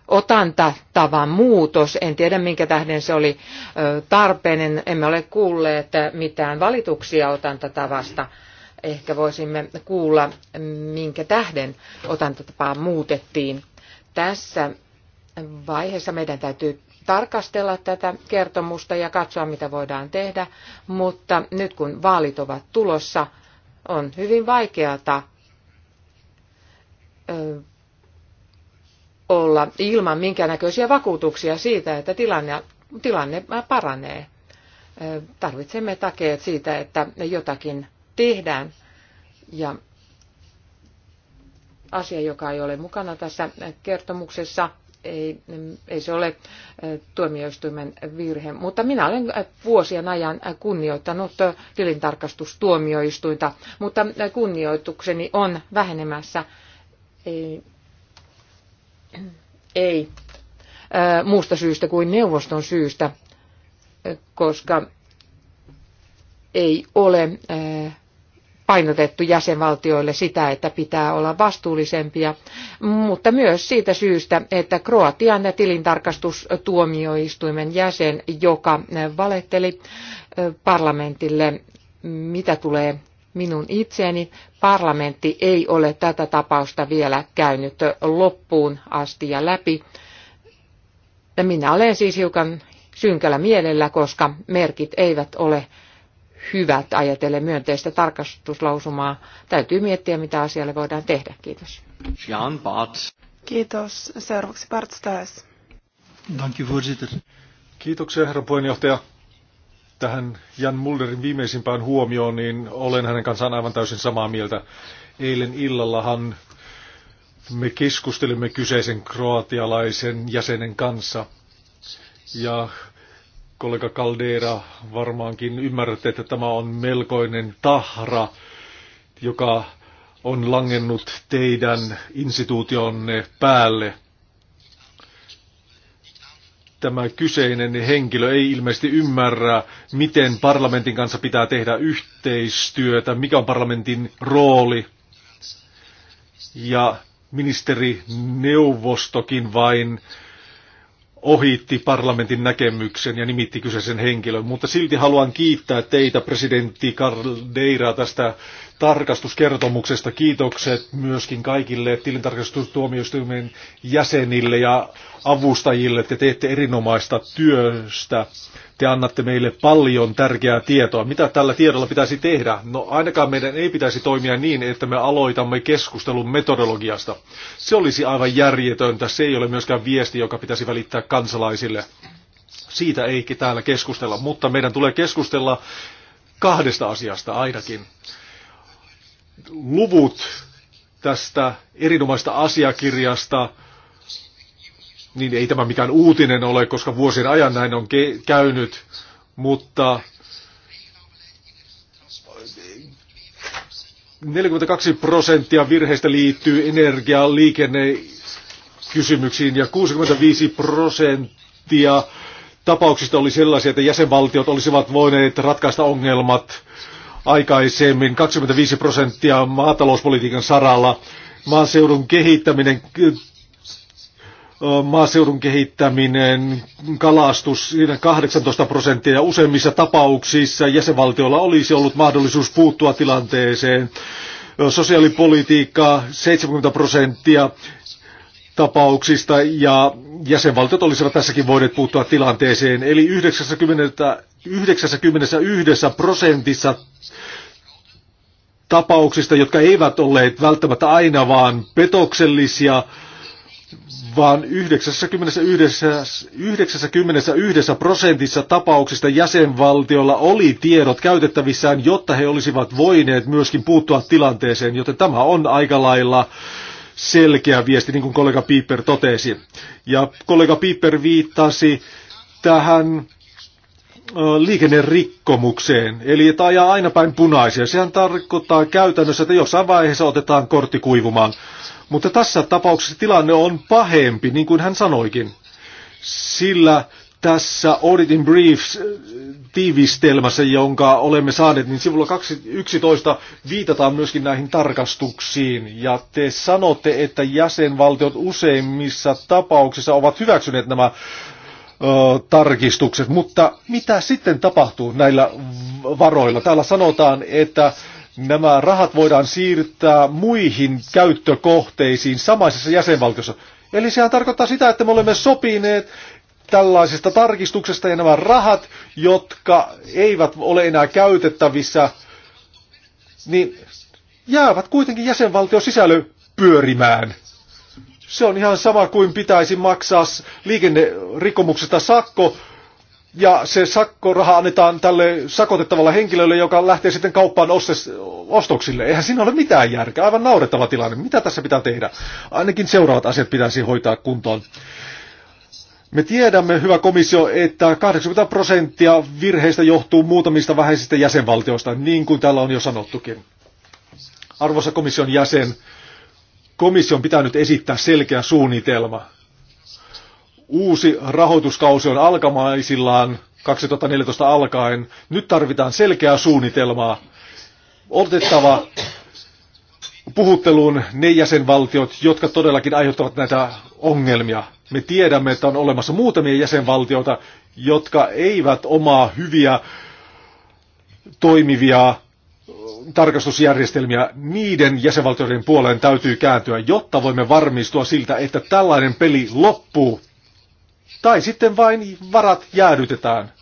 otantatavan muutos. En tiedä minkä tähden se oli äh, tarpeinen. Emme ole kuulleet äh, mitään valituksia otantatavasta. Ehkä voisimme kuulla, minkä tähden otantatapaa muutettiin. Tässä vaiheessa meidän täytyy tarkastella tätä kertomusta ja katsoa, mitä voidaan tehdä, mutta nyt kun vaalit ovat tulossa, on hyvin vaikeata olla ilman minkäännäköisiä vakuutuksia siitä, että tilanne, tilanne paranee. Tarvitsemme takeet siitä, että jotakin tehdään. Ja asia, joka ei ole mukana tässä kertomuksessa, ei, ei se ole tuomioistuimen virhe, mutta minä olen vuosien ajan kunnioittanut tilintarkastustuomioistuinta, mutta kunnioitukseni on vähenemässä ei, ei muusta syystä kuin neuvoston syystä, koska ei ole painotettu jäsenvaltioille sitä, että pitää olla vastuullisempia, mutta myös siitä syystä, että Kroatian tilintarkastustuomioistuimen jäsen, joka valetteli parlamentille, mitä tulee minun itseeni. Parlamentti ei ole tätä tapausta vielä käynyt loppuun asti ja läpi. Ja minä olen siis hiukan synkällä mielellä, koska merkit eivät ole hyvät ajatellen myönteistä tarkastuslausumaa. Täytyy miettiä, mitä asialle voidaan tehdä. Kiitos. Jan Bart. Kiitos. Seuraavaksi Bart Stais. voorzitter. Kiitoksia, herra puheenjohtaja tähän Jan Mulderin viimeisimpään huomioon, niin olen hänen kanssaan aivan täysin samaa mieltä. Eilen illallahan me keskustelimme kyseisen kroatialaisen jäsenen kanssa. Ja kollega Caldera varmaankin ymmärrätte, että tämä on melkoinen tahra, joka on langennut teidän instituutionne päälle – tämä kyseinen henkilö ei ilmeisesti ymmärrä, miten parlamentin kanssa pitää tehdä yhteistyötä, mikä on parlamentin rooli. Ja ministeri Neuvostokin vain ohitti parlamentin näkemyksen ja nimitti kyseisen henkilön. Mutta silti haluan kiittää teitä, presidentti Deira tästä tarkastuskertomuksesta. Kiitokset myöskin kaikille tilintarkastustuomioistuimen jäsenille ja avustajille, että teette erinomaista työstä. Te annatte meille paljon tärkeää tietoa. Mitä tällä tiedolla pitäisi tehdä? No ainakaan meidän ei pitäisi toimia niin, että me aloitamme keskustelun metodologiasta. Se olisi aivan järjetöntä. Se ei ole myöskään viesti, joka pitäisi välittää kansalaisille. Siitä ei täällä keskustella, mutta meidän tulee keskustella kahdesta asiasta ainakin luvut tästä erinomaista asiakirjasta, niin ei tämä mikään uutinen ole, koska vuosien ajan näin on käynyt, mutta 42 prosenttia virheistä liittyy energia- liikennekysymyksiin ja 65 prosenttia tapauksista oli sellaisia, että jäsenvaltiot olisivat voineet ratkaista ongelmat aikaisemmin 25 prosenttia maatalouspolitiikan saralla. Maaseudun kehittäminen, maaseudun kehittäminen, kalastus siinä 18 prosenttia ja useimmissa tapauksissa jäsenvaltiolla olisi ollut mahdollisuus puuttua tilanteeseen. Sosiaalipolitiikka 70 prosenttia tapauksista ja jäsenvaltiot olisivat tässäkin voineet puuttua tilanteeseen. Eli 90, 91 prosentissa tapauksista, jotka eivät olleet välttämättä aina vaan petoksellisia, vaan 91, 91 prosentissa tapauksista jäsenvaltiolla oli tiedot käytettävissään, jotta he olisivat voineet myöskin puuttua tilanteeseen, joten tämä on aika lailla äh, selkeä viesti, niin kuin kollega Piper totesi. Ja kollega Piper viittasi tähän liikennerikkomukseen, eli että ajaa aina päin punaisia. Sehän tarkoittaa käytännössä, että jossain vaiheessa otetaan kortti kuivumaan. Mutta tässä tapauksessa tilanne on pahempi, niin kuin hän sanoikin. Sillä tässä Auditin Briefs äh, tiivistelmässä, jonka olemme saaneet, niin sivulla 11 viitataan myöskin näihin tarkastuksiin. Ja te sanotte, että jäsenvaltiot useimmissa tapauksissa ovat hyväksyneet nämä ö, tarkistukset, mutta mitä sitten tapahtuu näillä varoilla? Täällä sanotaan, että nämä rahat voidaan siirtää muihin käyttökohteisiin samaisessa jäsenvaltiossa. Eli sehän tarkoittaa sitä, että me olemme sopineet, tällaisesta tarkistuksesta ja nämä rahat, jotka eivät ole enää käytettävissä, niin jäävät kuitenkin jäsenvaltion sisällö pyörimään. Se on ihan sama kuin pitäisi maksaa liikennerikomuksesta sakko, ja se sakkoraha annetaan tälle sakotettavalle henkilölle, joka lähtee sitten kauppaan ostoksille. Eihän siinä ole mitään järkeä. Aivan naurettava tilanne. Mitä tässä pitää tehdä? Ainakin seuraavat asiat pitäisi hoitaa kuntoon. Me tiedämme, hyvä komissio, että 80 prosenttia virheistä johtuu muutamista vähäisistä jäsenvaltioista, niin kuin täällä on jo sanottukin. Arvoisa komission jäsen, komission pitää nyt esittää selkeä suunnitelma. Uusi rahoituskausi on alkamaisillaan 2014 alkaen. Nyt tarvitaan selkeää suunnitelmaa. Otettava puhutteluun ne jäsenvaltiot, jotka todellakin aiheuttavat näitä ongelmia me tiedämme, että on olemassa muutamia jäsenvaltioita, jotka eivät omaa hyviä toimivia tarkastusjärjestelmiä niiden jäsenvaltioiden puoleen täytyy kääntyä, jotta voimme varmistua siltä, että tällainen peli loppuu. Tai sitten vain varat jäädytetään,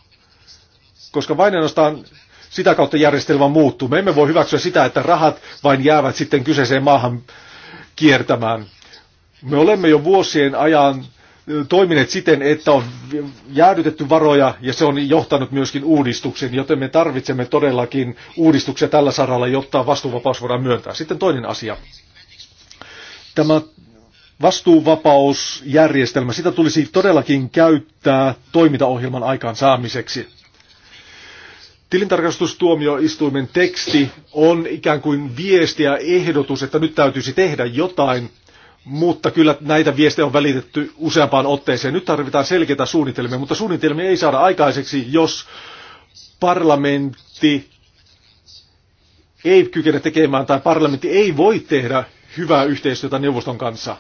koska vain ainoastaan sitä kautta järjestelmä muuttuu. Me emme voi hyväksyä sitä, että rahat vain jäävät sitten kyseiseen maahan kiertämään. Me olemme jo vuosien ajan toimineet siten, että on jäädytetty varoja ja se on johtanut myöskin uudistuksen, joten me tarvitsemme todellakin uudistuksia tällä saralla, jotta vastuuvapaus voidaan myöntää. Sitten toinen asia. Tämä vastuuvapausjärjestelmä, sitä tulisi todellakin käyttää toimintaohjelman aikaansaamiseksi. Tilintarkastustuomioistuimen teksti on ikään kuin viesti ja ehdotus, että nyt täytyisi tehdä jotain, mutta kyllä näitä viestejä on välitetty useampaan otteeseen. Nyt tarvitaan selkeitä suunnitelmia, mutta suunnitelmia ei saada aikaiseksi, jos parlamentti ei kykene tekemään tai parlamentti ei voi tehdä hyvää yhteistyötä neuvoston kanssa.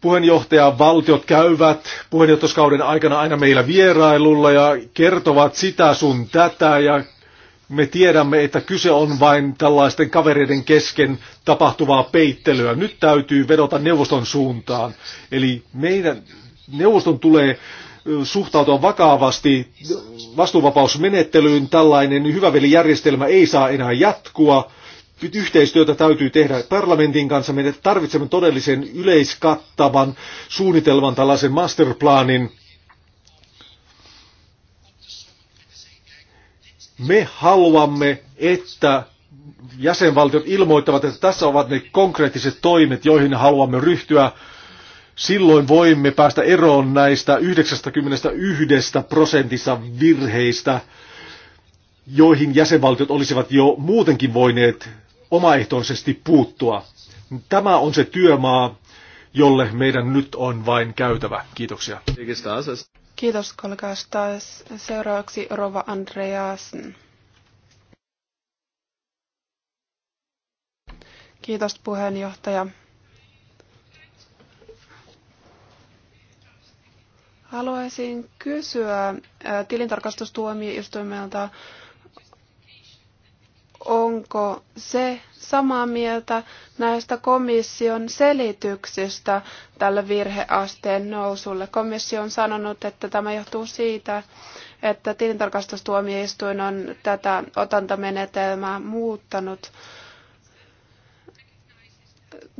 Puheenjohtaja valtiot käyvät puheenjohtoskauden aikana aina meillä vierailulla ja kertovat sitä sun tätä ja me tiedämme, että kyse on vain tällaisten kavereiden kesken tapahtuvaa peittelyä. Nyt täytyy vedota neuvoston suuntaan. Eli meidän neuvoston tulee suhtautua vakavasti vastuuvapausmenettelyyn. Tällainen hyvävelijärjestelmä ei saa enää jatkua. Yhteistyötä täytyy tehdä parlamentin kanssa. Me tarvitsemme todellisen yleiskattavan suunnitelman, tällaisen masterplanin, Me haluamme, että jäsenvaltiot ilmoittavat, että tässä ovat ne konkreettiset toimet, joihin haluamme ryhtyä. Silloin voimme päästä eroon näistä 91 prosentissa virheistä, joihin jäsenvaltiot olisivat jo muutenkin voineet omaehtoisesti puuttua. Tämä on se työmaa, jolle meidän nyt on vain käytävä. Kiitoksia. Kiitos kollega Stas. Seuraavaksi Rova Andreasen. Kiitos puheenjohtaja. Haluaisin kysyä tilintarkastustuomioistuimelta onko se samaa mieltä näistä komission selityksistä tälle virheasteen nousulle. Komissio on sanonut, että tämä johtuu siitä, että tilintarkastustuomioistuin on tätä otantamenetelmää muuttanut.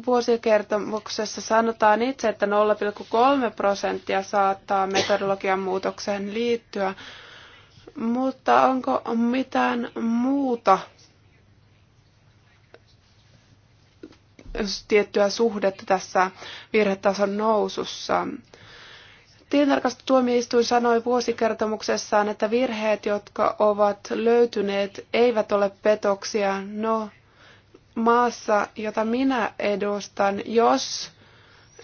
Vuosikertomuksessa sanotaan itse, että 0,3 prosenttia saattaa metodologian muutokseen liittyä, mutta onko mitään muuta tiettyä suhdetta tässä virhetason nousussa. tuomioistuin sanoi vuosikertomuksessaan, että virheet, jotka ovat löytyneet, eivät ole petoksia. No, maassa, jota minä edustan, jos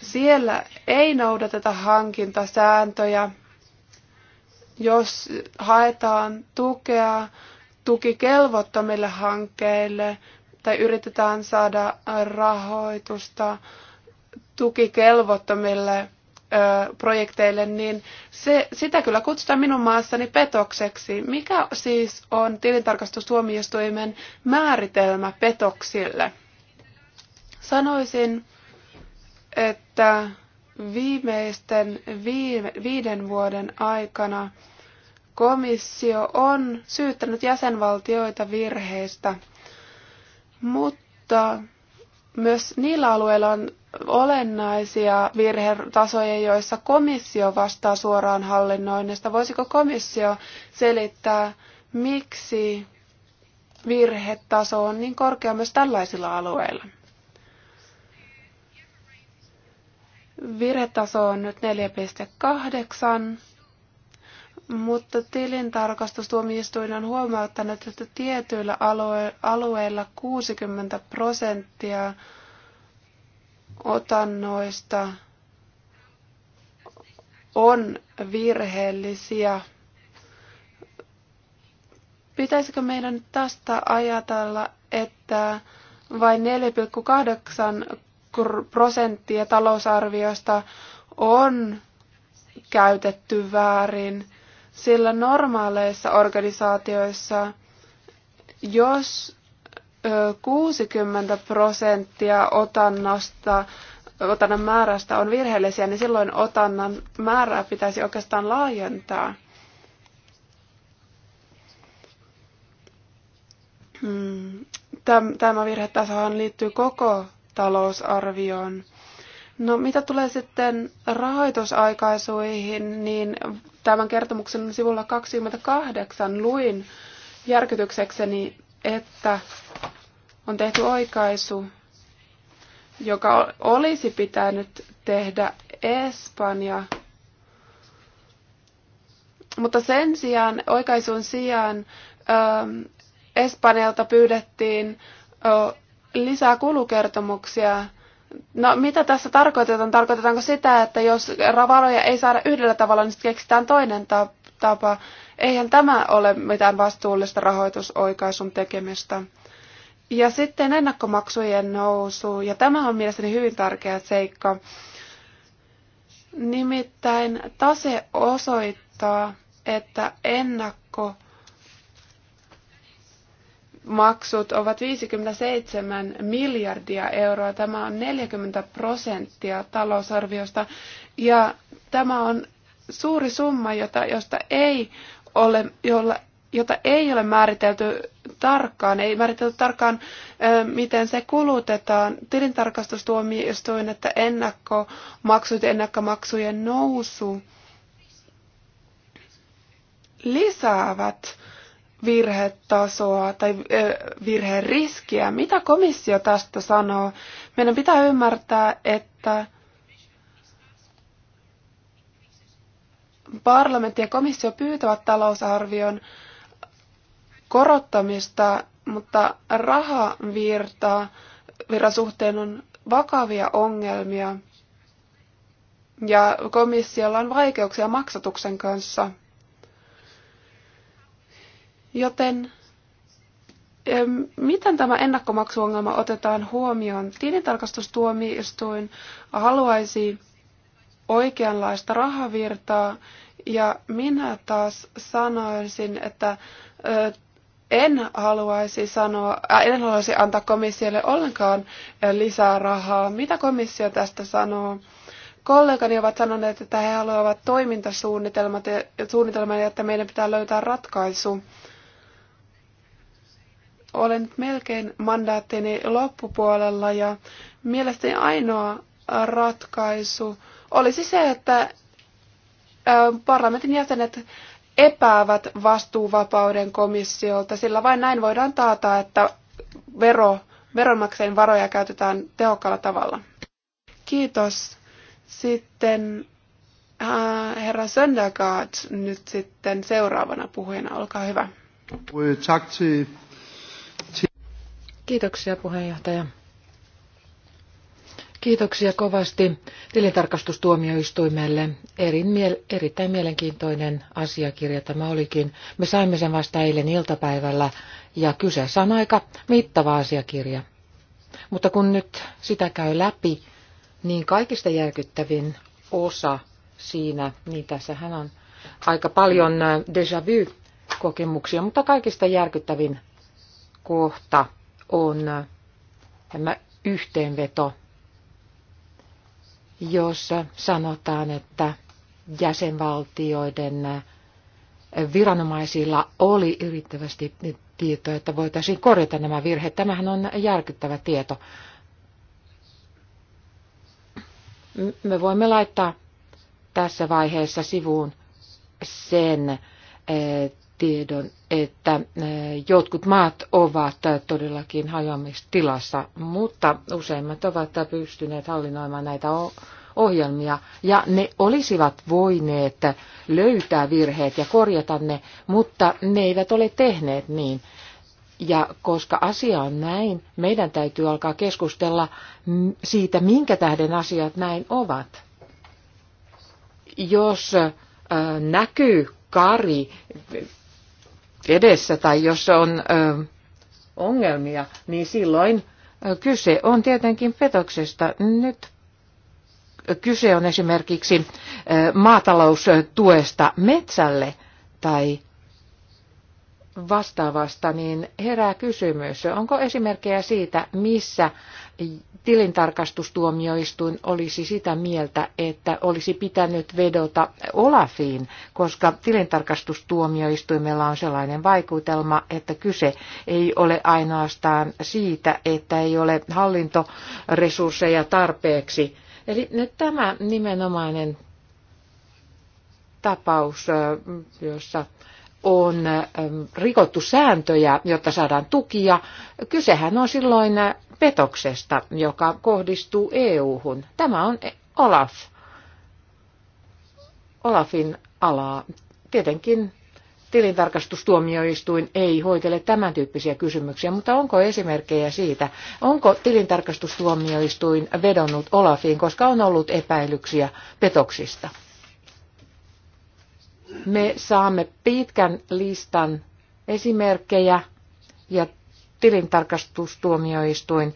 siellä ei noudateta hankintasääntöjä, jos haetaan tukea tukikelvottomille hankkeille, tai yritetään saada rahoitusta tukikelvottomille ö, projekteille, niin se, sitä kyllä kutsutaan minun maassani petokseksi. Mikä siis on tilintarkastustuomioistuimen määritelmä petoksille? Sanoisin, että viimeisten viime, viiden vuoden aikana komissio on syyttänyt jäsenvaltioita virheistä – mutta myös niillä alueilla on olennaisia virhetasoja, joissa komissio vastaa suoraan hallinnoinnista. Voisiko komissio selittää, miksi virhetaso on niin korkea myös tällaisilla alueilla? Virhetaso on nyt 4,8 mutta tilintarkastustuomioistuin on huomauttanut, että tietyillä alueilla 60 prosenttia otannoista on virheellisiä. Pitäisikö meidän tästä ajatella, että vain 4,8 prosenttia talousarviosta on käytetty väärin? sillä normaaleissa organisaatioissa, jos 60 prosenttia otannasta, otannan määrästä on virheellisiä, niin silloin otannan määrää pitäisi oikeastaan laajentaa. Hmm. Tämä virhe virhetasohan liittyy koko talousarvioon. No mitä tulee sitten rahoitusaikaisuihin, niin tämän kertomuksen sivulla 28 luin järkytyksekseni, että on tehty oikaisu, joka olisi pitänyt tehdä Espanja. Mutta sen sijaan, oikaisun sijaan, ähm, Espanjalta pyydettiin ö, lisää kulukertomuksia No mitä tässä tarkoitetaan? Tarkoitetaanko sitä, että jos varoja ei saada yhdellä tavalla, niin sitten keksitään toinen tapa? Eihän tämä ole mitään vastuullista rahoitusoikaisun tekemistä. Ja sitten ennakkomaksujen nousu, ja tämä on mielestäni hyvin tärkeä seikka. Nimittäin tase osoittaa, että ennakkomaksujen maksut ovat 57 miljardia euroa. Tämä on 40 prosenttia talousarviosta ja tämä on suuri summa, jota, josta ei ole, jolla, jota ei ole määritelty tarkkaan, ei määritelty tarkkaan, miten se kulutetaan. Tilintarkastustuomioistuin, että ennakkomaksut ja ennakkomaksujen nousu lisäävät virhetasoa tai virheen riskiä. Mitä komissio tästä sanoo? Meidän pitää ymmärtää, että parlamentti ja komissio pyytävät talousarvion korottamista, mutta rahavirta virasuhteen on vakavia ongelmia ja komissiolla on vaikeuksia maksatuksen kanssa. Joten miten tämä ennakkomaksuongelma otetaan huomioon? Tilintarkastustuomioistuin haluaisi oikeanlaista rahavirtaa ja minä taas sanoisin, että en haluaisi sanoa, äh, en haluaisi antaa komissiolle ollenkaan lisää rahaa. Mitä komissio tästä sanoo? Kollegani ovat sanoneet, että he haluavat toimintasuunnitelman ja että meidän pitää löytää ratkaisu olen melkein mandaattini loppupuolella ja mielestäni ainoa ratkaisu olisi se, että parlamentin jäsenet epäävät vastuuvapauden komissiolta, sillä vain näin voidaan taata, että vero, veronmaksajien varoja käytetään tehokkaalla tavalla. Kiitos. Sitten äh, herra Söndergaard nyt sitten seuraavana puhujana, olkaa hyvä. Tack till Kiitoksia puheenjohtaja. Kiitoksia kovasti tilintarkastustuomioistuimelle. erittäin mielenkiintoinen asiakirja tämä olikin. Me saimme sen vasta eilen iltapäivällä ja kyseessä on aika mittava asiakirja. Mutta kun nyt sitä käy läpi, niin kaikista järkyttävin osa siinä, niin tässähän on aika paljon äh, déjà vu-kokemuksia, mutta kaikista järkyttävin kohta on tämä yhteenveto, jossa sanotaan, että jäsenvaltioiden viranomaisilla oli yrittävästi tietoa, että voitaisiin korjata nämä virheet. Tämähän on järkyttävä tieto. Me voimme laittaa tässä vaiheessa sivuun sen, tiedon, että äh, jotkut maat ovat todellakin hajoamistilassa, mutta useimmat ovat pystyneet hallinnoimaan näitä ohjelmia ja ne olisivat voineet löytää virheet ja korjata ne, mutta ne eivät ole tehneet niin. Ja koska asia on näin, meidän täytyy alkaa keskustella siitä, minkä tähden asiat näin ovat. Jos äh, näkyy kari edessä tai jos on ongelmia, niin silloin kyse on tietenkin petoksesta. Nyt kyse on esimerkiksi maataloustuesta metsälle tai vastaavasta, niin herää kysymys, onko esimerkkejä siitä, missä tilintarkastustuomioistuin olisi sitä mieltä, että olisi pitänyt vedota Olafiin, koska tilintarkastustuomioistuimella on sellainen vaikutelma, että kyse ei ole ainoastaan siitä, että ei ole hallintoresursseja tarpeeksi. Eli nyt tämä nimenomainen tapaus, jossa on ähm, rikottu sääntöjä, jotta saadaan tukia. Kysehän on silloin äh, petoksesta, joka kohdistuu EU-hun. Tämä on Olaf. Olafin alaa. Tietenkin tilintarkastustuomioistuin ei hoitele tämän tyyppisiä kysymyksiä, mutta onko esimerkkejä siitä, onko tilintarkastustuomioistuin vedonnut Olafiin, koska on ollut epäilyksiä petoksista? me saamme pitkän listan esimerkkejä ja tilintarkastustuomioistuin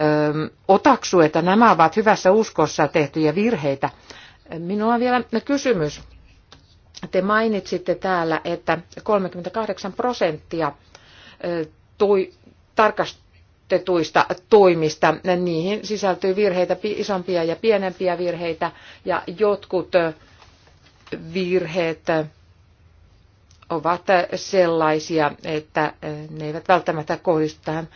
ö, otaksu, että nämä ovat hyvässä uskossa tehtyjä virheitä. Minulla on vielä kysymys. Te mainitsitte täällä, että 38 prosenttia tui, tarkastetuista toimista, niihin sisältyy virheitä, isompia ja pienempiä virheitä, ja jotkut virheet ovat sellaisia, että ne eivät välttämättä kohdistu tähän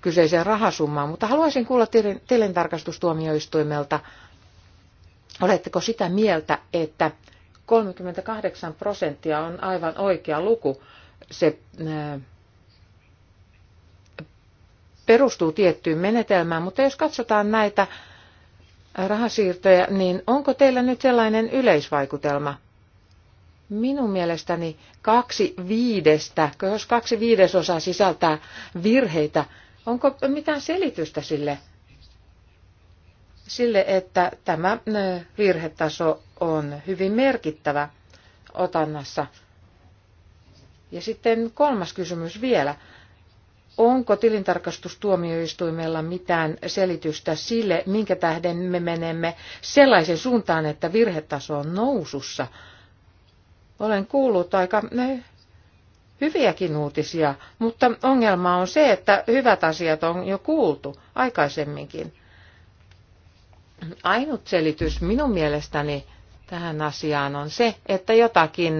kyseiseen rahasummaan, mutta haluaisin kuulla tilintarkastustuomioistuimelta, oletteko sitä mieltä, että 38 prosenttia on aivan oikea luku. Se perustuu tiettyyn menetelmään, mutta jos katsotaan näitä rahasiirtoja, niin onko teillä nyt sellainen yleisvaikutelma? Minun mielestäni kaksi viidestä, jos kaksi viidesosaa sisältää virheitä, onko mitään selitystä sille, sille että tämä virhetaso on hyvin merkittävä otannassa? Ja sitten kolmas kysymys vielä. Onko tilintarkastustuomioistuimella mitään selitystä sille, minkä tähden me menemme sellaisen suuntaan, että virhetaso on nousussa? Olen kuullut aika hyviäkin uutisia, mutta ongelma on se, että hyvät asiat on jo kuultu aikaisemminkin. Ainut selitys minun mielestäni tähän asiaan on se, että jotakin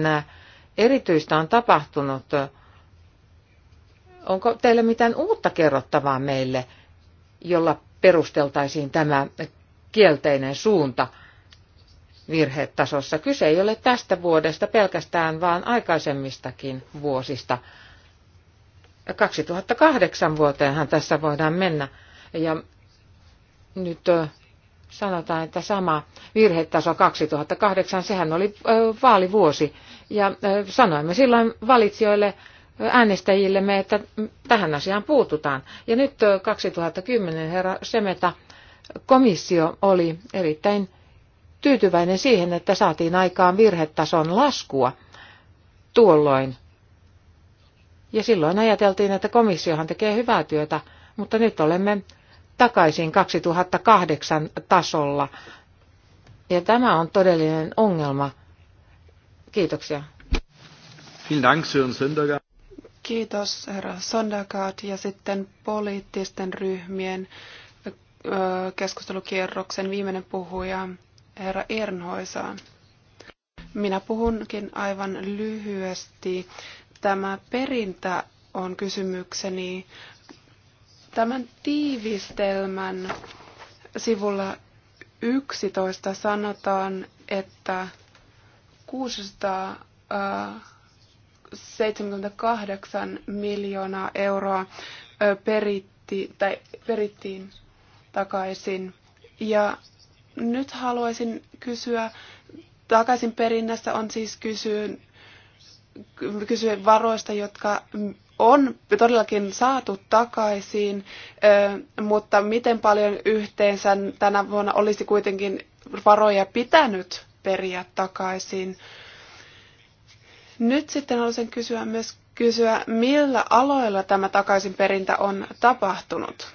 erityistä on tapahtunut Onko teillä mitään uutta kerrottavaa meille, jolla perusteltaisiin tämä kielteinen suunta virhetasossa? Kyse ei ole tästä vuodesta pelkästään, vaan aikaisemmistakin vuosista. 2008 vuoteenhan tässä voidaan mennä. Ja nyt sanotaan, että sama virhetaso 2008, sehän oli vaalivuosi. Ja sanoimme silloin valitsijoille äänestäjillemme, että tähän asiaan puututaan. Ja nyt 2010 herra Semeta komissio oli erittäin tyytyväinen siihen, että saatiin aikaan virhetason laskua tuolloin. Ja silloin ajateltiin, että komissiohan tekee hyvää työtä, mutta nyt olemme takaisin 2008 tasolla. Ja tämä on todellinen ongelma. Kiitoksia. Vielen Dank, Kiitos herra Sondakaat ja sitten poliittisten ryhmien keskustelukierroksen viimeinen puhuja herra Ernhoisa. Minä puhunkin aivan lyhyesti. Tämä perintä on kysymykseni tämän tiivistelmän sivulla 11 sanotaan, että 600 78 miljoonaa euroa peritti, tai perittiin takaisin. Ja nyt haluaisin kysyä, takaisin perinnässä on siis kysyyn kysyä varoista, jotka on todellakin saatu takaisin, mutta miten paljon yhteensä tänä vuonna olisi kuitenkin varoja pitänyt periä takaisin? Nyt sitten haluaisin kysyä myös kysyä, millä aloilla tämä takaisinperintä on tapahtunut.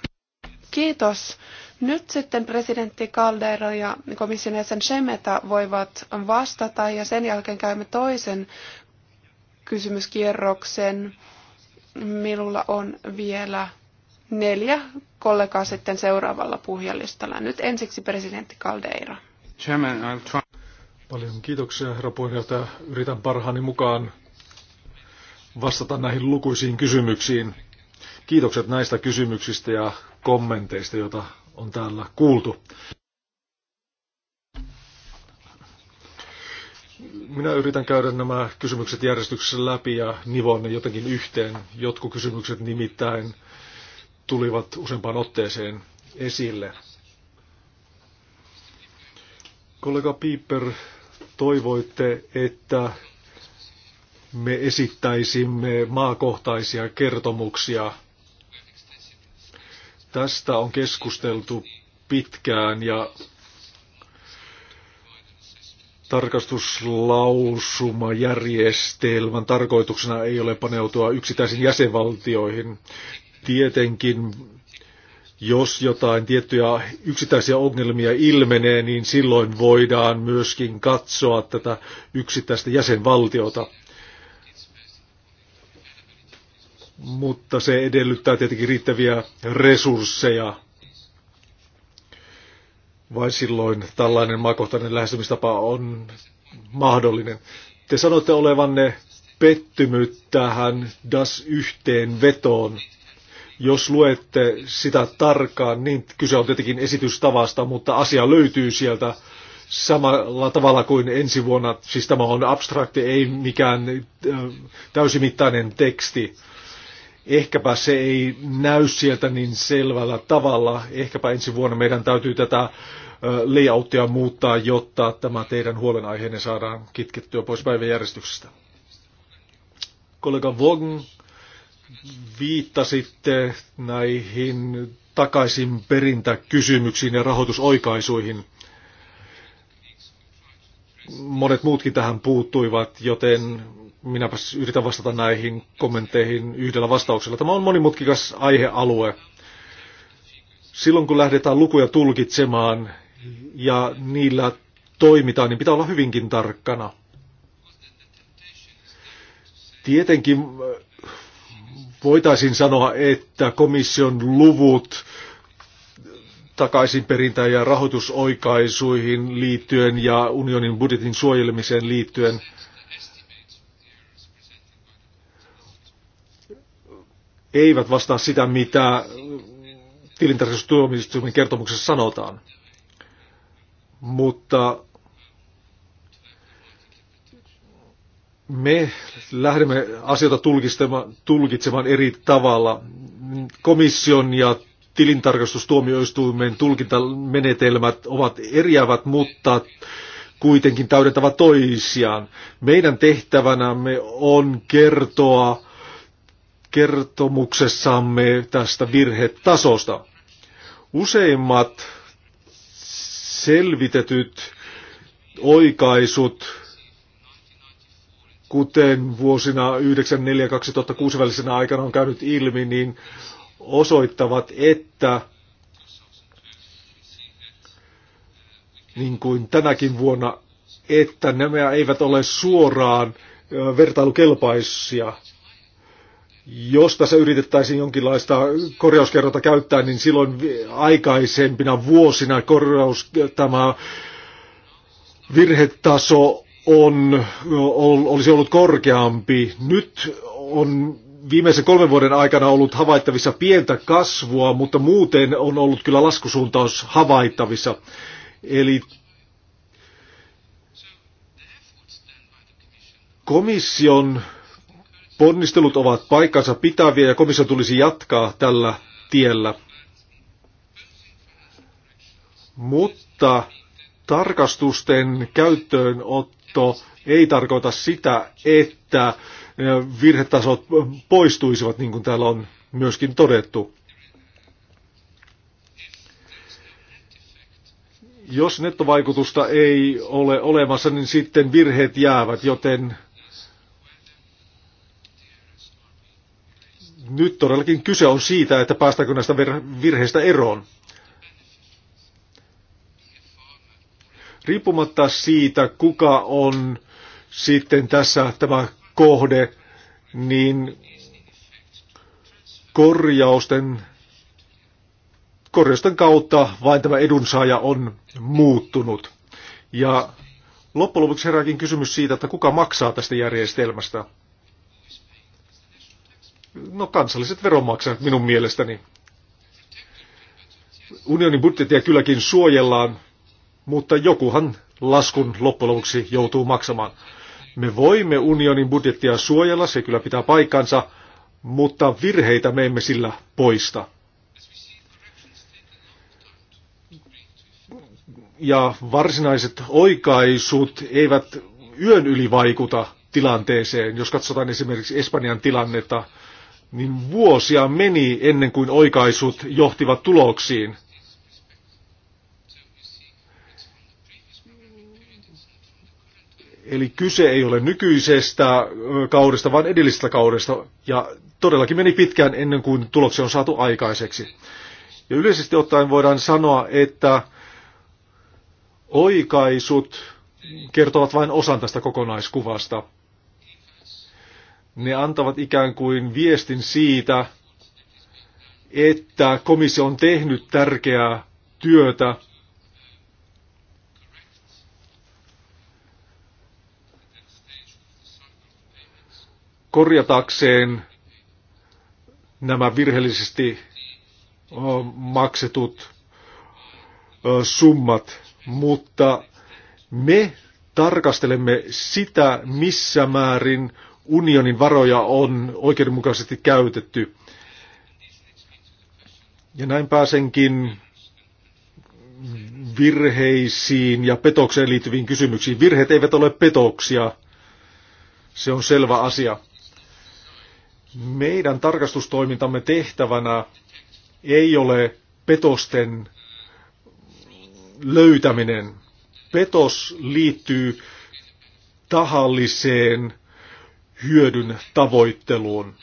Kiitos. Nyt sitten presidentti Caldera ja komission jäsen Shemeta voivat vastata ja sen jälkeen käymme toisen kysymyskierroksen. Minulla on vielä neljä kollegaa sitten seuraavalla puhujalistalla. Nyt ensiksi presidentti Caldeira. Chairman, I'll try... Paljon kiitoksia, herra puheenjohtaja. Yritän parhaani mukaan vastata näihin lukuisiin kysymyksiin. Kiitokset näistä kysymyksistä ja kommenteista, joita on täällä kuultu. Minä yritän käydä nämä kysymykset järjestyksessä läpi ja nivoa ne jotenkin yhteen. Jotkut kysymykset nimittäin tulivat useampaan otteeseen esille. Kollega Piper toivoitte, että me esittäisimme maakohtaisia kertomuksia. Tästä on keskusteltu pitkään ja tarkastuslausumajärjestelmän tarkoituksena ei ole paneutua yksittäisiin jäsenvaltioihin. Tietenkin jos jotain tiettyjä yksittäisiä ongelmia ilmenee, niin silloin voidaan myöskin katsoa tätä yksittäistä jäsenvaltiota. Mutta se edellyttää tietenkin riittäviä resursseja. Vai silloin tällainen maakohtainen lähestymistapa on mahdollinen. Te sanotte olevanne pettymyt tähän DAS-yhteen vetoon. Jos luette sitä tarkkaan, niin kyse on tietenkin esitystavasta, mutta asia löytyy sieltä samalla tavalla kuin ensi vuonna. Siis tämä on abstrakti, ei mikään täysimittainen teksti. Ehkäpä se ei näy sieltä niin selvällä tavalla. Ehkäpä ensi vuonna meidän täytyy tätä layouttia muuttaa, jotta tämä teidän huolenaiheenne saadaan kitkettyä pois päiväjärjestyksestä. Kollega Vogn viittasitte näihin takaisin perintäkysymyksiin ja rahoitusoikaisuihin. Monet muutkin tähän puuttuivat, joten minäpä yritän vastata näihin kommentteihin yhdellä vastauksella. Tämä on monimutkikas aihealue. Silloin kun lähdetään lukuja tulkitsemaan ja niillä toimitaan, niin pitää olla hyvinkin tarkkana. Tietenkin voitaisiin sanoa, että komission luvut takaisinperintään ja rahoitusoikaisuihin liittyen ja unionin budjetin suojelemiseen liittyen eivät vastaa sitä, mitä tilintarkastustuomioistuimen kertomuksessa sanotaan. Mutta me lähdemme asioita tulkitsemaan eri tavalla. Komission ja tilintarkastustuomioistuimen tulkintamenetelmät ovat eriävät, mutta kuitenkin täydentävät toisiaan. Meidän tehtävänämme on kertoa kertomuksessamme tästä virhetasosta. Useimmat selvitetyt oikaisut kuten vuosina 1994-2006 välisenä aikana on käynyt ilmi, niin osoittavat, että niin kuin tänäkin vuonna, että nämä eivät ole suoraan vertailukelpaisia. Jos tässä yritettäisiin jonkinlaista korjauskerrota käyttää, niin silloin aikaisempina vuosina korjaus, tämä virhetaso on, olisi ollut korkeampi. Nyt on viimeisen kolmen vuoden aikana ollut havaittavissa pientä kasvua, mutta muuten on ollut kyllä laskusuuntaus havaittavissa. Eli komission ponnistelut ovat paikkansa pitäviä ja komissio tulisi jatkaa tällä tiellä. Mutta tarkastusten käyttöönotto katto ei tarkoita sitä, että eh, virhetasot poistuisivat, niin kuin täällä on myöskin todettu. Jos nettovaikutusta ei ole olemassa, niin sitten virheet jäävät, joten nyt todellakin kyse on siitä, että päästäänkö näistä virheistä eroon. Riippumatta siitä, kuka on sitten tässä tämä kohde, niin korjausten, korjausten kautta vain tämä edunsaaja on muuttunut. Ja loppujen lopuksi herääkin kysymys siitä, että kuka maksaa tästä järjestelmästä. No kansalliset veronmaksajat minun mielestäni. Unionin budjettia kylläkin suojellaan, mutta jokuhan laskun loppujen lopuksi joutuu maksamaan. Me voimme unionin budjettia suojella, se kyllä pitää paikkansa, mutta virheitä me emme sillä poista. Ja varsinaiset oikaisut eivät yön yli vaikuta tilanteeseen. Jos katsotaan esimerkiksi Espanjan tilannetta, niin vuosia meni ennen kuin oikaisut johtivat tuloksiin. Eli kyse ei ole nykyisestä kaudesta, vaan edellisestä kaudesta. Ja todellakin meni pitkään ennen kuin tuloksia on saatu aikaiseksi. Ja yleisesti ottaen voidaan sanoa, että oikaisut kertovat vain osan tästä kokonaiskuvasta. Ne antavat ikään kuin viestin siitä, että komissio on tehnyt tärkeää työtä korjatakseen nämä virheellisesti maksetut summat, mutta me tarkastelemme sitä, missä määrin unionin varoja on oikeudenmukaisesti käytetty. Ja näin pääsenkin virheisiin ja petokseen liittyviin kysymyksiin. Virheet eivät ole petoksia. Se on selvä asia. Meidän tarkastustoimintamme tehtävänä ei ole petosten löytäminen. Petos liittyy tahalliseen hyödyn tavoitteluun.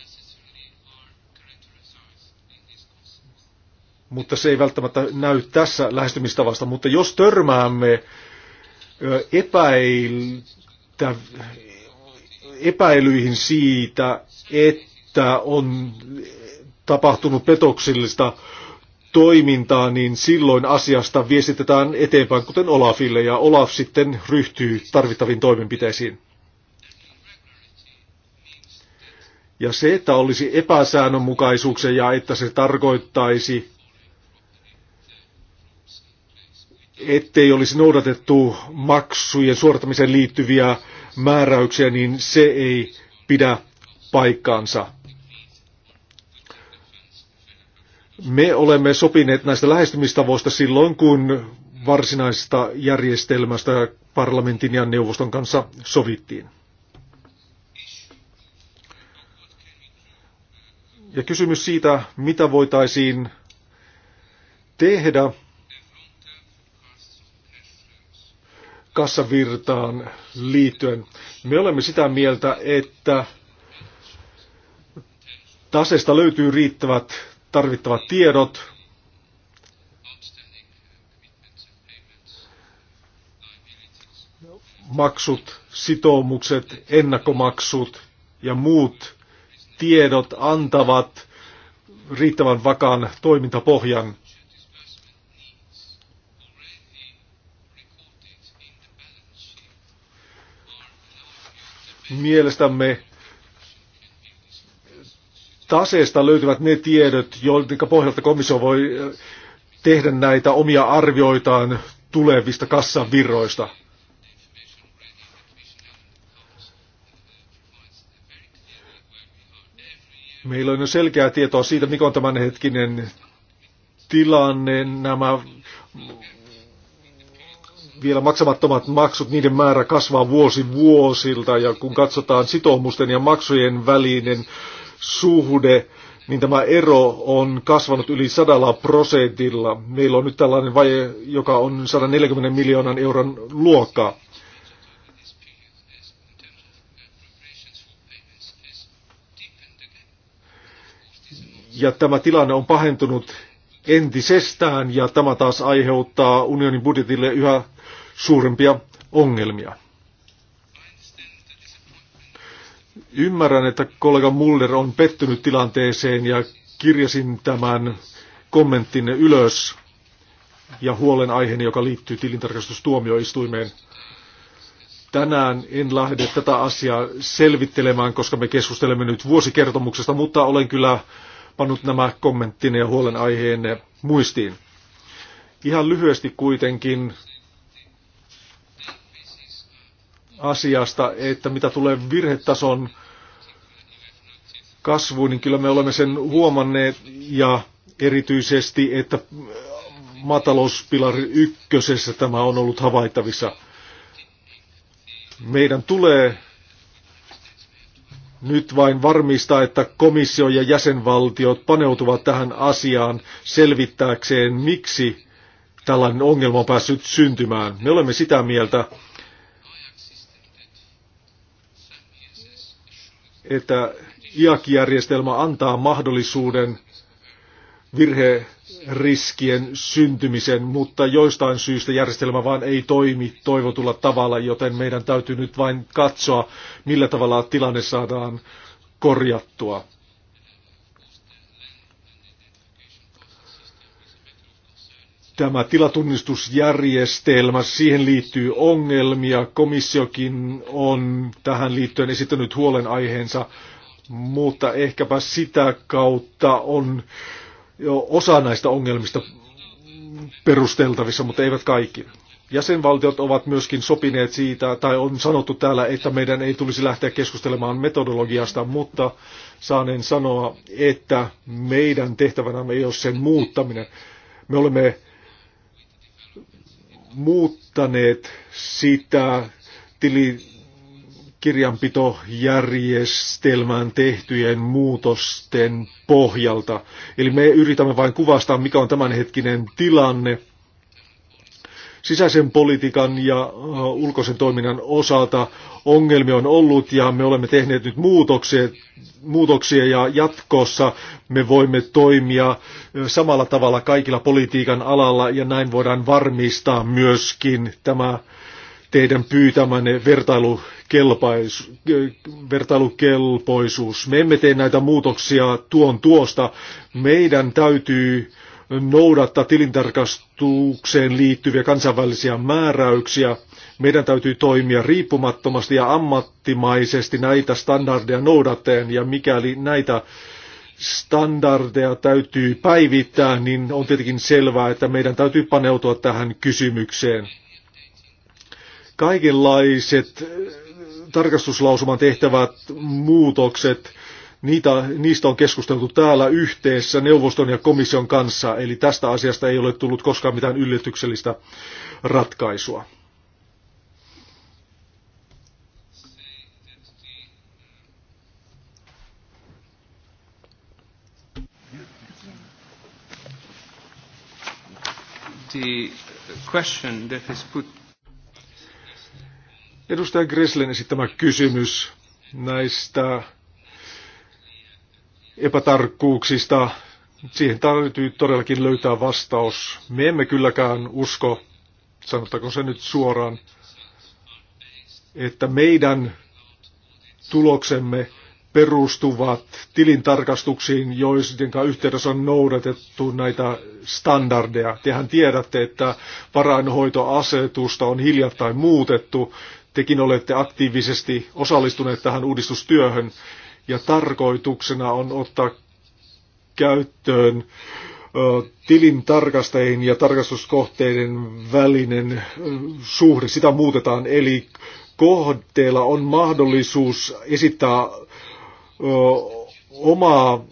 Mutta se ei välttämättä näy tässä lähestymistavasta. Mutta jos törmäämme epäiltä, epäilyihin siitä, että että on tapahtunut petoksillista toimintaa, niin silloin asiasta viestitetään eteenpäin, kuten Olafille, ja Olaf sitten ryhtyy tarvittaviin toimenpiteisiin. Ja se, että olisi epäsäännönmukaisuuksia ja että se tarkoittaisi, ettei olisi noudatettu maksujen suorittamiseen liittyviä määräyksiä, niin se ei pidä paikkaansa. Me olemme sopineet näistä lähestymistavoista silloin, kun varsinaista järjestelmästä parlamentin ja neuvoston kanssa sovittiin. Ja kysymys siitä, mitä voitaisiin tehdä kassavirtaan liittyen. Me olemme sitä mieltä, että tasesta löytyy riittävät tarvittavat tiedot. maksut, sitoumukset, ennakkomaksut ja muut tiedot antavat riittävän vakaan toimintapohjan. Mielestämme taseesta löytyvät ne tiedot, joiden pohjalta komissio voi eh, tehdä näitä omia arvioitaan tulevista kassavirroista. Meillä on jo selkeää tietoa siitä, mikä on tämänhetkinen tilanne. Nämä vielä maksamattomat maksut, niiden määrä kasvaa vuosi vuosilta ja kun katsotaan sitoumusten ja maksujen välinen suhde, niin tämä ero on kasvanut yli sadalla prosentilla. Meillä on nyt tällainen vaje, joka on 140 miljoonan euron luokkaa. Ja tämä tilanne on pahentunut entisestään ja tämä taas aiheuttaa unionin budjetille yhä suurempia ongelmia. Ymmärrän, että kollega Muller on pettynyt tilanteeseen ja kirjasin tämän kommenttinne ylös ja huolenaiheen, joka liittyy tilintarkastustuomioistuimeen. Tänään en lähde tätä asiaa selvittelemään, koska me keskustelemme nyt vuosikertomuksesta, mutta olen kyllä pannut nämä kommenttine ja huolenaiheenne muistiin. Ihan lyhyesti kuitenkin asiasta, että mitä tulee virhetason kasvuun, niin kyllä me olemme sen huomanneet ja erityisesti, että matalouspilari ykkösessä tämä on ollut havaittavissa. Meidän tulee nyt vain varmistaa, että komissio ja jäsenvaltiot paneutuvat tähän asiaan selvittääkseen, miksi tällainen ongelma on päässyt syntymään. Me olemme sitä mieltä, että IAK-järjestelmä antaa mahdollisuuden virheriskien syntymisen, mutta joistain syystä järjestelmä vaan ei toimi toivotulla tavalla, joten meidän täytyy nyt vain katsoa, millä tavalla tilanne saadaan korjattua. tämä tilatunnistusjärjestelmä, siihen liittyy ongelmia. Komissiokin on tähän liittyen esittänyt huolenaiheensa, mutta ehkäpä sitä kautta on jo osa näistä ongelmista perusteltavissa, mutta eivät kaikki. Jäsenvaltiot ovat myöskin sopineet siitä, tai on sanottu täällä, että meidän ei tulisi lähteä keskustelemaan metodologiasta, mutta saanen sanoa, että meidän tehtävänämme ei ole sen muuttaminen. Me olemme muuttaneet sitä tilikirjanpitojärjestelmään tehtyjen muutosten pohjalta. Eli me yritämme vain kuvastaa, mikä on tämänhetkinen tilanne – sisäisen politiikan ja äh, ulkoisen toiminnan osalta ongelmia on ollut ja me olemme tehneet nyt muutoksia, muutoksia ja jatkossa me voimme toimia äh, samalla tavalla kaikilla politiikan alalla ja näin voidaan varmistaa myöskin tämä teidän pyytämänne vertailukelpoisuus. Me emme tee näitä muutoksia tuon tuosta. Meidän täytyy noudattaa tilintarkastukseen liittyviä kansainvälisiä määräyksiä. Meidän täytyy toimia riippumattomasti ja ammattimaisesti näitä standardeja noudattaen, ja mikäli näitä standardeja täytyy päivittää, niin on tietenkin selvää, että meidän täytyy paneutua tähän kysymykseen. Kaikenlaiset eh, tarkastuslausuman tehtävät muutokset Niitä, niistä on keskusteltu täällä yhteensä neuvoston ja komission kanssa, eli tästä asiasta ei ole tullut koskaan mitään yllätyksellistä ratkaisua. Edustaja Greslen esittämä kysymys näistä epätarkkuuksista. Siihen täytyy todellakin löytää vastaus. Me emme kylläkään usko, sanotaanko se nyt suoraan, että meidän tuloksemme perustuvat tilintarkastuksiin, joiden yhteydessä on noudatettu näitä standardeja. Tehän tiedätte, että varainhoitoasetusta on hiljattain muutettu. Tekin olette aktiivisesti osallistuneet tähän uudistustyöhön ja tarkoituksena on ottaa käyttöön tilintarkastajien ja tarkastuskohteiden välinen suhde. Sitä muutetaan, eli kohteella on mahdollisuus esittää omaa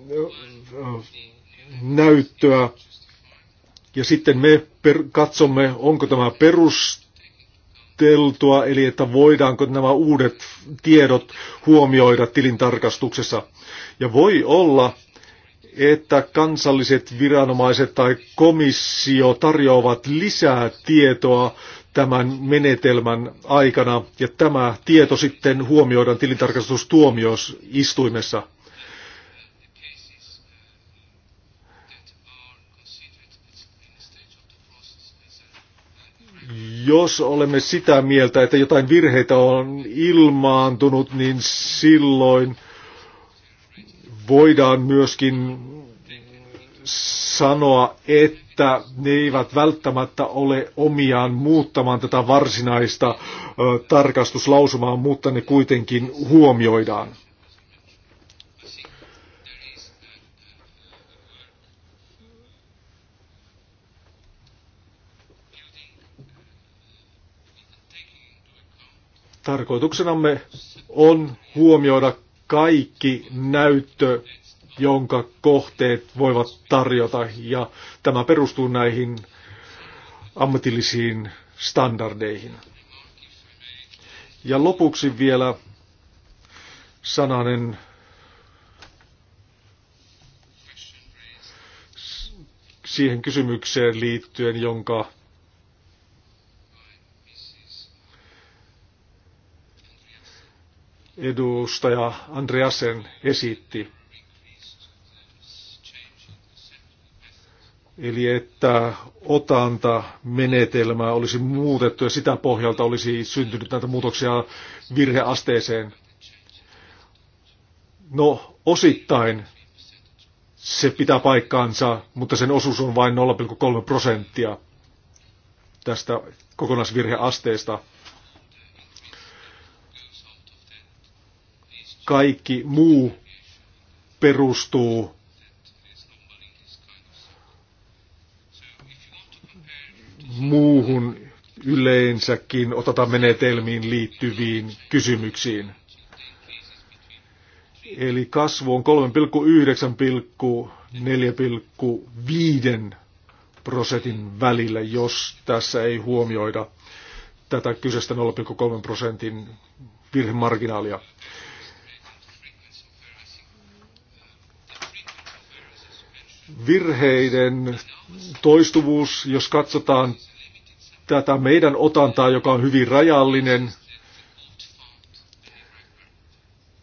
näyttöä ja sitten me per, katsomme, onko tämä perus perusteltua, eli että voidaanko nämä uudet tiedot huomioida tilintarkastuksessa. Ja voi olla, että kansalliset viranomaiset tai komissio tarjoavat lisää tietoa tämän menetelmän aikana, ja tämä tieto sitten huomioidaan tilintarkastustuomioistuimessa. Jos olemme sitä mieltä, että jotain virheitä on ilmaantunut, niin silloin voidaan myöskin sanoa, että ne eivät välttämättä ole omiaan muuttamaan tätä varsinaista ö, tarkastuslausumaa, mutta ne kuitenkin huomioidaan. Tarkoituksenamme on huomioida kaikki näyttö, jonka kohteet voivat tarjota, ja tämä perustuu näihin ammatillisiin standardeihin. Ja lopuksi vielä sananen siihen kysymykseen liittyen, jonka edustaja Andreasen esitti. Eli että otanta menetelmää olisi muutettu ja sitä pohjalta olisi syntynyt näitä muutoksia virheasteeseen. No osittain se pitää paikkaansa, mutta sen osuus on vain 0,3 prosenttia tästä kokonaisvirheasteesta. kaikki muu perustuu muuhun yleensäkin otata menetelmiin liittyviin kysymyksiin. Eli kasvu on 3,9-4,5 prosentin välillä, jos tässä ei huomioida tätä kyseistä 0,3 prosentin virhemarginaalia. virheiden toistuvuus, jos katsotaan tätä meidän otantaa, joka on hyvin rajallinen,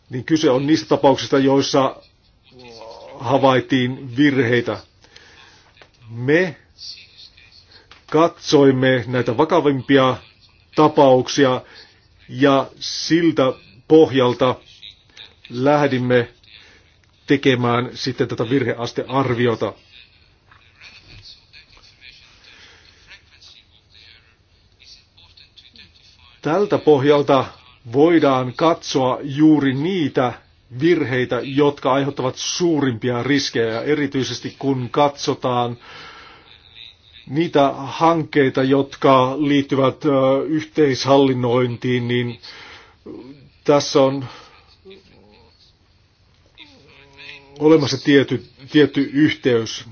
niin kyse on niistä tapauksista, joissa havaittiin virheitä. Me katsoimme näitä vakavimpia tapauksia ja siltä pohjalta lähdimme tekemään sitten tätä virheastearviota. Tältä pohjalta voidaan katsoa juuri niitä virheitä, jotka aiheuttavat suurimpia riskejä, erityisesti kun katsotaan niitä hankkeita, jotka liittyvät yhteishallinnointiin, niin tässä on olemassa tietty, tietty yhteys.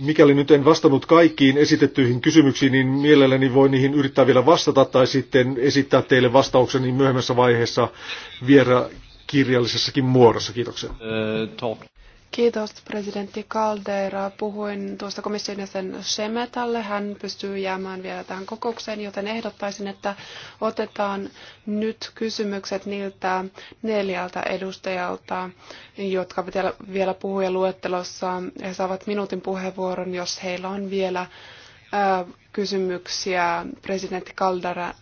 Mikäli nyt en vastannut kaikkiin esitettyihin kysymyksiin, niin mielelläni voi niihin yrittää vielä vastata tai sitten esittää teille vastaukseni myöhemmässä vaiheessa vielä kirjallisessakin muodossa. Kiitoksia. Äh, Kiitos presidentti Caldera. Puhuin tuosta komission jäsen Shemetalle. Hän pystyy jäämään vielä tähän kokoukseen, joten ehdottaisin, että otetaan nyt kysymykset niiltä neljältä edustajalta, jotka vielä puhuja luettelossa. He saavat minuutin puheenvuoron, jos heillä on vielä kysymyksiä presidentti Caldera,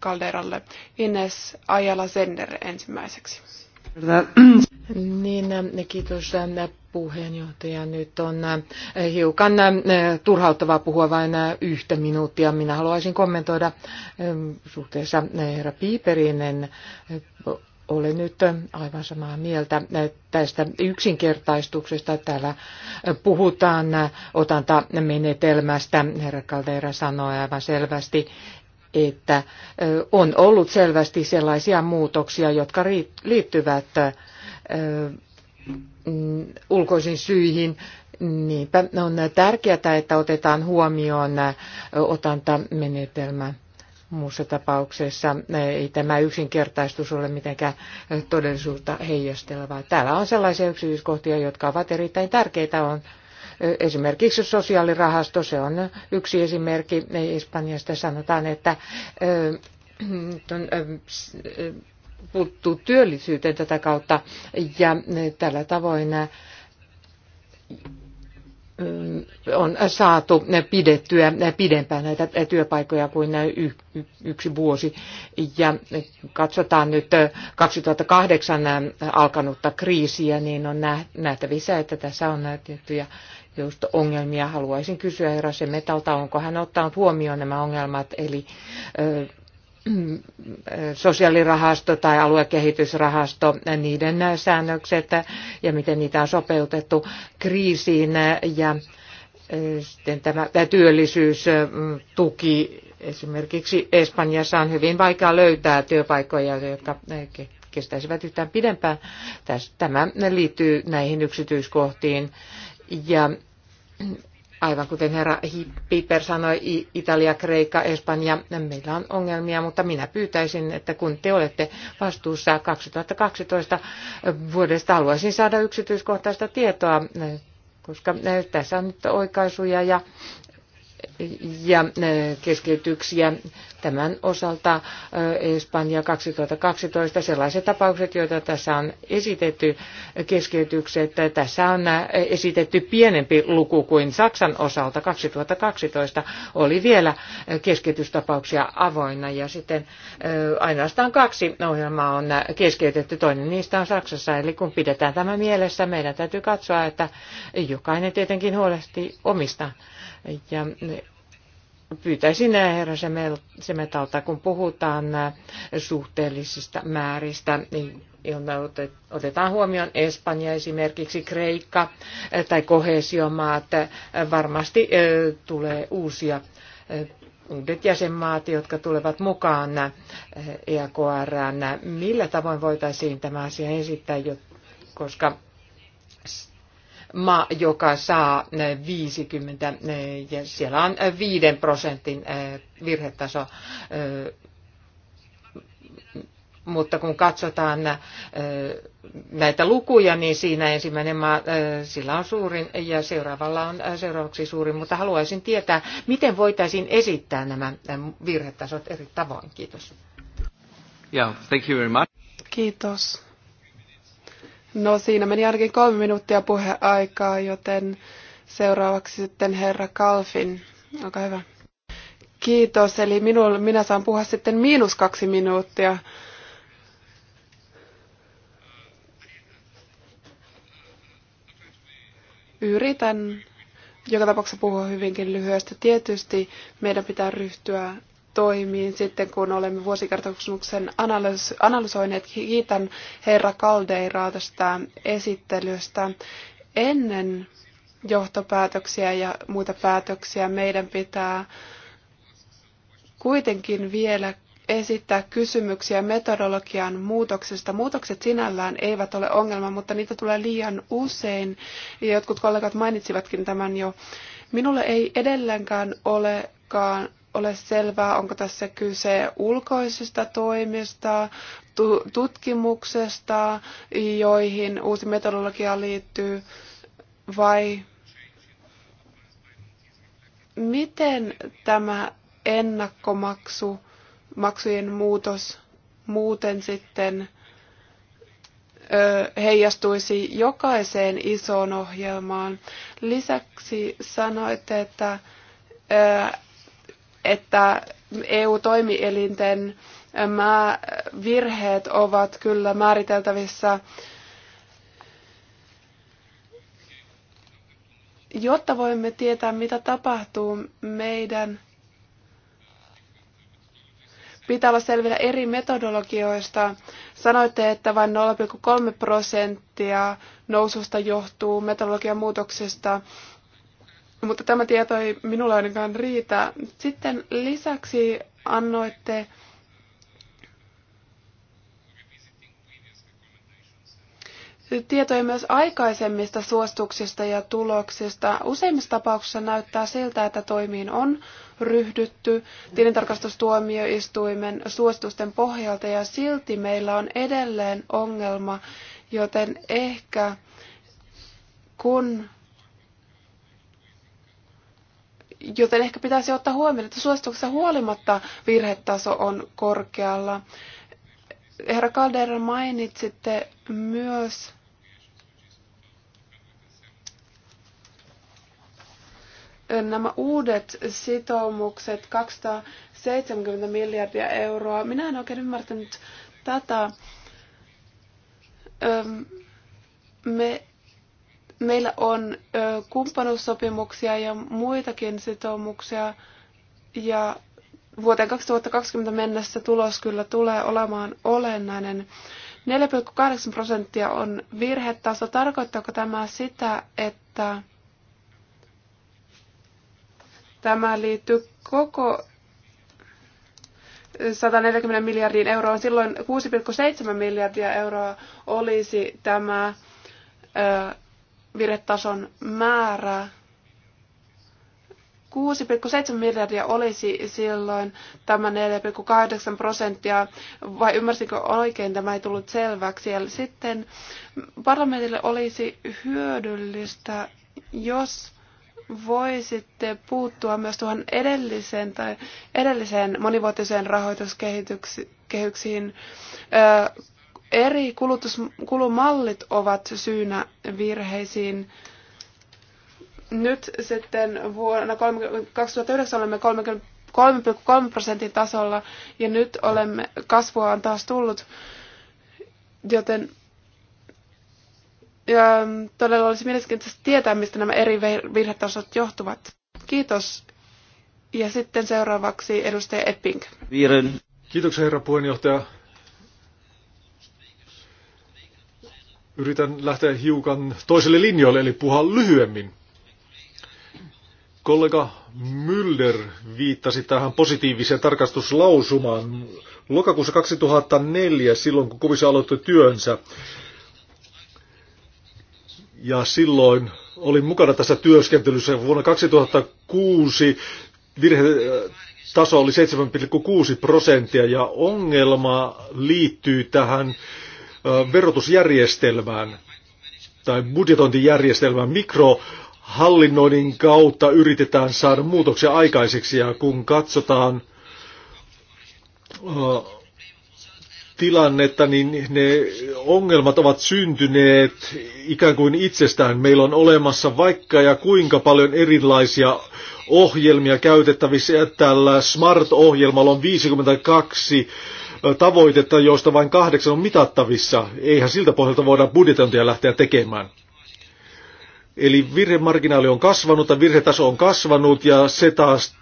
Calderalle. Ines Ajala-Sender ensimmäiseksi. Niin, kiitos puheenjohtaja. Nyt on eh, hiukan eh, turhauttavaa puhua vain eh, yhtä minuuttia. Minä haluaisin kommentoida suhteessa herra Piiperinen. Olen nyt aivan samaa mieltä tästä yksinkertaistuksesta. Täällä puhutaan otantamenetelmästä. Herra Caldera sanoi aivan selvästi, että on ollut selvästi sellaisia muutoksia, jotka liittyvät mm, ulkoisiin syihin. Niinpä on tärkeää, että otetaan huomioon otantamenetelmä. Muussa tapauksessa ei tämä yksinkertaistus ole mitenkään todellisuutta heijastelevaa. Täällä on sellaisia yksityiskohtia, jotka ovat erittäin tärkeitä. On Esimerkiksi sosiaalirahasto, se on yksi esimerkki Espanjasta. Sanotaan, että puuttuu työllisyyteen tätä kautta ja tällä tavoin on saatu pidettyä pidempään näitä työpaikkoja kuin yksi vuosi. Ja katsotaan nyt 2008 alkanutta kriisiä, niin on nähtävissä, että tässä on tiettyjä joista ongelmia Haluaisin kysyä herra Semetalta, onko hän ottanut huomioon nämä ongelmat, eli sosiaalirahasto tai aluekehitysrahasto, niiden säännökset ja miten niitä on sopeutettu kriisiin ja sitten tämä, tämä työllisyystuki. Esimerkiksi Espanjassa on hyvin vaikea löytää työpaikkoja, jotka kestäisivät yhtään pidempään. Tämä liittyy näihin yksityiskohtiin ja aivan kuten herra Piper sanoi, Italia, Kreikka, Espanja, meillä on ongelmia, mutta minä pyytäisin, että kun te olette vastuussa 2012 vuodesta, haluaisin saada yksityiskohtaista tietoa, koska tässä on nyt oikaisuja ja ja keskeytyksiä tämän osalta Espanja 2012. Sellaiset tapaukset, joita tässä on esitetty keskeytykset, tässä on esitetty pienempi luku kuin Saksan osalta. 2012 oli vielä keskeytystapauksia avoinna ja sitten ainoastaan kaksi ohjelmaa on keskeytetty. Toinen niistä on Saksassa, eli kun pidetään tämä mielessä, meidän täytyy katsoa, että jokainen tietenkin huolehtii omista ja pyytäisin herra Semetalta, kun puhutaan suhteellisista määristä, niin otetaan huomioon Espanja esimerkiksi, Kreikka eh, tai kohesiomaat, varmasti eh, tulee uusia eh, uudet jäsenmaat, jotka tulevat mukaan EAKR. E Millä tavoin voitaisiin tämä asia esittää, koska maa, joka saa 50 eh, eh, ja siellä on 5 eh, prosentin virhetaso. Mutta kun katsotaan näitä lukuja, niin siinä ensimmäinen maa, sillä on suurin ja seuraavalla on seuraavaksi suurin, mutta haluaisin tietää, miten voitaisiin esittää nämä virhetasot eri tavoin. Kiitos. Yeah, thank you very much. Kiitos. No siinä meni ainakin kolme minuuttia puheaikaa, joten seuraavaksi sitten herra Kalfin. Olkaa hyvä. Kiitos, eli minulla, minä saan puhua sitten miinus kaksi minuuttia. Yritän joka tapauksessa puhua hyvinkin lyhyesti. Tietysti meidän pitää ryhtyä toimiin sitten, kun olemme vuosikertomuksen analys- analysoineet. Kiitän herra Kaldeiraa tästä esittelystä. Ennen johtopäätöksiä ja muita päätöksiä meidän pitää kuitenkin vielä esittää kysymyksiä metodologian muutoksesta. Muutokset sinällään eivät ole ongelma, mutta niitä tulee liian usein. Ja jotkut kollegat mainitsivatkin tämän jo. Minulle ei edelleenkään olekaan ole selvää, onko tässä kyse ulkoisista toimista, tu- tutkimuksesta, joihin uusi metodologia liittyy, vai miten tämä ennakkomaksu, maksujen muutos muuten sitten ö, heijastuisi jokaiseen isoon ohjelmaan. Lisäksi sanoitte, että ö, että EU-toimielinten virheet ovat kyllä määriteltävissä jotta voimme tietää, mitä tapahtuu, meidän pitää olla selvillä eri metodologioista. Sanoitte, että vain 0,3 prosenttia noususta johtuu metodologian muutoksesta mutta tämä tieto ei minulla ainakaan riitä. Sitten lisäksi annoitte tietoja myös aikaisemmista suostuksista ja tuloksista. Useimmissa tapauksissa näyttää siltä, että toimiin on ryhdytty tilintarkastustuomioistuimen suostusten pohjalta ja silti meillä on edelleen ongelma, joten ehkä kun joten ehkä pitäisi ottaa huomioon, että suosituksessa huolimatta virhetaso on korkealla. Herra Caldera, mainitsitte myös nämä uudet sitoumukset, 270 miljardia euroa. Minä en oikein ymmärtänyt tätä. me meillä on kumppanuussopimuksia ja muitakin sitoumuksia ja vuoteen 2020 mennessä tulos kyllä tulee olemaan olennainen. 4,8 prosenttia on virhetaso. Tarkoittaako tämä sitä, että tämä liittyy koko 140 miljardiin euroon? Silloin 6,7 miljardia euroa olisi tämä ö, virhetason määrä 6,7 miljardia olisi silloin tämä 4,8 prosenttia, vai ymmärsinkö oikein, tämä ei tullut selväksi. Eli sitten parlamentille olisi hyödyllistä, jos voisitte puuttua myös tuohon edelliseen tai edelliseen monivuotiseen rahoituskehyksiin eri kulutuskulumallit ovat syynä virheisiin. Nyt sitten vuonna 2009 olemme 33 prosentin tasolla ja nyt olemme, kasvua on taas tullut, joten ja ähm, todella olisi mielenkiintoista tietää, mistä nämä eri virhetasot johtuvat. Kiitos. Ja sitten seuraavaksi edustaja Epping. Kiitoksia herra puheenjohtaja. yritän lähteä hiukan toiselle linjoille, eli puhua lyhyemmin. Kollega Müller viittasi tähän positiiviseen tarkastuslausumaan. Lokakuussa 2004, silloin kun komissio aloitti työnsä, ja silloin olin mukana tässä työskentelyssä. Vuonna 2006 virhetaso oli 7,6 prosenttia ja ongelma liittyy tähän verotusjärjestelmään tai budjetointijärjestelmään mikro hallinnoinnin kautta yritetään saada muutoksia aikaiseksi ja kun katsotaan tilannetta, niin ne ongelmat ovat syntyneet ikään kuin itsestään. Meillä on olemassa vaikka ja kuinka paljon erilaisia ohjelmia käytettävissä. Tällä Smart-ohjelmalla on 52 tavoitetta, joista vain kahdeksan on mitattavissa. Eihän siltä pohjalta voida budjetointia lähteä tekemään. Eli virhemarginaali on kasvanut ja virhetaso on kasvanut ja se taas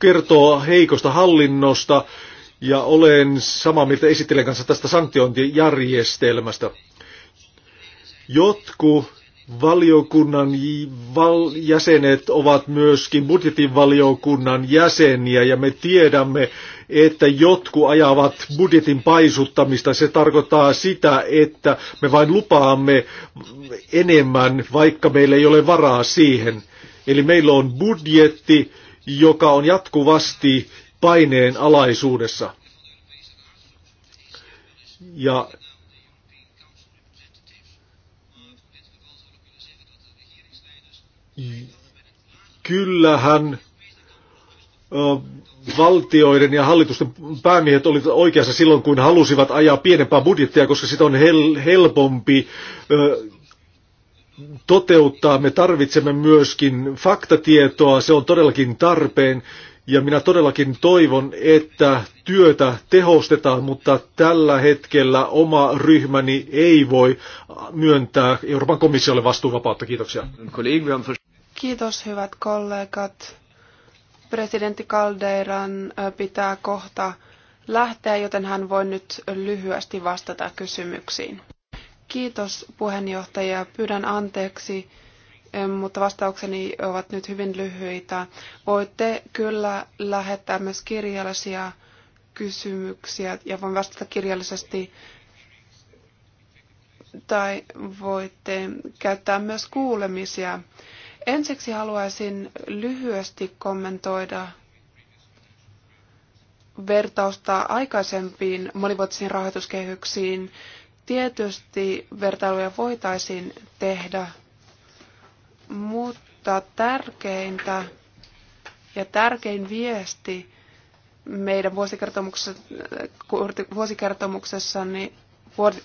kertoo heikosta hallinnosta ja olen samaa mieltä esittelen kanssa tästä sanktiointijärjestelmästä. Jotkut valiokunnan jäsenet ovat myöskin budjetinvaliokunnan jäseniä ja me tiedämme, että jotkut ajavat budjetin paisuttamista. Se tarkoittaa sitä, että me vain lupaamme enemmän, vaikka meillä ei ole varaa siihen. Eli meillä on budjetti, joka on jatkuvasti paineen alaisuudessa. Ja kyllähän valtioiden ja hallitusten päämiehet olivat oikeassa silloin, kun halusivat ajaa pienempää budjettia, koska sitä on hel- helpompi ö, toteuttaa. Me tarvitsemme myöskin faktatietoa, se on todellakin tarpeen. Ja minä todellakin toivon, että työtä tehostetaan, mutta tällä hetkellä oma ryhmäni ei voi myöntää Euroopan komissiolle vastuuvapautta. Kiitoksia. Kiitos hyvät kollegat. Presidentti Calderan pitää kohta lähteä, joten hän voi nyt lyhyesti vastata kysymyksiin. Kiitos puheenjohtaja. Pyydän anteeksi, mutta vastaukseni ovat nyt hyvin lyhyitä. Voitte kyllä lähettää myös kirjallisia kysymyksiä ja voin vastata kirjallisesti tai voitte käyttää myös kuulemisia. Ensiksi haluaisin lyhyesti kommentoida vertausta aikaisempiin monivuotisiin rahoituskehyksiin. Tietysti vertailuja voitaisiin tehdä, mutta tärkeintä ja tärkein viesti meidän vuosikertomuksessa, vuosikertomuksessani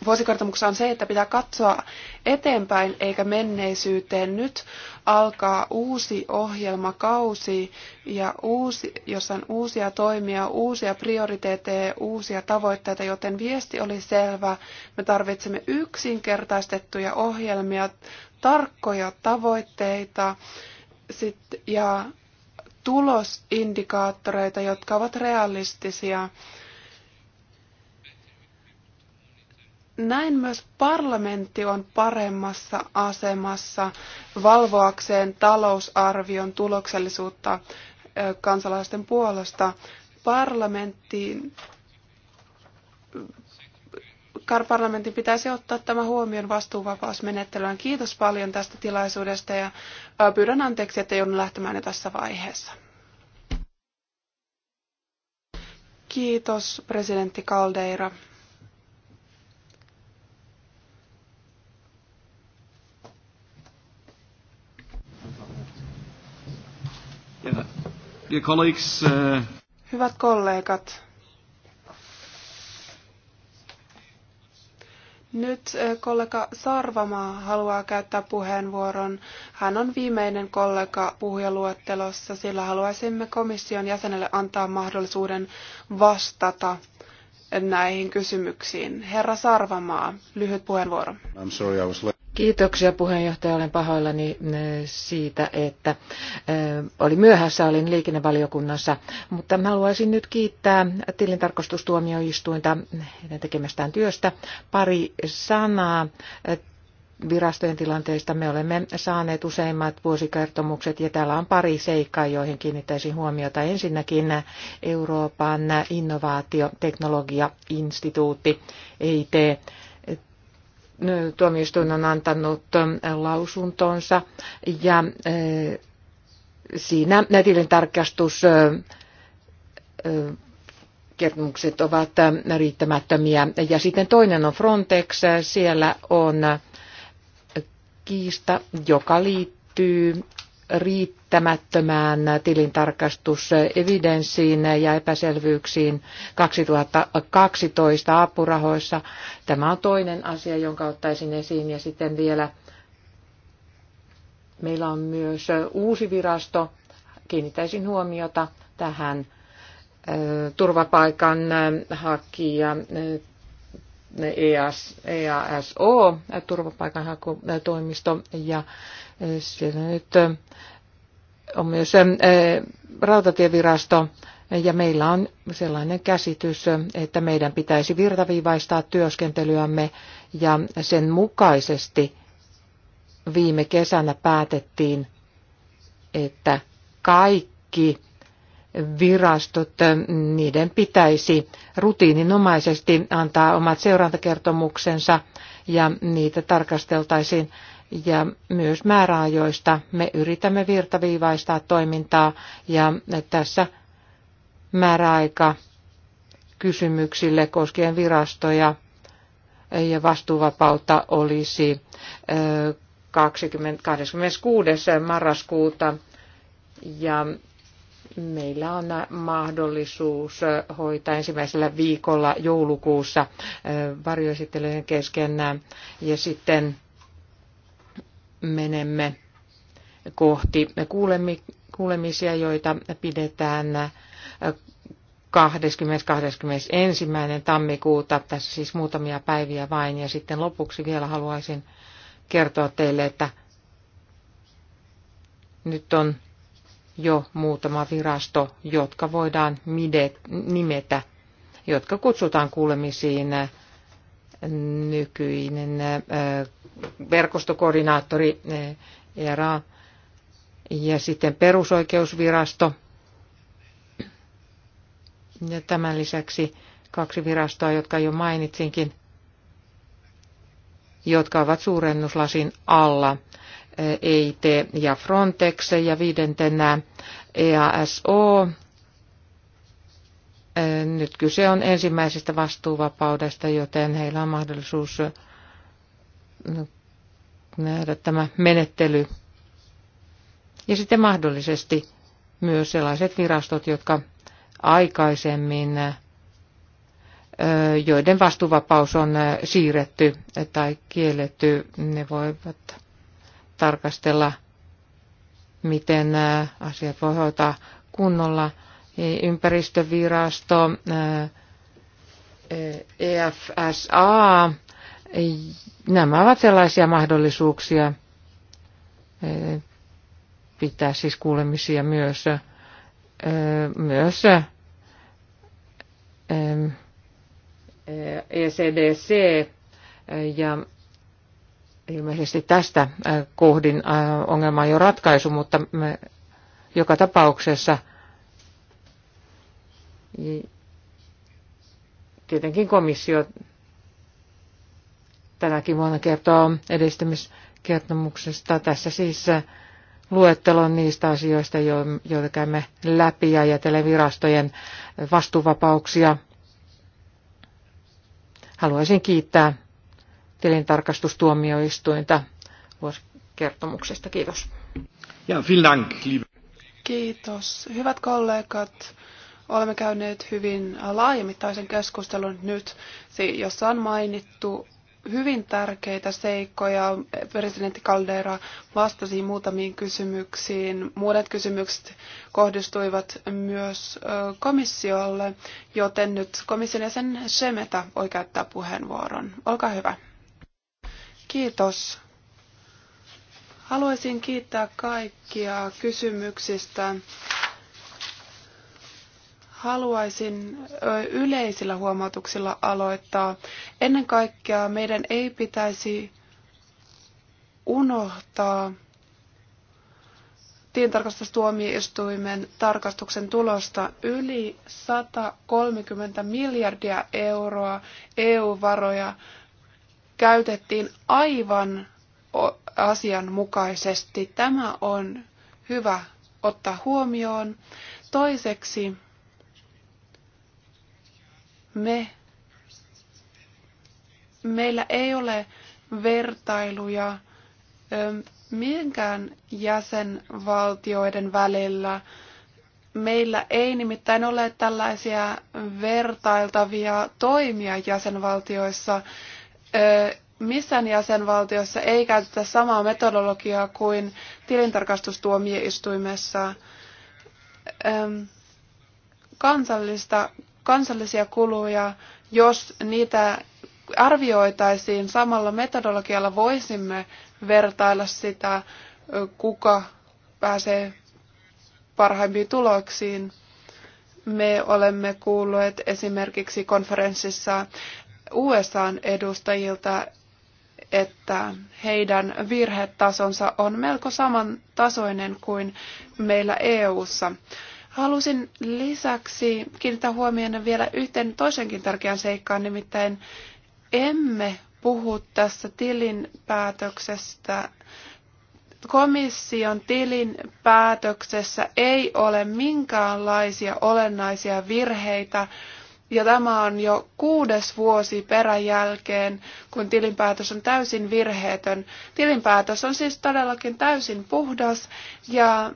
vuosikertomuksessa on se, että pitää katsoa eteenpäin eikä menneisyyteen. Nyt alkaa uusi ohjelmakausi, ja uusi, jossa on uusia toimia, uusia prioriteetteja, uusia tavoitteita, joten viesti oli selvä. Me tarvitsemme yksinkertaistettuja ohjelmia, tarkkoja tavoitteita sit, ja tulosindikaattoreita, jotka ovat realistisia. Näin myös parlamentti on paremmassa asemassa valvoakseen talousarvion tuloksellisuutta kansalaisten puolesta. Parlamenttiin parlamentin pitäisi ottaa tämä huomioon vastuuvapausmenettelyyn. Kiitos paljon tästä tilaisuudesta ja pyydän anteeksi, että joudun lähtemään jo tässä vaiheessa. Kiitos, presidentti Caldeira. Dear colleagues, uh... Hyvät kollegat, Nyt uh, kollega Sarvamaa haluaa käyttää puheenvuoron. Hän on viimeinen kollega puhujaluettelossa, sillä haluaisimme komission jäsenelle antaa mahdollisuuden vastata näihin kysymyksiin. Herra Sarvamaa, lyhyt puheenvuoro. I'm sorry, I was late. Kiitoksia puheenjohtaja. Olen pahoillani eh, siitä, että eh, oli myöhässä, olin liikennevaliokunnassa, mutta mä haluaisin nyt kiittää tilintarkastustuomioistuinta heidän tekemästään työstä. Pari sanaa eh, virastojen tilanteista. Me olemme saaneet useimmat vuosikertomukset ja täällä on pari seikkaa, joihin kiinnittäisin huomiota. Ensinnäkin Euroopan innovaatioteknologiainstituutti EIT tuomioistuin on antanut lausuntonsa ja siinä tilintarkastus kertomukset ovat riittämättömiä. Ja sitten toinen on Frontex. Siellä on kiista, joka liittyy riittämättömään tilintarkastusevidenssiin ja epäselvyyksiin 2012 apurahoissa. Tämä on toinen asia, jonka ottaisin esiin. Ja sitten vielä meillä on myös uusi virasto. Kiinnittäisin huomiota tähän turvapaikan hakija EAS, EASO, turvapaikanhakutoimisto, ja siellä nyt on myös rautatievirasto ja meillä on sellainen käsitys, että meidän pitäisi virtaviivaistaa työskentelyämme ja sen mukaisesti viime kesänä päätettiin, että kaikki virastot, niiden pitäisi rutiininomaisesti antaa omat seurantakertomuksensa ja niitä tarkasteltaisiin ja myös määräajoista. Me yritämme virtaviivaistaa toimintaa ja tässä määräaika kysymyksille koskien virastoja ja vastuuvapautta olisi 20, 26. marraskuuta ja meillä on mahdollisuus hoitaa ensimmäisellä viikolla joulukuussa varjoesittelyjen kesken ja sitten menemme kohti kuulemisia, joita pidetään 20.21. Äh, tammikuuta, tässä siis muutamia päiviä vain. Ja sitten lopuksi vielä haluaisin kertoa teille, että nyt on jo muutama virasto, jotka voidaan nimetä, jotka kutsutaan kuulemisiin äh, nykyinen äh, verkostokoordinaattori eh, ERA ja sitten perusoikeusvirasto. Ja tämän lisäksi kaksi virastoa, jotka jo mainitsinkin, jotka ovat suurennuslasin alla, EIT eh, e ja Frontex ja viidentenä EASO. Eh, nyt kyse on ensimmäisestä vastuuvapaudesta, joten heillä on mahdollisuus nähdä tämä menettely. Ja sitten mahdollisesti myös sellaiset virastot, jotka aikaisemmin, joiden vastuvapaus on siirretty tai kielletty, ne voivat tarkastella, miten asiat voi hoitaa kunnolla. Ympäristövirasto, EFSA, Nämä ovat sellaisia mahdollisuuksia eh, pitää siis kuulemisia myös, eh, myös ECDC eh, e ja ilmeisesti tästä kohdin ongelma on jo ratkaisu, mutta me joka tapauksessa tietenkin komissio tänäkin vuonna kertoo edistymiskertomuksesta. Tässä siis luettelon niistä asioista, joita käymme läpi ja ajatellen virastojen vastuuvapauksia. Haluaisin kiittää tilintarkastustuomioistuinta vuosikertomuksesta. Kiitos. Ja, dank, Kiitos. Hyvät kollegat, olemme käyneet hyvin laajamittaisen keskustelun nyt, jossa on mainittu hyvin tärkeitä seikkoja. Presidentti Caldera vastasi muutamiin kysymyksiin. Muudet kysymykset kohdistuivat myös komissiolle, joten nyt komission jäsen Semeta voi käyttää puheenvuoron. Olkaa hyvä. Kiitos. Haluaisin kiittää kaikkia kysymyksistä haluaisin yleisillä huomautuksilla aloittaa. Ennen kaikkea meidän ei pitäisi unohtaa tiintarkastustuomioistuimen tarkastuksen tulosta yli 130 miljardia euroa EU-varoja käytettiin aivan asianmukaisesti. Tämä on hyvä ottaa huomioon. Toiseksi me, meillä ei ole vertailuja minkään jäsenvaltioiden välillä. Meillä ei nimittäin ole tällaisia vertailtavia toimia jäsenvaltioissa. Missään jäsenvaltiossa ei käytetä samaa metodologiaa kuin tilintarkastustuomioistuimessa. Kansallista kansallisia kuluja, jos niitä arvioitaisiin samalla metodologialla, voisimme vertailla sitä, kuka pääsee parhaimpiin tuloksiin. Me olemme kuulleet esimerkiksi konferenssissa USAn edustajilta, että heidän virhetasonsa on melko saman tasoinen kuin meillä EU:ssa. Halusin lisäksi kiinnittää huomioon vielä yhteen toisenkin tärkeän seikkaan, nimittäin emme puhu tässä tilinpäätöksestä. Komission tilinpäätöksessä ei ole minkäänlaisia olennaisia virheitä, ja tämä on jo kuudes vuosi peräjälkeen, kun tilinpäätös on täysin virheetön. Tilinpäätös on siis todellakin täysin puhdas ja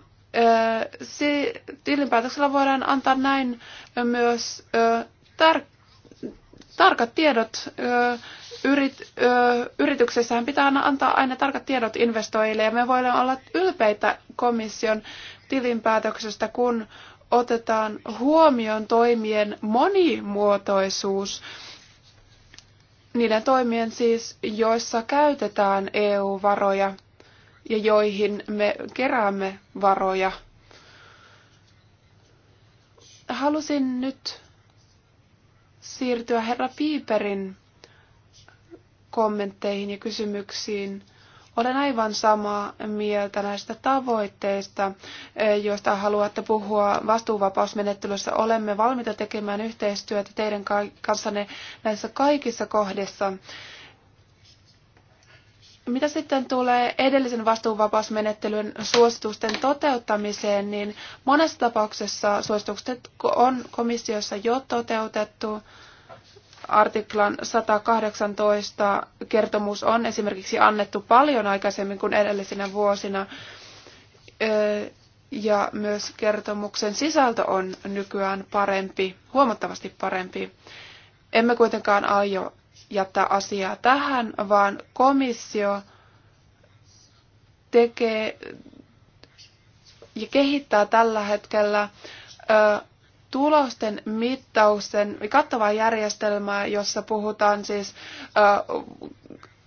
tilinpäätöksellä voidaan antaa näin myös tar- tarkat tiedot. Yrit, yrityksessähän pitää antaa aina tarkat tiedot investoijille ja me voidaan olla ylpeitä komission tilinpäätöksestä, kun otetaan huomioon toimien monimuotoisuus. Niiden toimien siis, joissa käytetään EU-varoja ja joihin me keräämme varoja. Halusin nyt siirtyä herra Piiperin kommentteihin ja kysymyksiin. Olen aivan samaa mieltä näistä tavoitteista, joista haluatte puhua vastuuvapausmenettelyssä. Olemme valmiita tekemään yhteistyötä teidän kanssanne näissä kaikissa kohdissa. Mitä sitten tulee edellisen vastuuvapausmenettelyn suositusten toteuttamiseen, niin monessa tapauksessa suositukset on komissiossa jo toteutettu. Artiklan 118 kertomus on esimerkiksi annettu paljon aikaisemmin kuin edellisinä vuosina. Ja myös kertomuksen sisältö on nykyään parempi, huomattavasti parempi. Emme kuitenkaan aio jättää asiaa tähän, vaan komissio tekee ja kehittää tällä hetkellä ö, tulosten mittausten kattavaa järjestelmää, jossa puhutaan siis ö,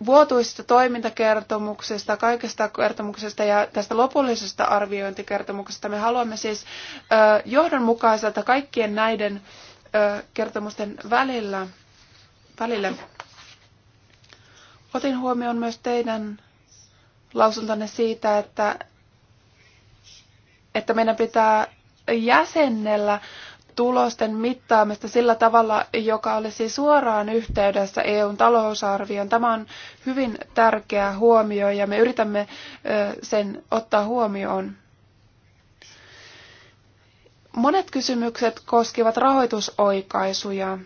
vuotuisista toimintakertomuksista, kaikesta kertomuksesta ja tästä lopullisesta arviointikertomuksesta. Me haluamme siis ö, johdonmukaiselta kaikkien näiden ö, kertomusten välillä välillä. Otin huomioon myös teidän lausuntanne siitä, että, että meidän pitää jäsennellä tulosten mittaamista sillä tavalla, joka olisi suoraan yhteydessä EUn talousarvioon. Tämä on hyvin tärkeä huomio ja me yritämme sen ottaa huomioon. Monet kysymykset koskivat rahoitusoikaisuja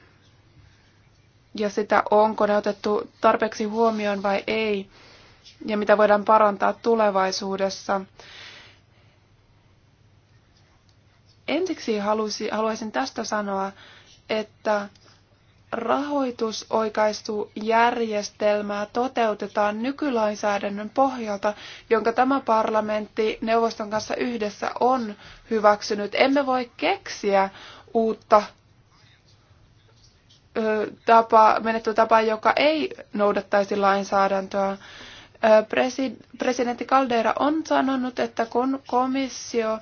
ja sitä, onko ne otettu tarpeeksi huomioon vai ei, ja mitä voidaan parantaa tulevaisuudessa. Ensiksi halusi, haluaisin tästä sanoa, että rahoitusoikaistujärjestelmää toteutetaan nykylainsäädännön pohjalta, jonka tämä parlamentti neuvoston kanssa yhdessä on hyväksynyt. Emme voi keksiä uutta tapa, menettelytapa, joka ei noudattaisi lainsäädäntöä. Presidentti Caldera on sanonut, että kun komissio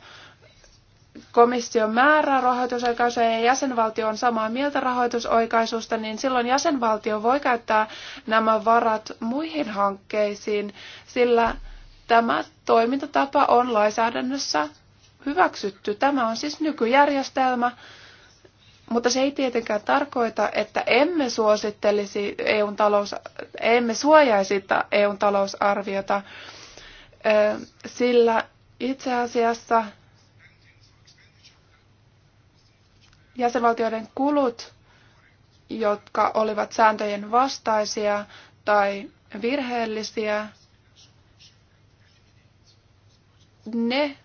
komission määrää rahoitusoikaisuja ja jäsenvaltio on samaa mieltä rahoitusoikaisusta, niin silloin jäsenvaltio voi käyttää nämä varat muihin hankkeisiin, sillä tämä toimintatapa on lainsäädännössä hyväksytty. Tämä on siis nykyjärjestelmä mutta se ei tietenkään tarkoita, että emme suosittelisi EUn talous, emme suojaisi EUn talousarviota, sillä itse asiassa jäsenvaltioiden kulut, jotka olivat sääntöjen vastaisia tai virheellisiä, ne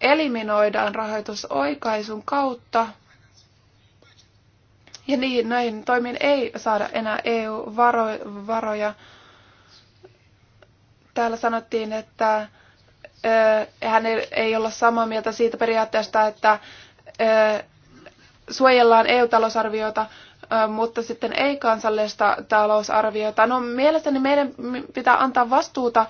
eliminoidaan rahoitusoikaisun kautta – ja niin, näin toimin ei saada enää EU-varoja. Täällä sanottiin, että hän ei, ei olla samaa mieltä siitä periaatteesta, että suojellaan EU-talousarviota, mutta sitten ei kansallista talousarviota. No mielestäni meidän pitää antaa vastuuta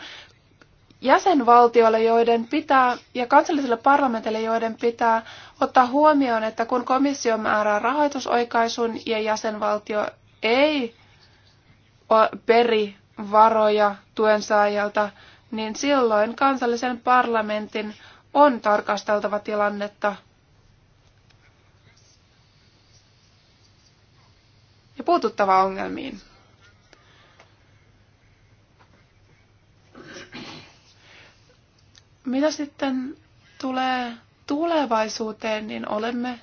jäsenvaltioille, joiden pitää, ja kansallisille parlamentille, joiden pitää ottaa huomioon, että kun komissio määrää rahoitusoikaisun ja jäsenvaltio ei peri varoja tuensaajalta, niin silloin kansallisen parlamentin on tarkasteltava tilannetta. Ja puututtava ongelmiin. Mitä sitten tulee tulevaisuuteen, niin olemme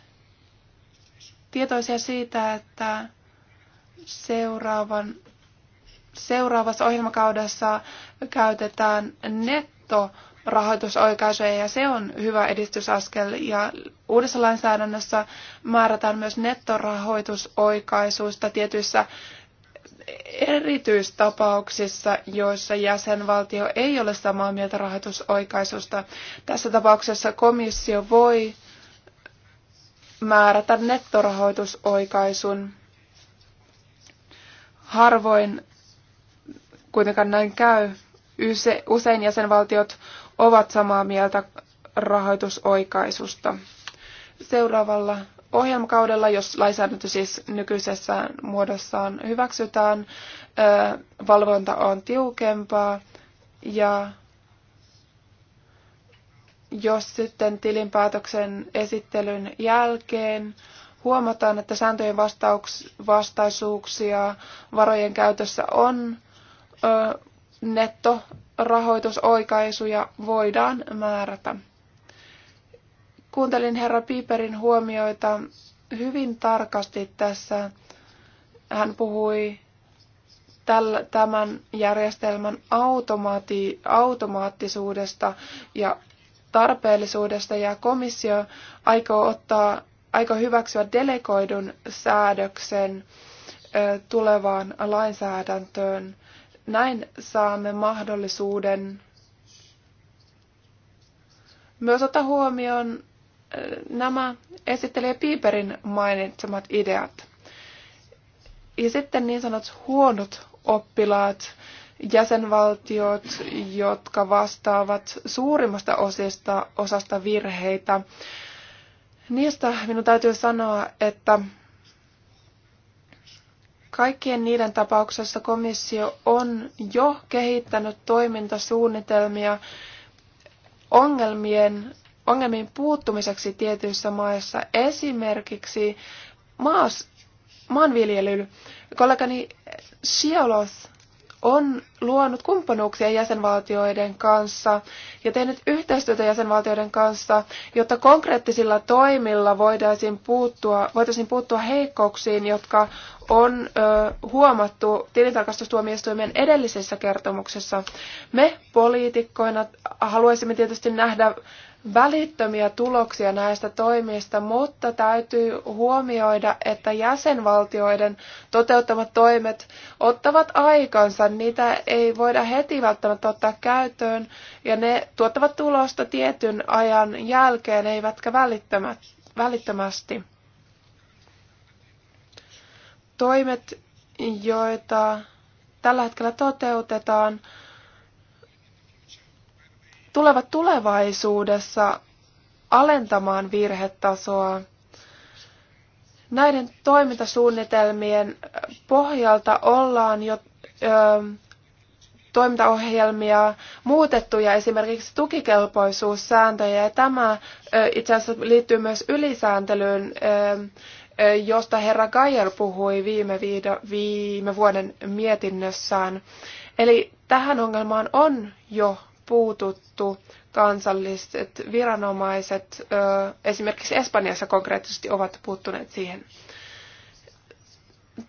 tietoisia siitä, että seuraavan, seuraavassa ohjelmakaudessa käytetään nettorahoitusoikaisuja ja se on hyvä edistysaskel. Ja uudessa lainsäädännössä määrätään myös nettorahoitusoikaisuista tietyissä erityistapauksissa, joissa jäsenvaltio ei ole samaa mieltä rahoitusoikaisusta. Tässä tapauksessa komissio voi määrätä nettorahoitusoikaisun. Harvoin kuitenkaan näin käy. Usein jäsenvaltiot ovat samaa mieltä rahoitusoikaisusta. Seuraavalla ohjelmakaudella, jos lainsäädäntö siis nykyisessä muodossaan hyväksytään, valvonta on tiukempaa ja jos sitten tilinpäätöksen esittelyn jälkeen huomataan, että sääntöjen vastaisuuksia varojen käytössä on, nettorahoitusoikaisuja voidaan määrätä. Kuuntelin herra Piperin huomioita hyvin tarkasti tässä. Hän puhui tämän järjestelmän automaati, automaattisuudesta ja tarpeellisuudesta ja komissio aikoo ottaa aika hyväksyä delegoidun säädöksen tulevaan lainsäädäntöön. Näin saamme mahdollisuuden myös ottaa huomioon nämä esittelee Piiperin mainitsemat ideat. Ja sitten niin sanot huonot oppilaat, jäsenvaltiot, jotka vastaavat suurimmasta osista, osasta virheitä. Niistä minun täytyy sanoa, että kaikkien niiden tapauksessa komissio on jo kehittänyt toimintasuunnitelmia ongelmien ongelmiin puuttumiseksi tietyissä maissa, esimerkiksi maas, maanviljely. Kollegani Siolos on luonut kumppanuuksia jäsenvaltioiden kanssa ja tehnyt yhteistyötä jäsenvaltioiden kanssa, jotta konkreettisilla toimilla voitaisiin puuttua, voitaisiin puuttua heikkouksiin, jotka on ö, huomattu tilintarkastustuomioistuimen edellisessä kertomuksessa. Me poliitikkoina haluaisimme tietysti nähdä välittömiä tuloksia näistä toimista, mutta täytyy huomioida, että jäsenvaltioiden toteuttamat toimet ottavat aikansa. Niitä ei voida heti välttämättä ottaa käyttöön ja ne tuottavat tulosta tietyn ajan jälkeen, eivätkä välittömästi. Toimet, joita tällä hetkellä toteutetaan, tulevat tulevaisuudessa alentamaan virhetasoa. Näiden toimintasuunnitelmien pohjalta ollaan jo ö, toimintaohjelmia muutettu ja esimerkiksi tukikelpoisuussääntöjä. Ja tämä ö, itse asiassa liittyy myös ylisääntelyyn, ö, josta herra Geyer puhui viime, viido, viime vuoden mietinnössään. Eli tähän ongelmaan on jo puututtu. Kansalliset viranomaiset esimerkiksi Espanjassa konkreettisesti ovat puuttuneet siihen.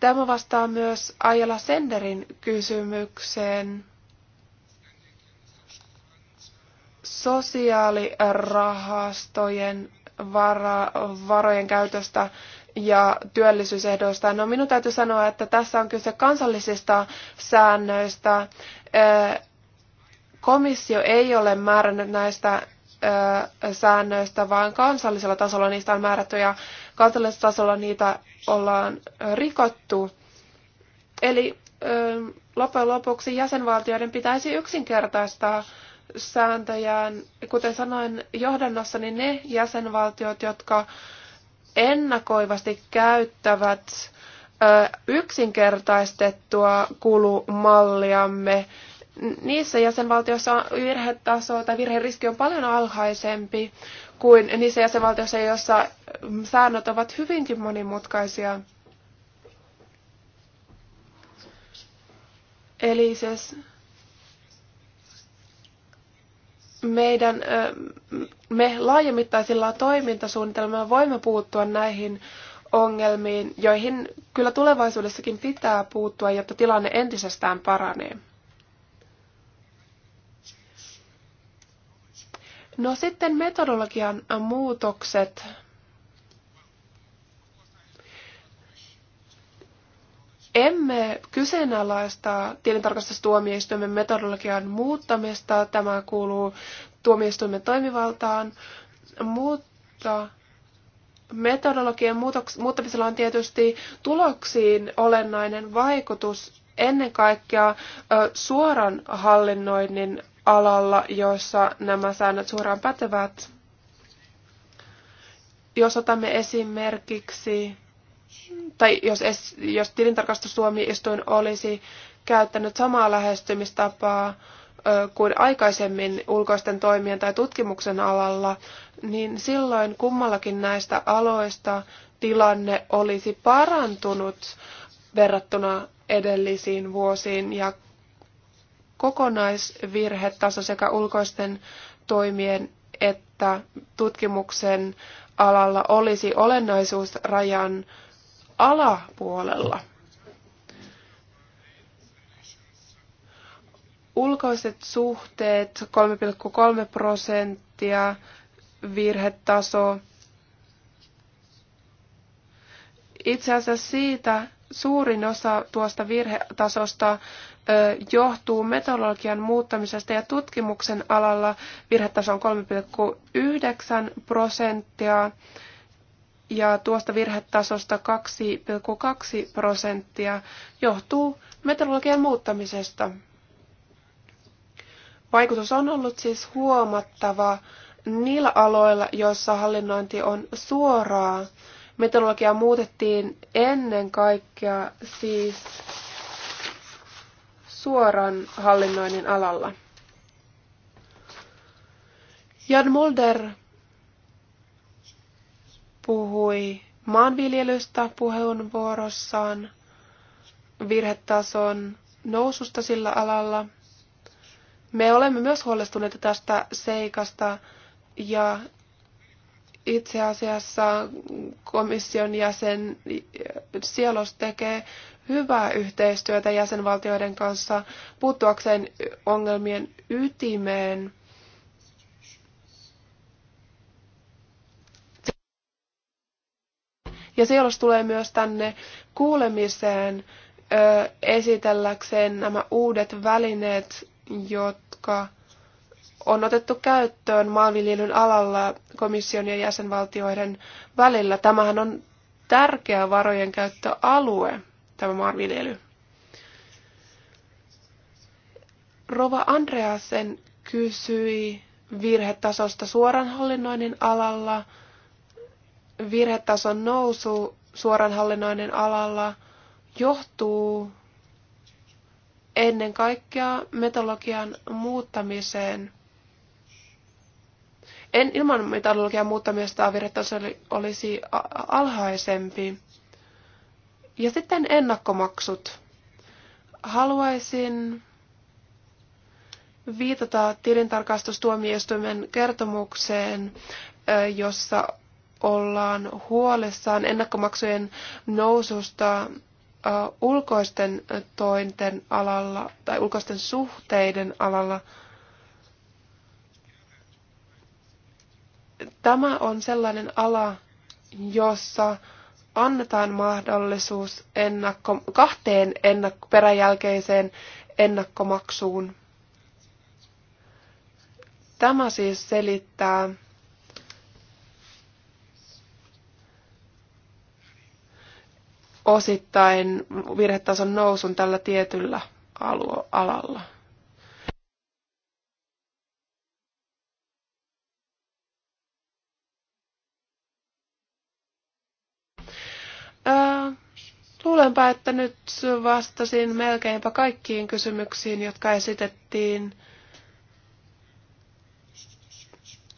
Tämä vastaa myös Ajala Senderin kysymykseen sosiaalirahastojen vara, varojen käytöstä ja työllisyysehdoista. No minun täytyy sanoa, että tässä on kyse kansallisista säännöistä. Komissio ei ole määrännyt näistä säännöistä, vaan kansallisella tasolla niistä on määrätty ja kansallisella tasolla niitä ollaan rikottu. Eli loppujen lopuksi jäsenvaltioiden pitäisi yksinkertaistaa sääntöjään. Kuten sanoin johdannossa, niin ne jäsenvaltiot, jotka ennakoivasti käyttävät yksinkertaistettua kulumalliamme, niissä jäsenvaltioissa virhetaso tai virheriski on paljon alhaisempi kuin niissä jäsenvaltioissa, joissa mm, säännöt ovat hyvinkin monimutkaisia. Eli siis meidän, me laajemmittaisilla toimintasuunnitelmilla voimme puuttua näihin ongelmiin, joihin kyllä tulevaisuudessakin pitää puuttua, jotta tilanne entisestään paranee. No sitten metodologian muutokset. Emme kyseenalaista tilintarkastustuomioistuimen metodologian muuttamista. Tämä kuuluu tuomioistuimen toimivaltaan, mutta metodologian muuttamisella on tietysti tuloksiin olennainen vaikutus ennen kaikkea suoran hallinnoinnin alalla, jossa nämä säännöt suoraan pätevät. Jos otamme esimerkiksi, tai jos, jos tilintarkastustuomioistuin olisi käyttänyt samaa lähestymistapaa kuin aikaisemmin ulkoisten toimien tai tutkimuksen alalla, niin silloin kummallakin näistä aloista tilanne olisi parantunut verrattuna edellisiin vuosiin ja kokonaisvirhetaso sekä ulkoisten toimien että tutkimuksen alalla olisi olennaisuusrajan alapuolella. Ulkoiset suhteet 3,3 prosenttia, virhetaso. Itse asiassa siitä suurin osa tuosta virhetasosta johtuu metodologian muuttamisesta ja tutkimuksen alalla virhetaso on 3,9 prosenttia ja tuosta virhetasosta 2,2 prosenttia johtuu metodologian muuttamisesta. Vaikutus on ollut siis huomattava niillä aloilla, joissa hallinnointi on suoraa. Metodologia muutettiin ennen kaikkea siis suoran hallinnoinnin alalla. Jan Mulder puhui maanviljelystä puheenvuorossaan, virhetason noususta sillä alalla. Me olemme myös huolestuneita tästä seikasta ja itse asiassa komission jäsen Sielos tekee hyvää yhteistyötä jäsenvaltioiden kanssa puuttuakseen ongelmien ytimeen. Ja siellä tulee myös tänne kuulemiseen ö, esitelläkseen nämä uudet välineet, jotka on otettu käyttöön maanviljelyn alalla komission ja jäsenvaltioiden välillä. Tämähän on tärkeä varojen käyttöalue tämä maanviljely. Rova Andreasen kysyi virhetasosta suoranhallinnoinnin alalla, virhetason nousu suoranhallinnoinnin alalla johtuu ennen kaikkea metodologian muuttamiseen. En, ilman metodologian muuttamista virhetaso olisi alhaisempi. Ja sitten ennakkomaksut. Haluaisin viitata tilintarkastustuomioistuimen kertomukseen, jossa ollaan huolissaan ennakkomaksujen noususta ulkoisten tointen alalla tai ulkoisten suhteiden alalla. Tämä on sellainen ala, jossa annetaan mahdollisuus ennakko, kahteen ennakko, peräjälkeiseen ennakkomaksuun. Tämä siis selittää osittain virhetason nousun tällä tietyllä alalla. Ää, äh, luulenpa, että nyt vastasin melkeinpä kaikkiin kysymyksiin, jotka esitettiin.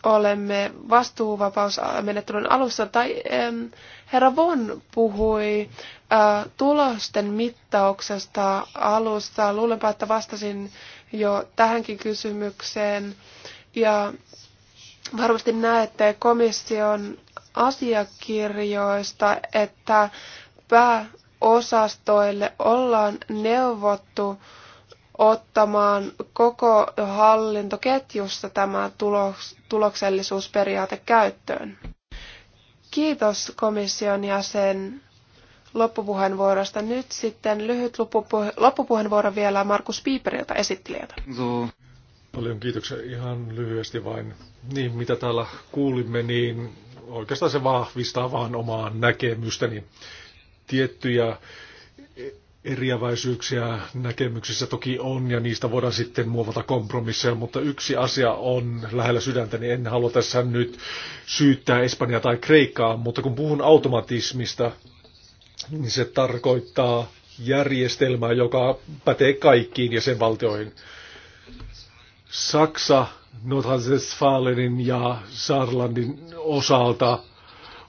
Olemme vastuuvapausmenettelyn alussa, tai ähm, herra Von puhui äh, tulosten mittauksesta alussa. Luulenpa, että vastasin jo tähänkin kysymykseen. Ja varmasti näette komission asiakirjoista, että pääosastoille ollaan neuvottu ottamaan koko hallintoketjussa tämä tuloks, tuloksellisuusperiaate käyttöön. Kiitos komission jäsen loppupuheenvuorosta. Nyt sitten lyhyt loppupuheenvuoro vielä Markus Piiperiltä esittelijältä. Paljon kiitoksia ihan lyhyesti vain. Niin, mitä täällä kuulimme, niin oikeastaan se vahvistaa vaan omaa näkemystäni. Tiettyjä eriäväisyyksiä näkemyksissä toki on ja niistä voidaan sitten muovata kompromisseja, mutta yksi asia on lähellä sydäntäni. Niin en halua tässä nyt syyttää Espanjaa tai Kreikkaa, mutta kun puhun automatismista, niin se tarkoittaa järjestelmää, joka pätee kaikkiin ja sen valtioihin. Saksa Nordrhein-Westfalenin ja Saarlandin osalta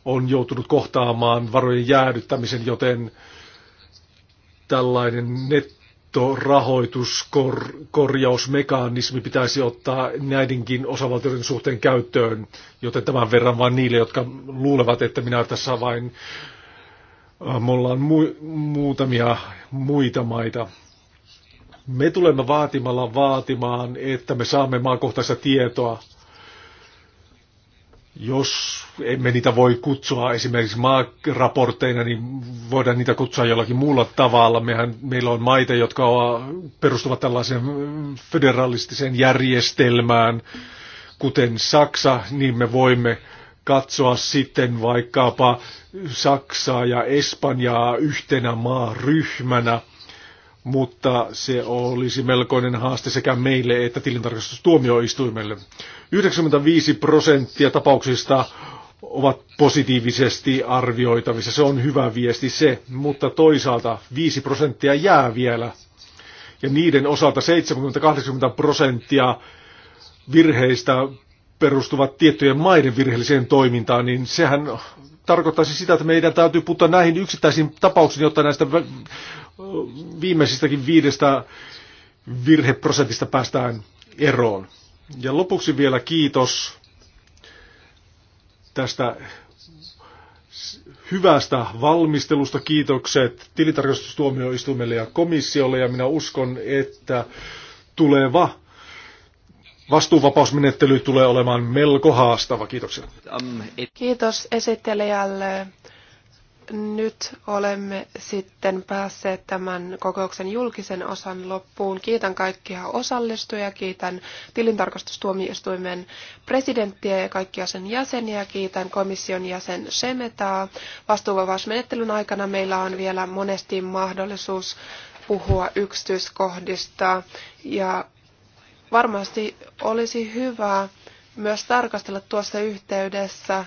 on joutunut kohtaamaan varojen jäädyttämisen, joten tällainen nettorahoituskorjausmekanismi pitäisi ottaa näidenkin osavaltioiden suhteen käyttöön, joten tämän verran vain niille, jotka luulevat, että minä tässä vain, äh, me ollaan mu- muutamia muita maita me tulemme vaatimalla vaatimaan, että me saamme maakohtaista tietoa. Jos emme niitä voi kutsua esimerkiksi maaraportteina, niin voidaan niitä kutsua jollakin muulla tavalla. Mehän, meillä on maita, jotka perustuvat tällaiseen federalistiseen järjestelmään, kuten Saksa, niin me voimme katsoa sitten vaikkapa Saksaa ja Espanjaa yhtenä maaryhmänä – mutta se olisi melkoinen haaste sekä meille että tilintarkastustuomioistuimelle. 95 prosenttia tapauksista ovat positiivisesti arvioitavissa. Se on hyvä viesti se, mutta toisaalta 5 prosenttia jää vielä. Ja niiden osalta 70-80 prosenttia virheistä perustuvat tiettyjen maiden virheelliseen toimintaan, niin sehän tarkoittaisi sitä, että meidän täytyy puuttua näihin yksittäisiin tapauksiin, jotta näistä viimeisistäkin viidestä virheprosentista päästään eroon. Ja lopuksi vielä kiitos tästä hyvästä valmistelusta. Kiitokset tilintarkastustuomioistuimelle ja komissiolle ja minä uskon, että tuleva vastuuvapausmenettely tulee olemaan melko haastava. Kiitoksia. Kiitos esittelijälle nyt olemme sitten päässeet tämän kokouksen julkisen osan loppuun. Kiitän kaikkia osallistujia, kiitän tilintarkastustuomioistuimen presidenttiä ja kaikkia sen jäseniä, kiitän komission jäsen Semetaa. Vastuuvavausmenettelyn aikana meillä on vielä monesti mahdollisuus puhua yksityiskohdista ja varmasti olisi hyvä myös tarkastella tuossa yhteydessä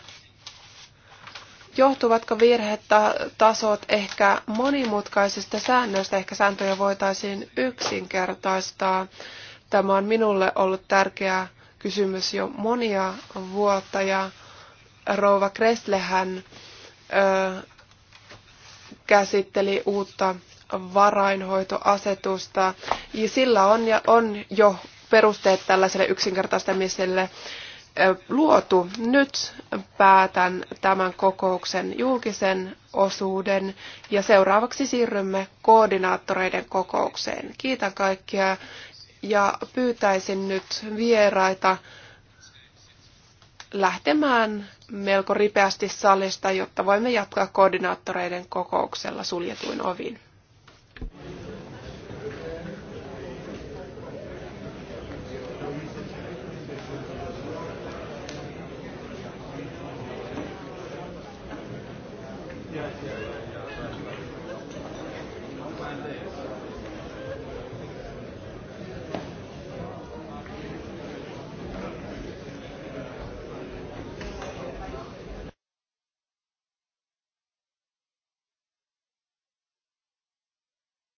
Johtuvatko virhetasot ehkä monimutkaisista säännöistä? Ehkä sääntöjä voitaisiin yksinkertaistaa. Tämä on minulle ollut tärkeä kysymys jo monia vuotta ja Rouva Kresslehän ö, käsitteli uutta varainhoitoasetusta ja sillä on, ja on jo perusteet tällaiselle yksinkertaistamiselle luotu. Nyt päätän tämän kokouksen julkisen osuuden ja seuraavaksi siirrymme koordinaattoreiden kokoukseen. Kiitän kaikkia ja pyytäisin nyt vieraita lähtemään melko ripeästi salista, jotta voimme jatkaa koordinaattoreiden kokouksella suljetuin ovin.